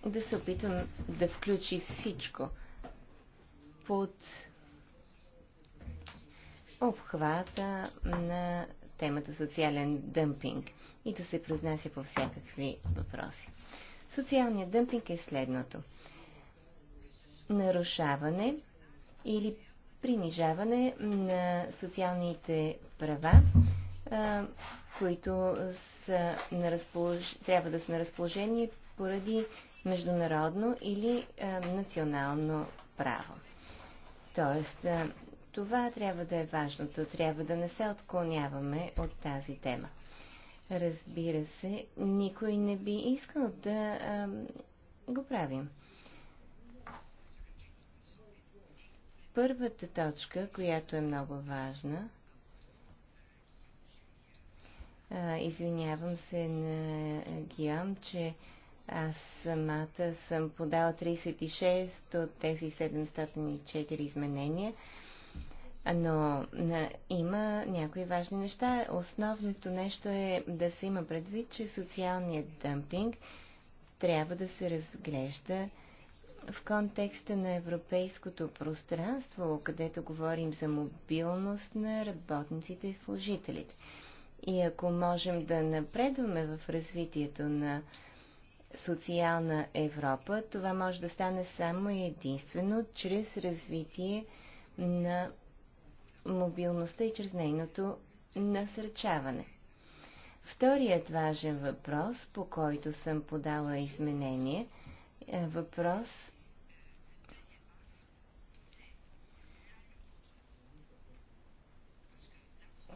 да се опитвам да включи всичко под обхвата на темата социален дъмпинг и да се произнася по всякакви въпроси. Социалният дъмпинг е следното. Нарушаване или принижаване на социалните права, които са на разполож... трябва да са на разположение поради международно или национално право. Тоест, това трябва да е важното. Трябва да не се отклоняваме от тази тема. Разбира се, никой не би искал да а, го правим. Първата точка, която е много важна, а, извинявам се на Гиом, че аз самата съм подала 36 от тези 704 изменения. Но на, има някои важни неща. Основното нещо е да се има предвид, че социалният дъмпинг трябва да се разглежда в контекста на европейското пространство, където говорим за мобилност на работниците и служителите. И ако можем да напредваме в развитието на социална Европа, това може да стане само и единствено чрез развитие на мобилността и чрез нейното насърчаване. Вторият важен въпрос, по който съм подала изменение, е въпрос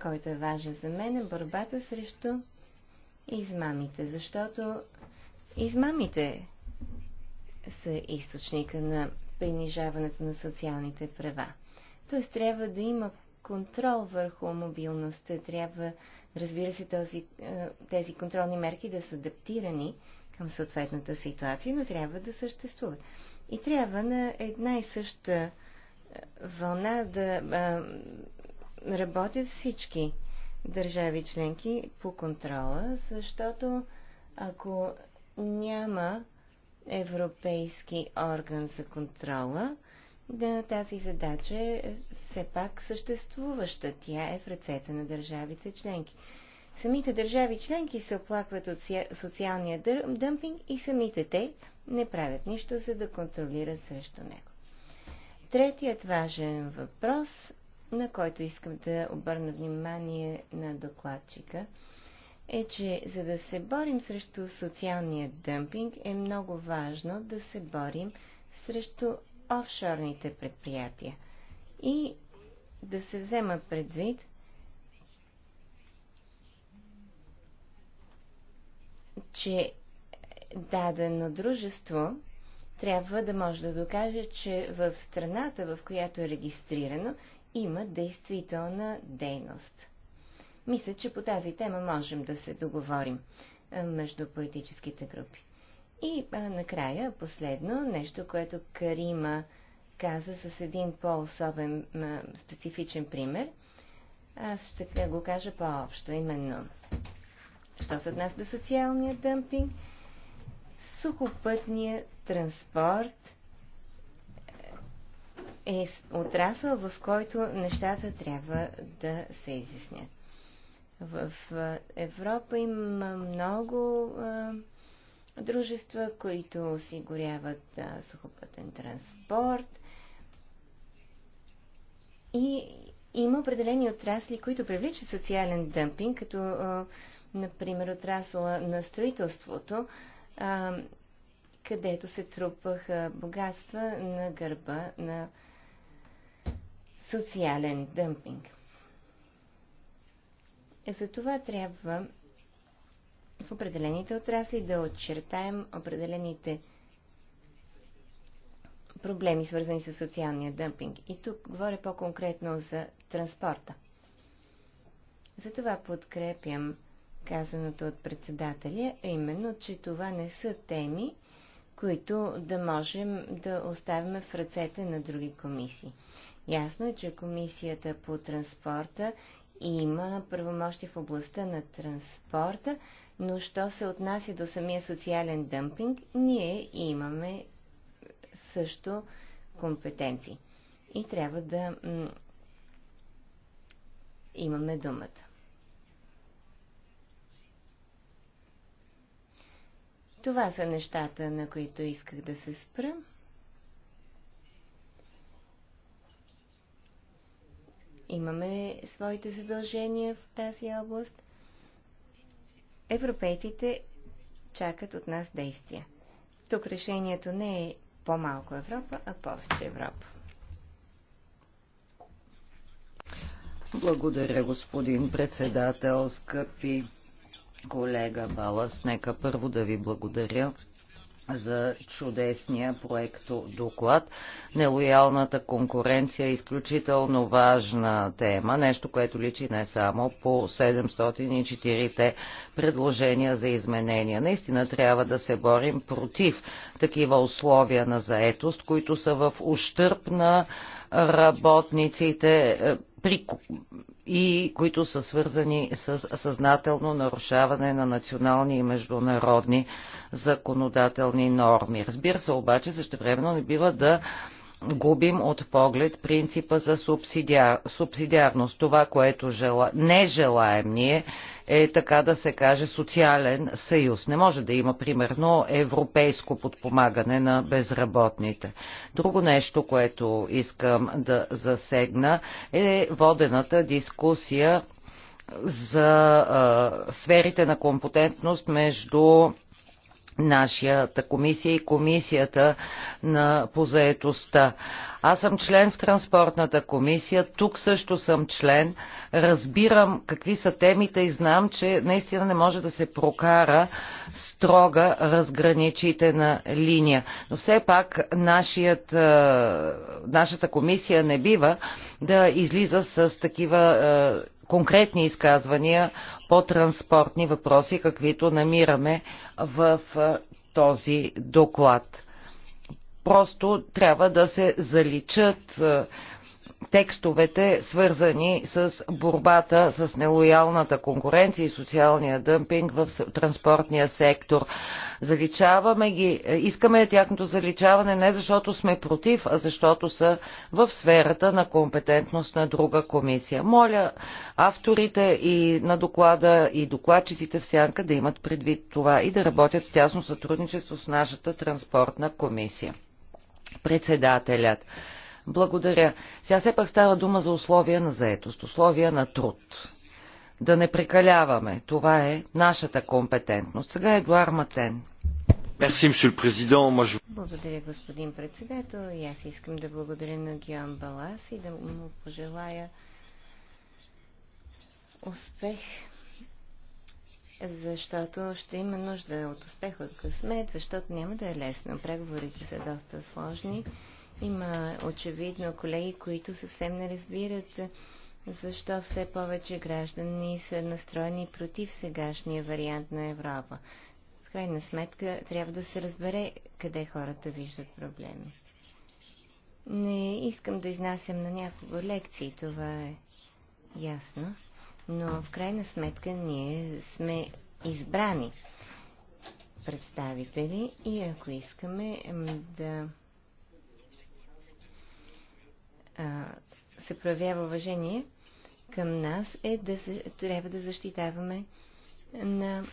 който е важен за мен, е борбата срещу измамите, защото измамите са източника на принижаването на социалните права т.е. трябва да има контрол върху мобилността. Трябва, разбира се, този, е, тези контролни мерки да са адаптирани към съответната ситуация, но трябва да съществуват. И трябва на една и съща е, вълна да а, е, работят всички държави членки по контрола, защото ако няма европейски орган за контрола, да, тази задача е все пак съществуваща. Тя е в ръцете на държавите членки. Самите държави членки се оплакват от социалния дъмпинг и самите те не правят нищо, за да контролират срещу него. Третият важен въпрос, на който искам да обърна внимание на докладчика, е, че за да се борим срещу социалния дъмпинг е много важно да се борим срещу офшорните предприятия. И да се взема предвид, че дадено дружество трябва да може да докаже, че в страната, в която е регистрирано, има действителна дейност. Мисля, че по тази тема можем да се договорим между политическите групи. И а, накрая, последно, нещо, което Карима каза с един по-особен, специфичен пример. Аз ще го кажа по-общо, именно. Що се отнася до социалния дъмпинг? Сухопътния транспорт е отрасъл, в който нещата трябва да се изяснят. В Европа има много дружества, които осигуряват сухопътен транспорт. И има определени отрасли, които привличат социален дъмпинг, като, например, отрасъла на строителството, където се трупаха богатства на гърба на социален дъмпинг. Затова трябва в определените отрасли, да отчертаем определените проблеми, свързани с социалния дъмпинг. И тук говоря по-конкретно за транспорта. Затова подкрепям казаното от председателя, а именно, че това не са теми, които да можем да оставим в ръцете на други комисии. Ясно е, че комисията по транспорта има правомощи в областта на транспорта, но що се отнася до самия социален дъмпинг, ние имаме също компетенции. И трябва да имаме думата. Това са нещата, на които исках да се спра. Имаме своите задължения в тази област. Европейците чакат от нас действия. Тук решението не е по-малко Европа, а повече Европа. Благодаря, господин председател, скъпи колега Балас. Нека първо да ви благодаря за чудесния проекто доклад. Нелоялната конкуренция е изключително важна тема, нещо, което личи не само по 704 предложения за изменения. Наистина трябва да се борим против такива условия на заетост, които са в ущърп на работниците, при, и които са свързани с съзнателно нарушаване на национални и международни законодателни норми. Разбира се, обаче, същевременно не бива да губим от поглед принципа за субсидиар, субсидиарност. Това, което жела, не желаем ние, е така да се каже социален съюз. Не може да има примерно европейско подпомагане на безработните. Друго нещо, което искам да засегна е водената дискусия за а, сферите на компетентност между нашата комисия и комисията на позаетостта. Аз съм член в транспортната комисия, тук също съм член, разбирам какви са темите и знам, че наистина не може да се прокара строга разграничителна линия. Но все пак нашият, е, нашата комисия не бива да излиза с такива е, конкретни изказвания по транспортни въпроси, каквито намираме в този доклад. Просто трябва да се заличат текстовете, свързани с борбата с нелоялната конкуренция и социалния дъмпинг в транспортния сектор. Заличаваме ги, е, искаме тяхното заличаване не защото сме против, а защото са в сферата на компетентност на друга комисия. Моля авторите и на доклада и докладчиците в сянка да имат предвид това и да работят в тясно сътрудничество с нашата транспортна комисия. Председателят. Благодаря. Сега все пак става дума за условия на заетост, условия на труд. Да не прекаляваме. Това е нашата компетентност. Сега Едуар Матен. Благодаря, господин председател. И аз искам да благодаря на Геон Балас и да му пожелая успех, защото ще има нужда от успех от късмет, защото няма да е лесно. Преговорите са доста сложни има очевидно колеги, които съвсем не разбират е, защо все повече граждани са настроени против сегашния вариант на Европа. В крайна сметка трябва да се разбере къде хората виждат проблеми. Не искам да изнасям на някого лекции, това е ясно, но в крайна сметка ние сме избрани представители и ако искаме да а, се проявява уважение към нас, е да трябва да защитаваме на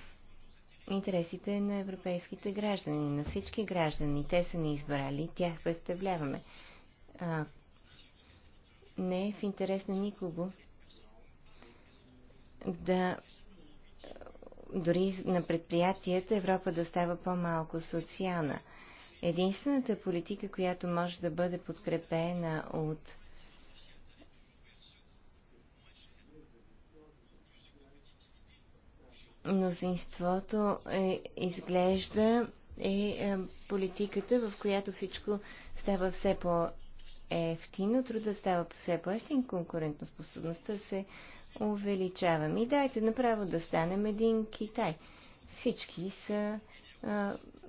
интересите на европейските граждани, на всички граждани. Те са ни избрали, тях представляваме. А, не е в интерес на никого да дори на предприятията Европа да става по-малко социална единствената политика, която може да бъде подкрепена от мнозинството е, изглежда е, е политиката, в която всичко става все по-ефтино, труда става все по-ефтин, конкурентоспособността се увеличава. И дайте направо да станем един Китай. Всички са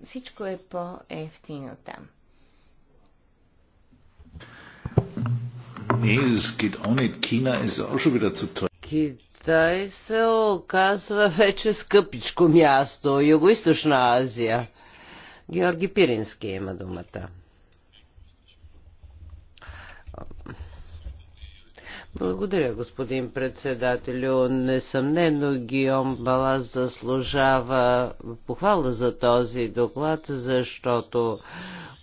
всичко е по-ефтино там. Китай се оказва вече скъпичко място. Юго-Источна Азия. Георги Пирински има думата. Благодаря, господин председателю. Несъмнено Гиом Балас заслужава похвала за този доклад, защото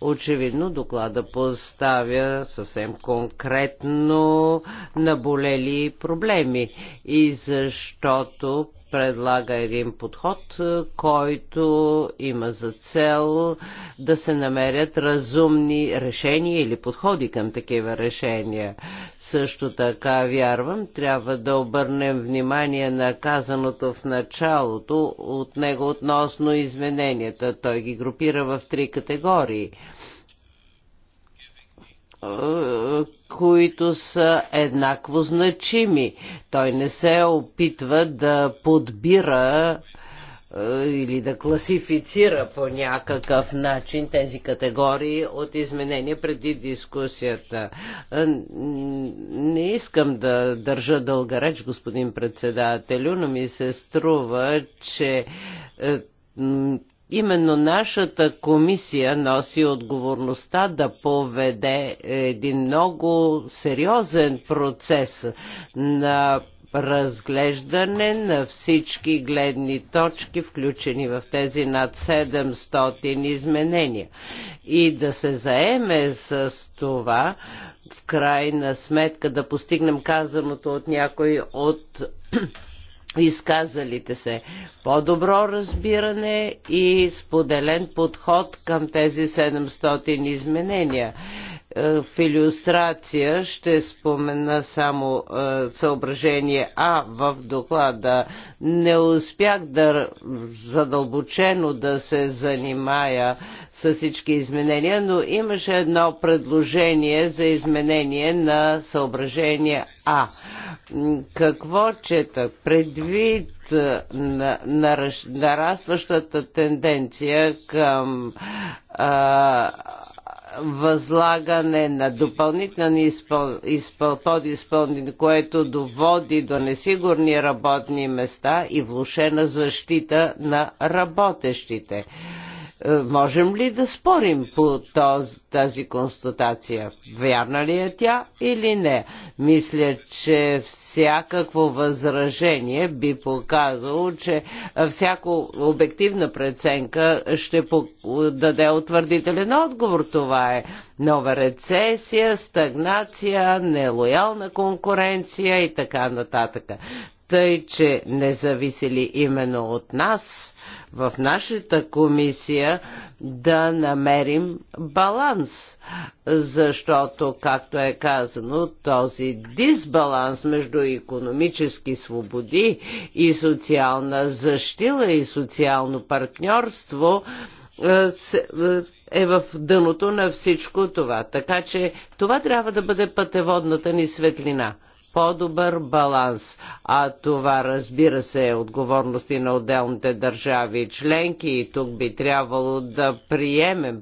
очевидно доклада поставя съвсем конкретно наболели проблеми и защото предлага един подход, е, който има за цел да се намерят разумни решения или подходи към такива решения. Също така, вярвам, трябва да обърнем внимание на казаното в началото от него относно измененията. Той ги групира в три категории – които са еднакво значими. Той не се опитва да подбира или да класифицира по някакъв начин тези категории от изменения преди дискусията. Не искам да държа дълга реч, господин председателю, но ми се струва, че Именно нашата комисия носи отговорността да поведе един много сериозен процес на разглеждане на всички гледни точки, включени в тези над 700 изменения. И да се заеме с това, в крайна сметка да постигнем казаното от някой от изказалите се. По-добро разбиране и споделен подход към тези 700 изменения. Е, в иллюстрация ще спомена само е, съображение А в доклада. Не успях да задълбочено да се занимая с всички изменения, но имаше едно предложение за изменение на съображение А. Какво чета? Предвид е, на, на, нарастващата тенденция към възлагане на допълнителни изпъл... изпъл... подизпълнени, което доводи до несигурни работни места и влушена защита на работещите. Е, можем ли да спорим по тази констатация? Вярна ли е тя или не? Мисля, че всякакво възражение би показало, че всяко обективна преценка ще даде утвърдителен отговор. Това е нова рецесия, стагнация, нелоялна конкуренция и така нататък тъй че не зависели именно от нас, в нашата комисия да намерим баланс, защото, както е казано, този дисбаланс между економически свободи и социална защила и социално партньорство е, е, е в дъното на всичко това. Така че това трябва да бъде пътеводната ни светлина по-добър баланс. А това, разбира се, е отговорности на отделните държави и членки и тук би трябвало да приемем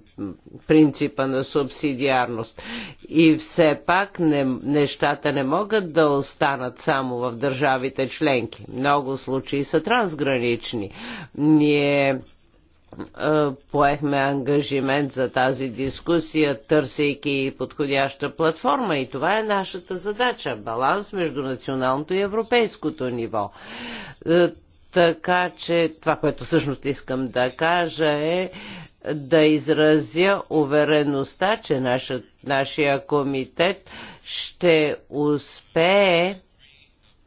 принципа на субсидиарност. И все пак не, нещата не могат да останат само в държавите членки. Много случаи са трансгранични. Ние е, поехме ангажимент за тази дискусия, търсейки подходяща платформа и това е нашата задача – баланс между националното и европейското ниво. Е, така че това, което всъщност искам да кажа е да изразя увереността, че наша, нашия комитет ще успее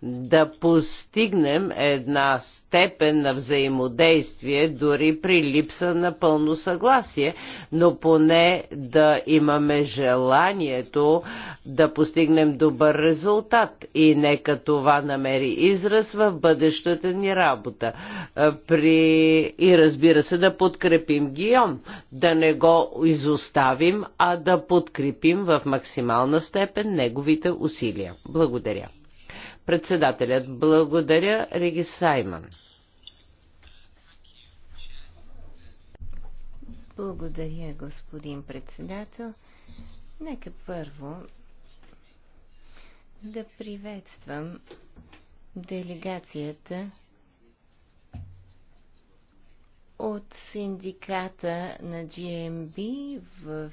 да постигнем една степен на взаимодействие, дори при липса на пълно съгласие, но поне да имаме желанието да постигнем добър резултат и нека това намери израз в бъдещата ни работа. При... И разбира се да подкрепим Гион, да не го изоставим, а да подкрепим в максимална степен неговите усилия. Благодаря. Председателят благодаря Реги Саймън. Благодаря, господин председател. Нека първо да приветствам делегацията от синдиката на GMB в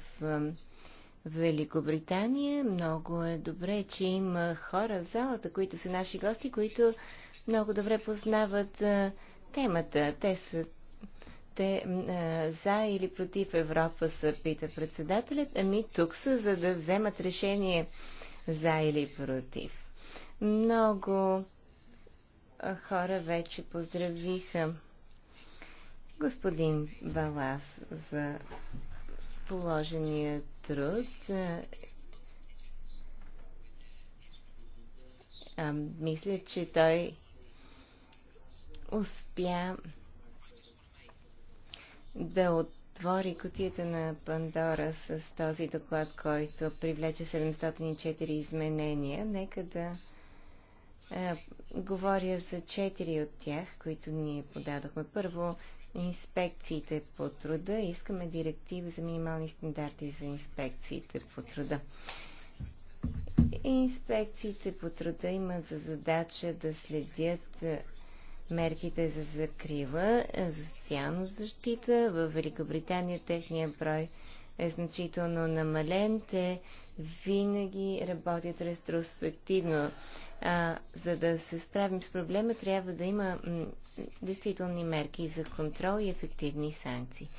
Великобритания. Много е добре, че има хора в залата, които са наши гости, които много добре познават а, темата. Те са те а, за или против Европа са, пита председателят. Ами тук са, за да вземат решение за или против. Много хора вече поздравиха господин Балас за положеният труд. А, мисля, че той успя да отвори котията на Пандора с този доклад, който привлече 704 изменения. Нека да а, говоря за четири от тях, които ние подадохме. Първо, инспекциите по труда. Искаме директива за минимални стандарти за инспекциите по труда. Инспекциите по труда има за задача да следят е, мерките за закрива, е, за социална защита. В Великобритания техния брой е значително намален. Те винаги работят ретроспективно. А, за да се справим с проблема, трябва да има действителни мерки за контрол и ефективни санкции.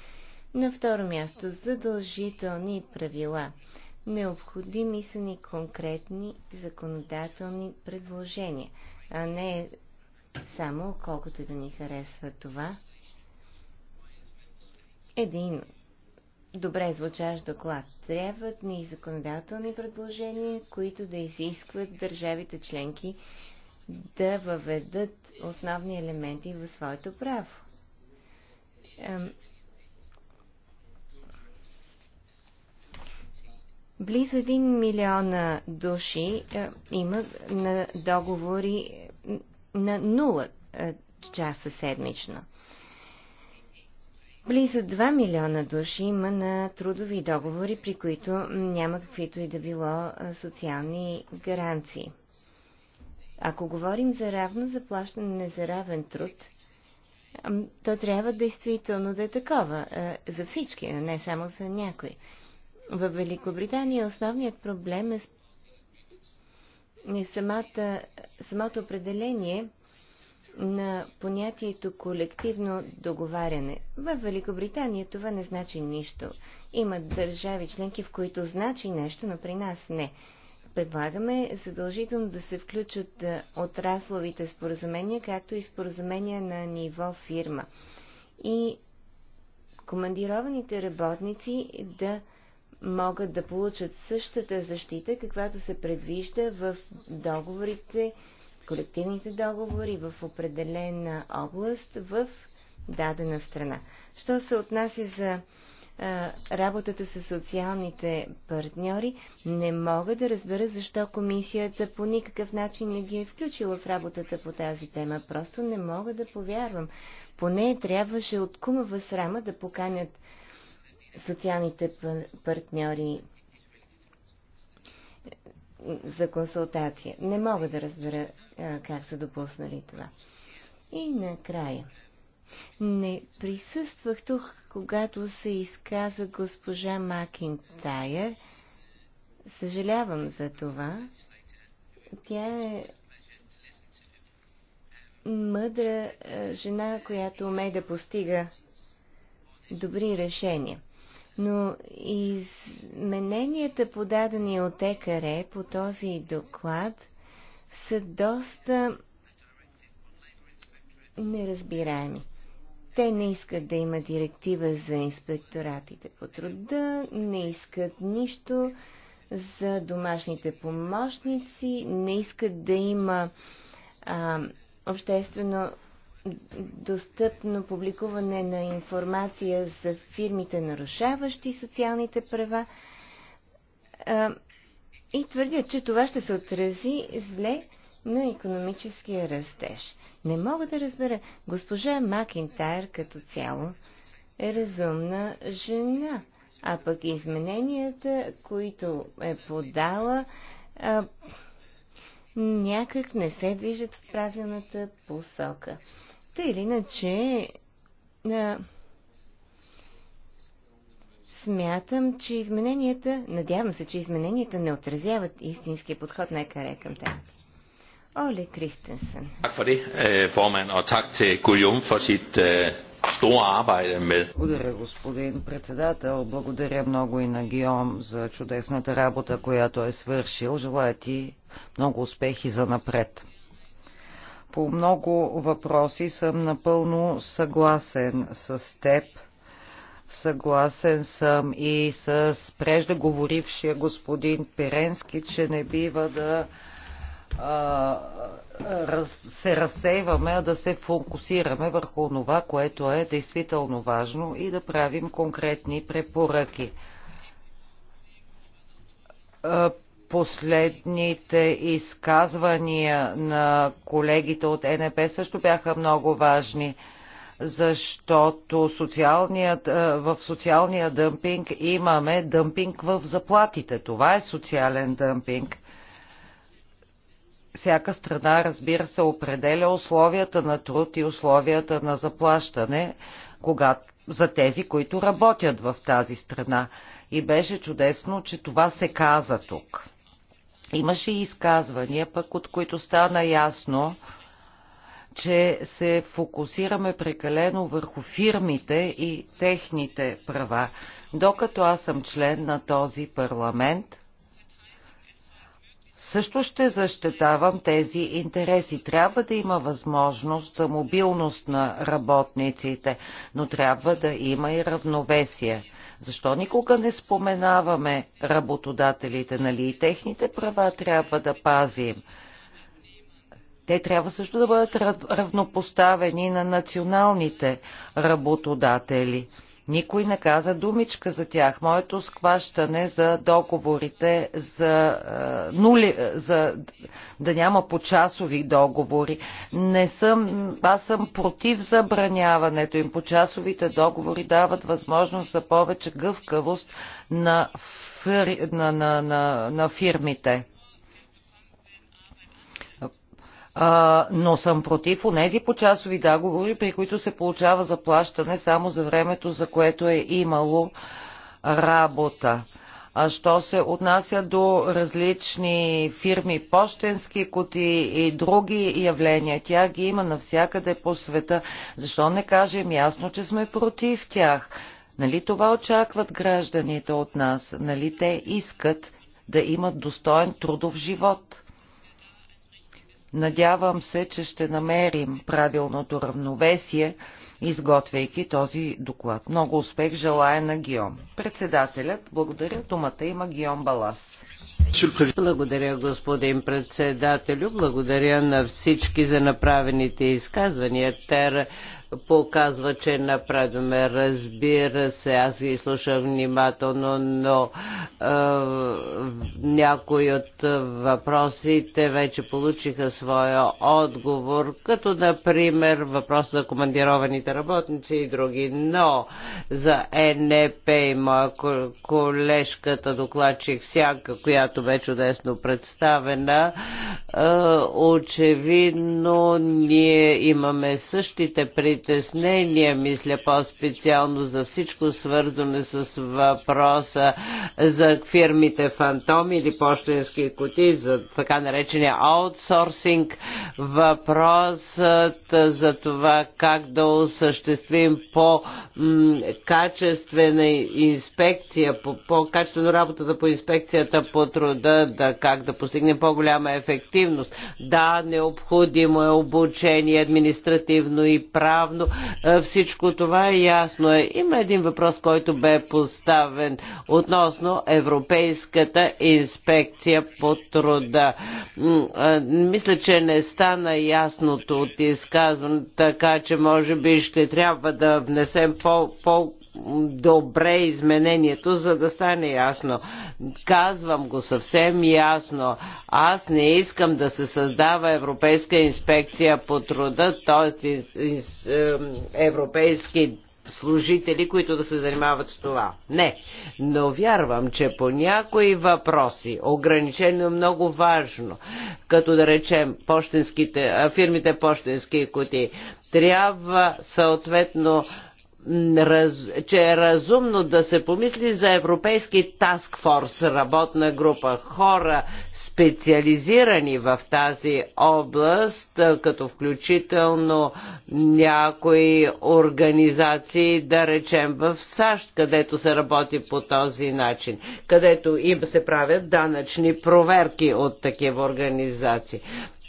На второ място, задължителни правила. Необходими са ни конкретни законодателни предложения, а не само колкото и да ни харесва това. Един добре звучащ доклад. Трябват ни законодателни предложения, които да изискват държавите членки да въведат основни елементи в своето право. Близо 1 милиона души имат на договори на 0 часа седмично. Близо 2 милиона души има на трудови договори, при които няма каквито и да било социални гаранции. Ако говорим за равно заплащане за равен труд, то трябва действително да е такова за всички, а не само за някой. В Великобритания основният проблем е, е самата, самото определение – на понятието колективно договаряне. В Великобритания това не значи нищо. Има държави членки, в които значи нещо, но при нас не. Предлагаме задължително да се включат отрасловите споразумения, както и споразумения на ниво фирма. И командированите работници да могат да получат същата защита, каквато се предвижда в договорите колективните договори в определена област в дадена страна. Що се отнася за а, работата с социалните партньори, не мога да разбера защо комисията по никакъв начин не ги е включила в работата по тази тема. Просто не мога да повярвам. Поне трябваше от кумава срама да поканят социалните партньори за консултация. Не мога да разбера а, как са допуснали това. И накрая. Не присъствах тук, когато се изказа госпожа Макинтайер. Съжалявам за това. Тя е мъдра жена, която умее да постига добри решения но измененията подадени от ЕКР по този доклад са доста неразбираеми. Те не искат да има директива за инспекторатите по труда, не искат нищо за домашните помощници, не искат да има а, обществено достъпно публикуване на информация за фирмите, нарушаващи социалните права. И твърдят, че това ще се отрази зле на економическия растеж. Не мога да разбера. Госпожа Макинтайр като цяло е разумна жена, а пък измененията, които е подала, а, някак не се движат в правилната посока. Та или иначе, а, смятам, че измененията, надявам се, че измененията не отразяват истинския подход на ЕКР към темата. Оле Кристенсен. Так for det, øh, formand, og tak til for sit øh, store arbejde med. Благодаря, господин председател. Благодаря много и на Гиом за чудесната работа, която е свършил. Желая ти много успехи за напред. По много въпроси съм напълно съгласен с теб. Съгласен съм и с преждеговорившия господин Перенски, че не бива да а, раз, се разсейваме, а да се фокусираме върху това, което е действително важно и да правим конкретни препоръки последните изказвания на колегите от НП също бяха много важни, защото социалният, е, в социалния дъмпинг имаме дъмпинг в заплатите. Това е социален дъмпинг. Всяка страна, разбира се, определя условията на труд и условията на заплащане, когато за тези, които работят в тази страна. И беше чудесно, че това се каза тук. Имаше и изказвания, пък от които стана ясно, че се фокусираме прекалено върху фирмите и техните права. Докато аз съм член на този парламент, също ще защитавам тези интереси. Трябва да има възможност за мобилност на работниците, но трябва да има и равновесие. Защо никога не споменаваме работодателите, нали и техните права трябва да пазим? Те трябва също да бъдат равнопоставени на националните работодатели. Никой не каза думичка за тях. Моето схващане за договорите, за, е, нули, е, за да няма почасови договори, не съм, аз съм против забраняването им. Почасовите договори дават възможност за повече гъвкавост на, фир, на, на, на, на фирмите а, но съм против нези почасови договори, при които се получава заплащане само за времето, за което е имало работа. А що се отнася до различни фирми, почтенски коти и други явления, тя ги има навсякъде по света. Защо не кажем ясно, че сме против тях? Нали това очакват гражданите от нас? Нали те искат да имат достоен трудов живот? Надявам се, че ще намерим правилното равновесие, изготвяйки този доклад. Много успех желая на Гиом. Председателят, благодаря, думата има Гиом Балас. Благодаря, господин председателю. Благодаря на всички за направените изказвания. Тер показва, че направяме. Разбира се, аз ги слушам внимателно, но е, някои от въпросите вече получиха своя отговор, като например въпрос за командированите работници и други. Но за НП има колежката докладчик всяка, която бе чудесно представена, е, очевидно ние имаме същите пред притеснения, мисля по-специално за всичко свързане с въпроса за фирмите фантом или почтенски коти, за така наречения аутсорсинг, въпросът за това как да осъществим по-качествена инспекция, по-качествено -по работата по инспекцията по труда, да, как да постигнем по-голяма ефективност. Да, необходимо е обучение административно и правно незабавно. Всичко това е ясно. е. Има един въпрос, който бе поставен относно Европейската инспекция по труда. Мисля, че не стана ясното от изказването, така че може би ще трябва да внесем по-, по добре изменението, за да стане ясно. Казвам го съвсем ясно. Аз не искам да се създава Европейска инспекция по труда, т.е. европейски служители, които да се занимават с това. Не, но вярвам, че по някои въпроси, ограничено е много важно, като да речем фирмите почтенски кути, трябва съответно раз, че е разумно да се помисли за европейски таскфорс, работна група, хора специализирани в тази област, като включително някои организации, да речем в САЩ, където се работи по този начин, където им се правят данъчни проверки от такива организации.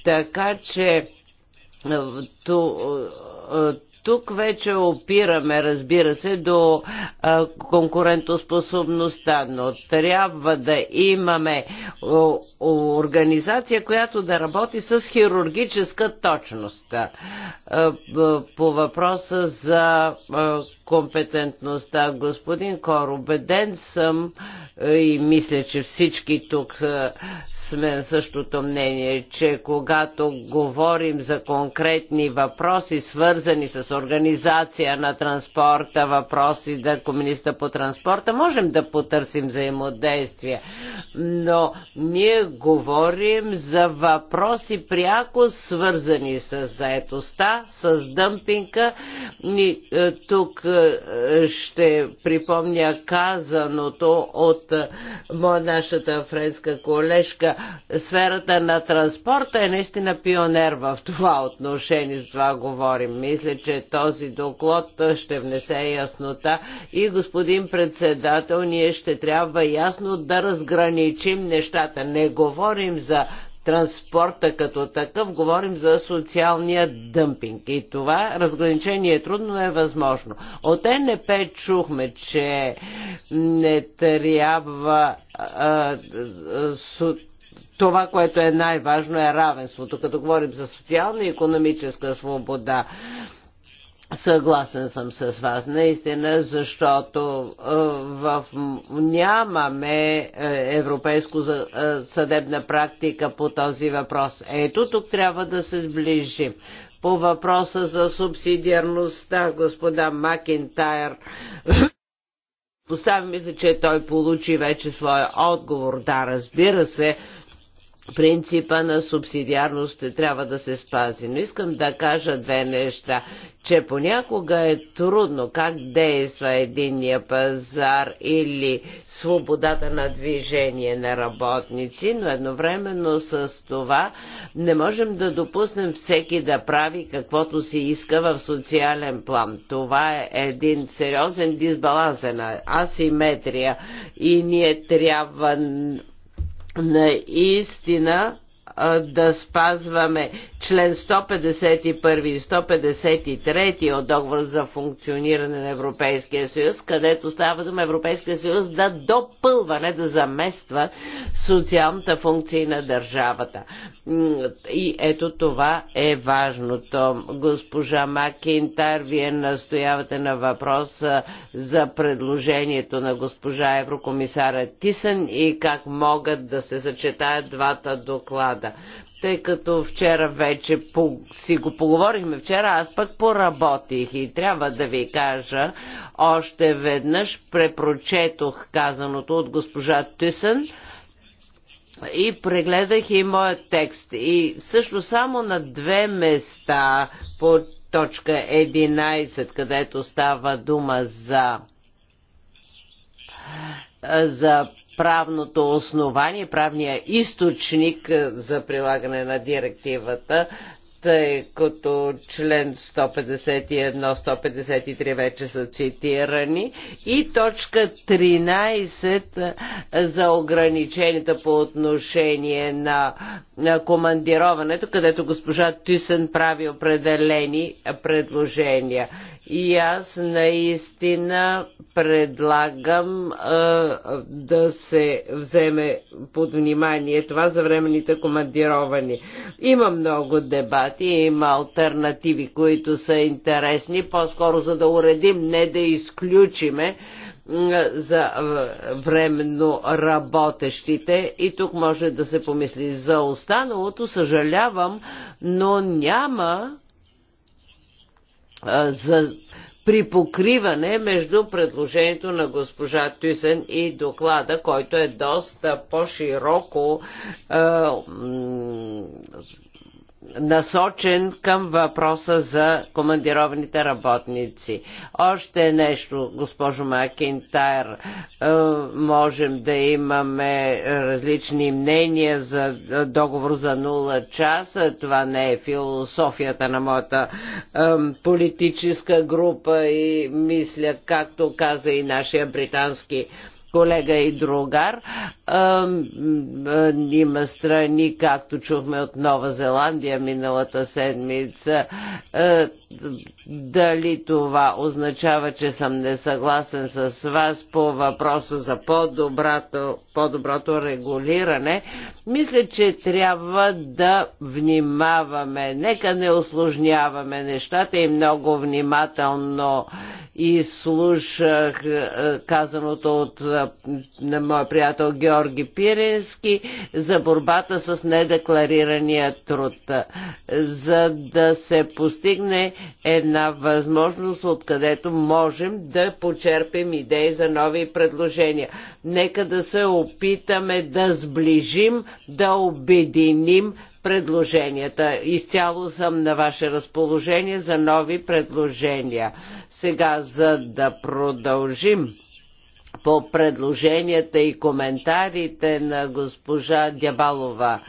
Така че то, тук вече опираме, разбира се, до а, конкурентоспособността, но трябва да имаме о, о, организация, която да работи с хирургическа точност. А, по въпроса за а, компетентността. Господин Кор, убеден съм е, и мисля, че всички тук е, сме на същото мнение, че когато говорим за конкретни въпроси, свързани с организация на транспорта, въпроси да комуниста по транспорта, можем да потърсим взаимодействие. Но ние говорим за въпроси пряко свързани с заетостта, с дъмпинга. Е, тук ще припомня казаното от нашата френска колежка. Сферата на транспорта е наистина пионер в това отношение, с това говорим. Мисля, че този доклад ще внесе яснота и господин председател, ние ще трябва ясно да разграничим нещата. Не говорим за транспорта като такъв, говорим за социалния дъмпинг. И това разграничение е трудно, но е възможно. От НП чухме, че не трябва а, а, со... това, което е най-важно е равенството. Като говорим за социална и економическа свобода, Съгласен съм с вас, наистина, защото е, в, нямаме е, европейско е, съдебна практика по този въпрос. Ето тук трябва да се сближим. По въпроса за субсидиарността, господа Макентайр, поставяме се, че той получи вече своя отговор. Да, разбира се, принципа на субсидиарност трябва да се спази. Но искам да кажа две неща, че понякога е трудно как действа единния пазар или свободата на движение на работници, но едновременно с това не можем да допуснем всеки да прави каквото си иска в социален план. Това е един сериозен дисбаланс, асиметрия и ние трябва наистина да спазваме член 151 и 153 от договор за функциониране на Европейския съюз, където става дума Европейския съюз да допълва, не да замества социалната функция на държавата. И ето това е важното. Госпожа Макинтар, вие настоявате на въпроса за предложението на госпожа еврокомисара Тисън и как могат да се съчетаят двата доклада доклада. Тъй като вчера вече по, си го поговорихме, вчера аз пък поработих и трябва да ви кажа, още веднъж препрочетох казаното от госпожа Тюсън и прегледах и моят текст. И също само на две места по точка 11, където става дума за за правното основание, правния източник е, за прилагане на директивата, тъй като член 151-153 вече са цитирани и точка 13 е, за ограниченията по отношение на, на командироването, където госпожа Тюсен прави определени предложения. И аз наистина предлагам а, да се вземе под внимание това за времените командировани. Има много дебати, има альтернативи, които са интересни, по-скоро за да уредим, не да изключиме за временно работещите и тук може да се помисли за останалото. Съжалявам, но няма за при покриване между предложението на госпожа Тюсен и доклада, който е доста по-широко насочен към въпроса за командированите работници. Още нещо, госпожо Макинтайр, е, можем да имаме различни мнения за договор за нула часа. Това не е философията на моята политическа група и мисля, както каза и нашия британски колега и другар. Има страни, както чухме от Нова Зеландия миналата седмица, е, дали това означава, че съм несъгласен с вас по въпроса за по-доброто, по-доброто регулиране, мисля, че трябва да внимаваме. Нека не осложняваме нещата и много внимателно изслушах е, казаното от е, на моя приятел Георги Пирински за борбата с недекларирания труд. За да се постигне една възможност, откъдето можем да почерпим идеи за нови предложения. Нека да се опитаме да сближим, да обединим предложенията. Изцяло съм на ваше разположение за нови предложения. Сега, за да продължим по предложенията и коментарите на госпожа Дябалова.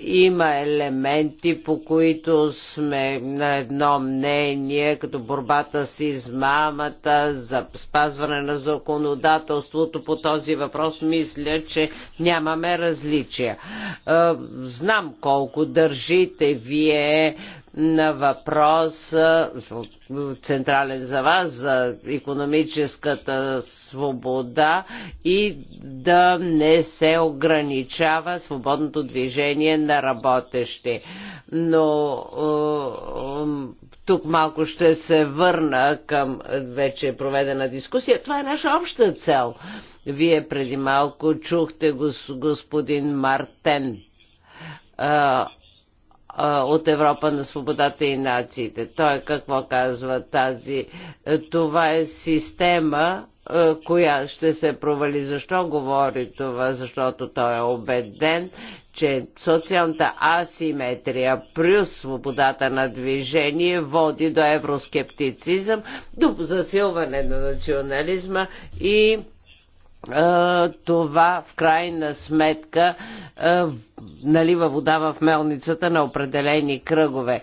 Има елементи, по които сме на едно мнение, като борбата с измамата, за спазване на законодателството по този въпрос. Мисля, че нямаме различия. Е, знам колко държите вие на въпрос централен за вас за економическата свобода и да не се ограничава свободното движение на работещи. Но е, е, тук малко ще се върна към вече проведена дискусия. Това е наша обща цел. Вие преди малко чухте господин Мартен е, от Европа на свободата и нациите. Той какво казва тази? Е, това е система, е, коя ще се провали. Защо говори това? Защото той е убеден, че социалната асиметрия плюс свободата на движение води до евроскептицизъм, до засилване на национализма и това в крайна сметка налива вода в мелницата на определени кръгове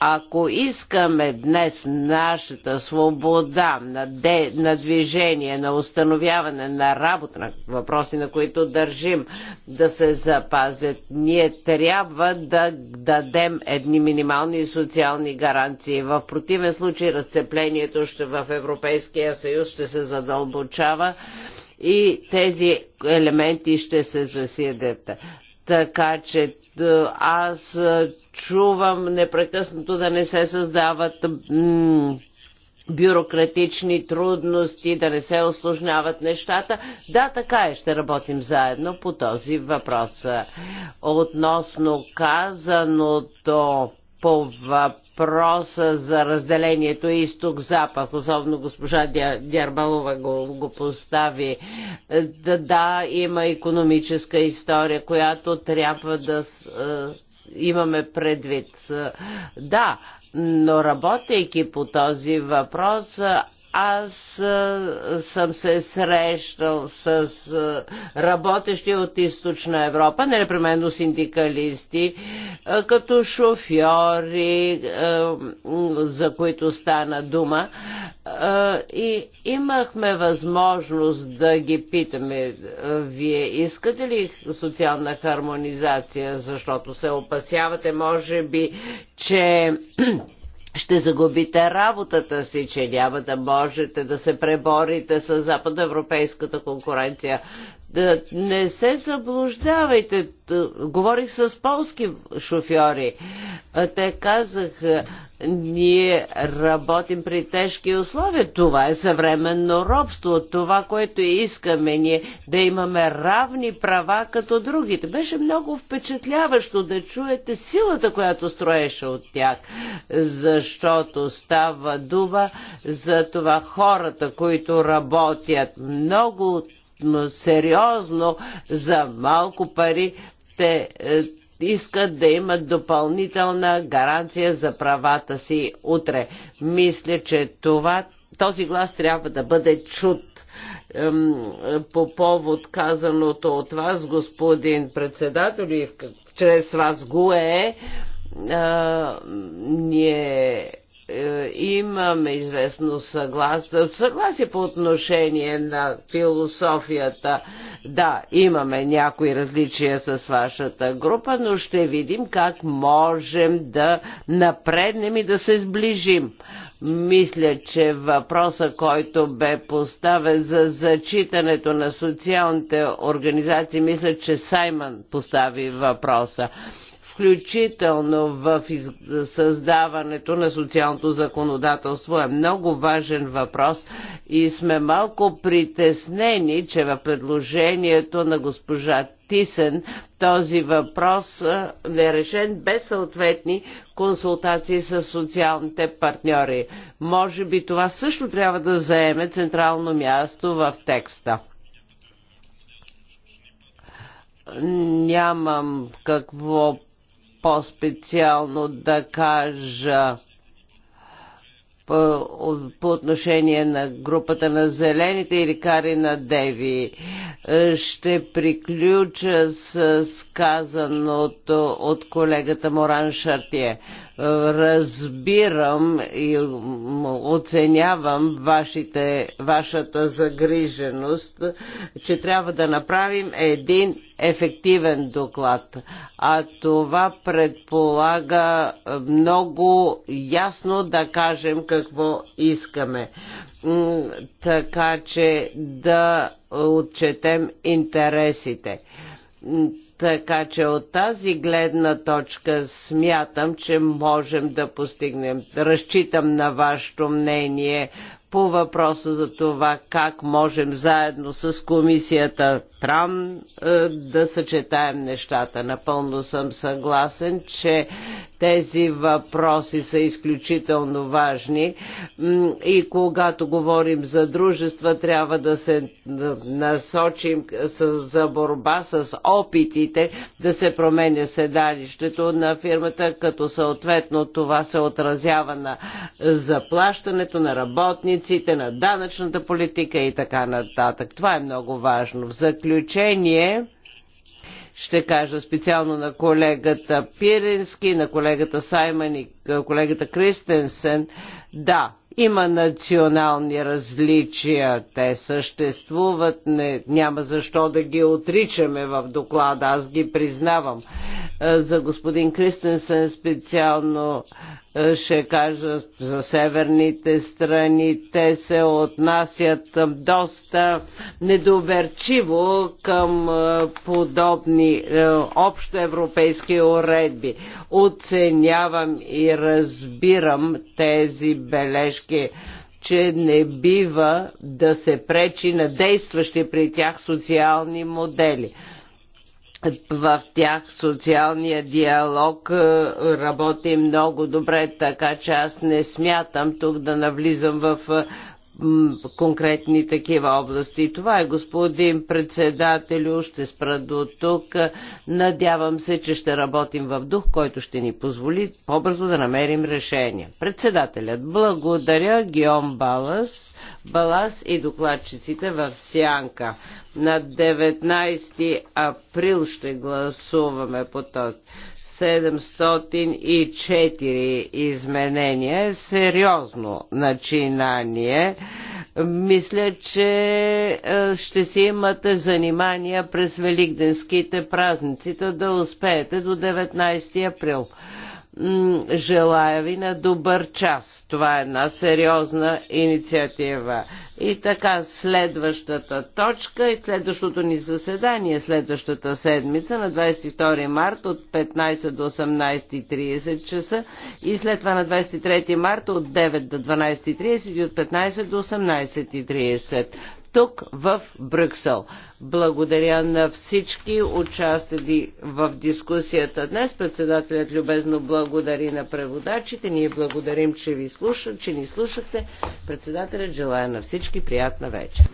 ако искаме днес нашата свобода на, де, на движение, на установяване на работа, на въпроси, на които държим да се запазят, ние трябва да дадем едни минимални социални гаранции. В противен случай разцеплението ще в Европейския съюз ще се задълбочава и тези елементи ще се засилят. Така че е, аз е, чувам непрекъснато да не се създават бюрократични трудности, да не се осложняват нещата. Да, така е, ще работим заедно по този въпрос. Относно казаното по въпроса за разделението изток-запад, особено госпожа Дярбалова го, го постави. Е, да, да, има економическа история, която трябва да е, имаме предвид. Е, да, но работейки по този въпрос, аз съм се срещал с работещи от източна Европа, непременно синдикалисти, като шофьори, за които стана дума. И имахме възможност да ги питаме, вие искате ли социална хармонизация, защото се опасявате, може би, че ще загубите работата си, че няма да можете да се преборите с западноевропейската конкуренция. Да не се заблуждавайте. Говорих с полски шофьори. Те казаха, ние работим при тежки условия. Това е съвременно робство. Това, което искаме ние, да имаме равни права като другите. Беше много впечатляващо да чуете силата, която строеше от тях, защото става дума за това хората, които работят много сериозно за малко пари, те е, искат да имат допълнителна гаранция за правата си утре. Мисля, че това, този глас трябва да бъде чут по повод казаното от вас, господин председател, и чрез вас го е, а, е, ние е, имаме известно съгласие, съгласие по отношение на философията. Да, имаме някои различия с вашата група, но ще видим как можем да напреднем и да се сближим. Мисля, че въпроса, който бе поставен за зачитането на социалните организации, мисля, че Саймън постави въпроса включително в създаването на социалното законодателство, е много важен въпрос и сме малко притеснени, че в предложението на госпожа Тисен този въпрос не е решен без съответни консултации с социалните партньори. Може би това също трябва да заеме централно място в текста нямам какво по-специално да кажа по, по отношение на групата на зелените или Карина Деви. Е, ще приключа с казаното от колегата Моран Шартие разбирам и оценявам вашите, вашата загриженост, че трябва да направим един ефективен доклад. А това предполага много ясно да кажем какво искаме. Така че да отчетем интересите така че от тази гледна точка смятам, че можем да постигнем. Разчитам на вашето мнение по въпроса за това как можем заедно с комисията Трам е, да съчетаем нещата. Напълно съм съгласен, че тези въпроси са изключително важни и когато говорим за дружества, трябва да се насочим за борба с опитите да се променя седалището на фирмата, като съответно това се отразява на заплащането на работниците, на данъчната политика и така нататък. Това е много важно. В заключение, ще кажа специално на колегата Пирински, на колегата Саймън и колегата Кристенсен. Да, има национални различия, те съществуват, не, няма защо да ги отричаме в доклада, аз ги признавам. За господин Кристенсен специално е, ще кажа за северните страни, те се отнасят доста недоверчиво към е, подобни е, общоевропейски уредби. Оценявам и разбирам тези бележки че не бива да се пречи на действащи при тях социални модели в тях социалния диалог е, работи много добре, така че аз не смятам тук да навлизам в е, конкретни такива области. Това е, господин председателю, ще спра до тук. Надявам се, че ще работим в дух, който ще ни позволи по-бързо да намерим решение. Председателят, благодаря Геом Балас, Балас и докладчиците в Сянка. На 19 април ще гласуваме по този. 704 изменения е сериозно начинание. Мисля, че е, ще си имате занимания през великденските празниците да успеете до 19 април. Желая ви на добър час. Това е една сериозна инициатива. И така, следващата точка и следващото ни заседание, следващата седмица на 22 март от 15 до 18.30 часа и след това на 23 март от 9 до 12.30 и от 15 до 18.30 тук в Брюксел. Благодаря на всички участили в дискусията днес. Председателят любезно благодари на преводачите. Ние благодарим, че ви слушат, че ни слушахте. Председателят желая на всички приятна вечер.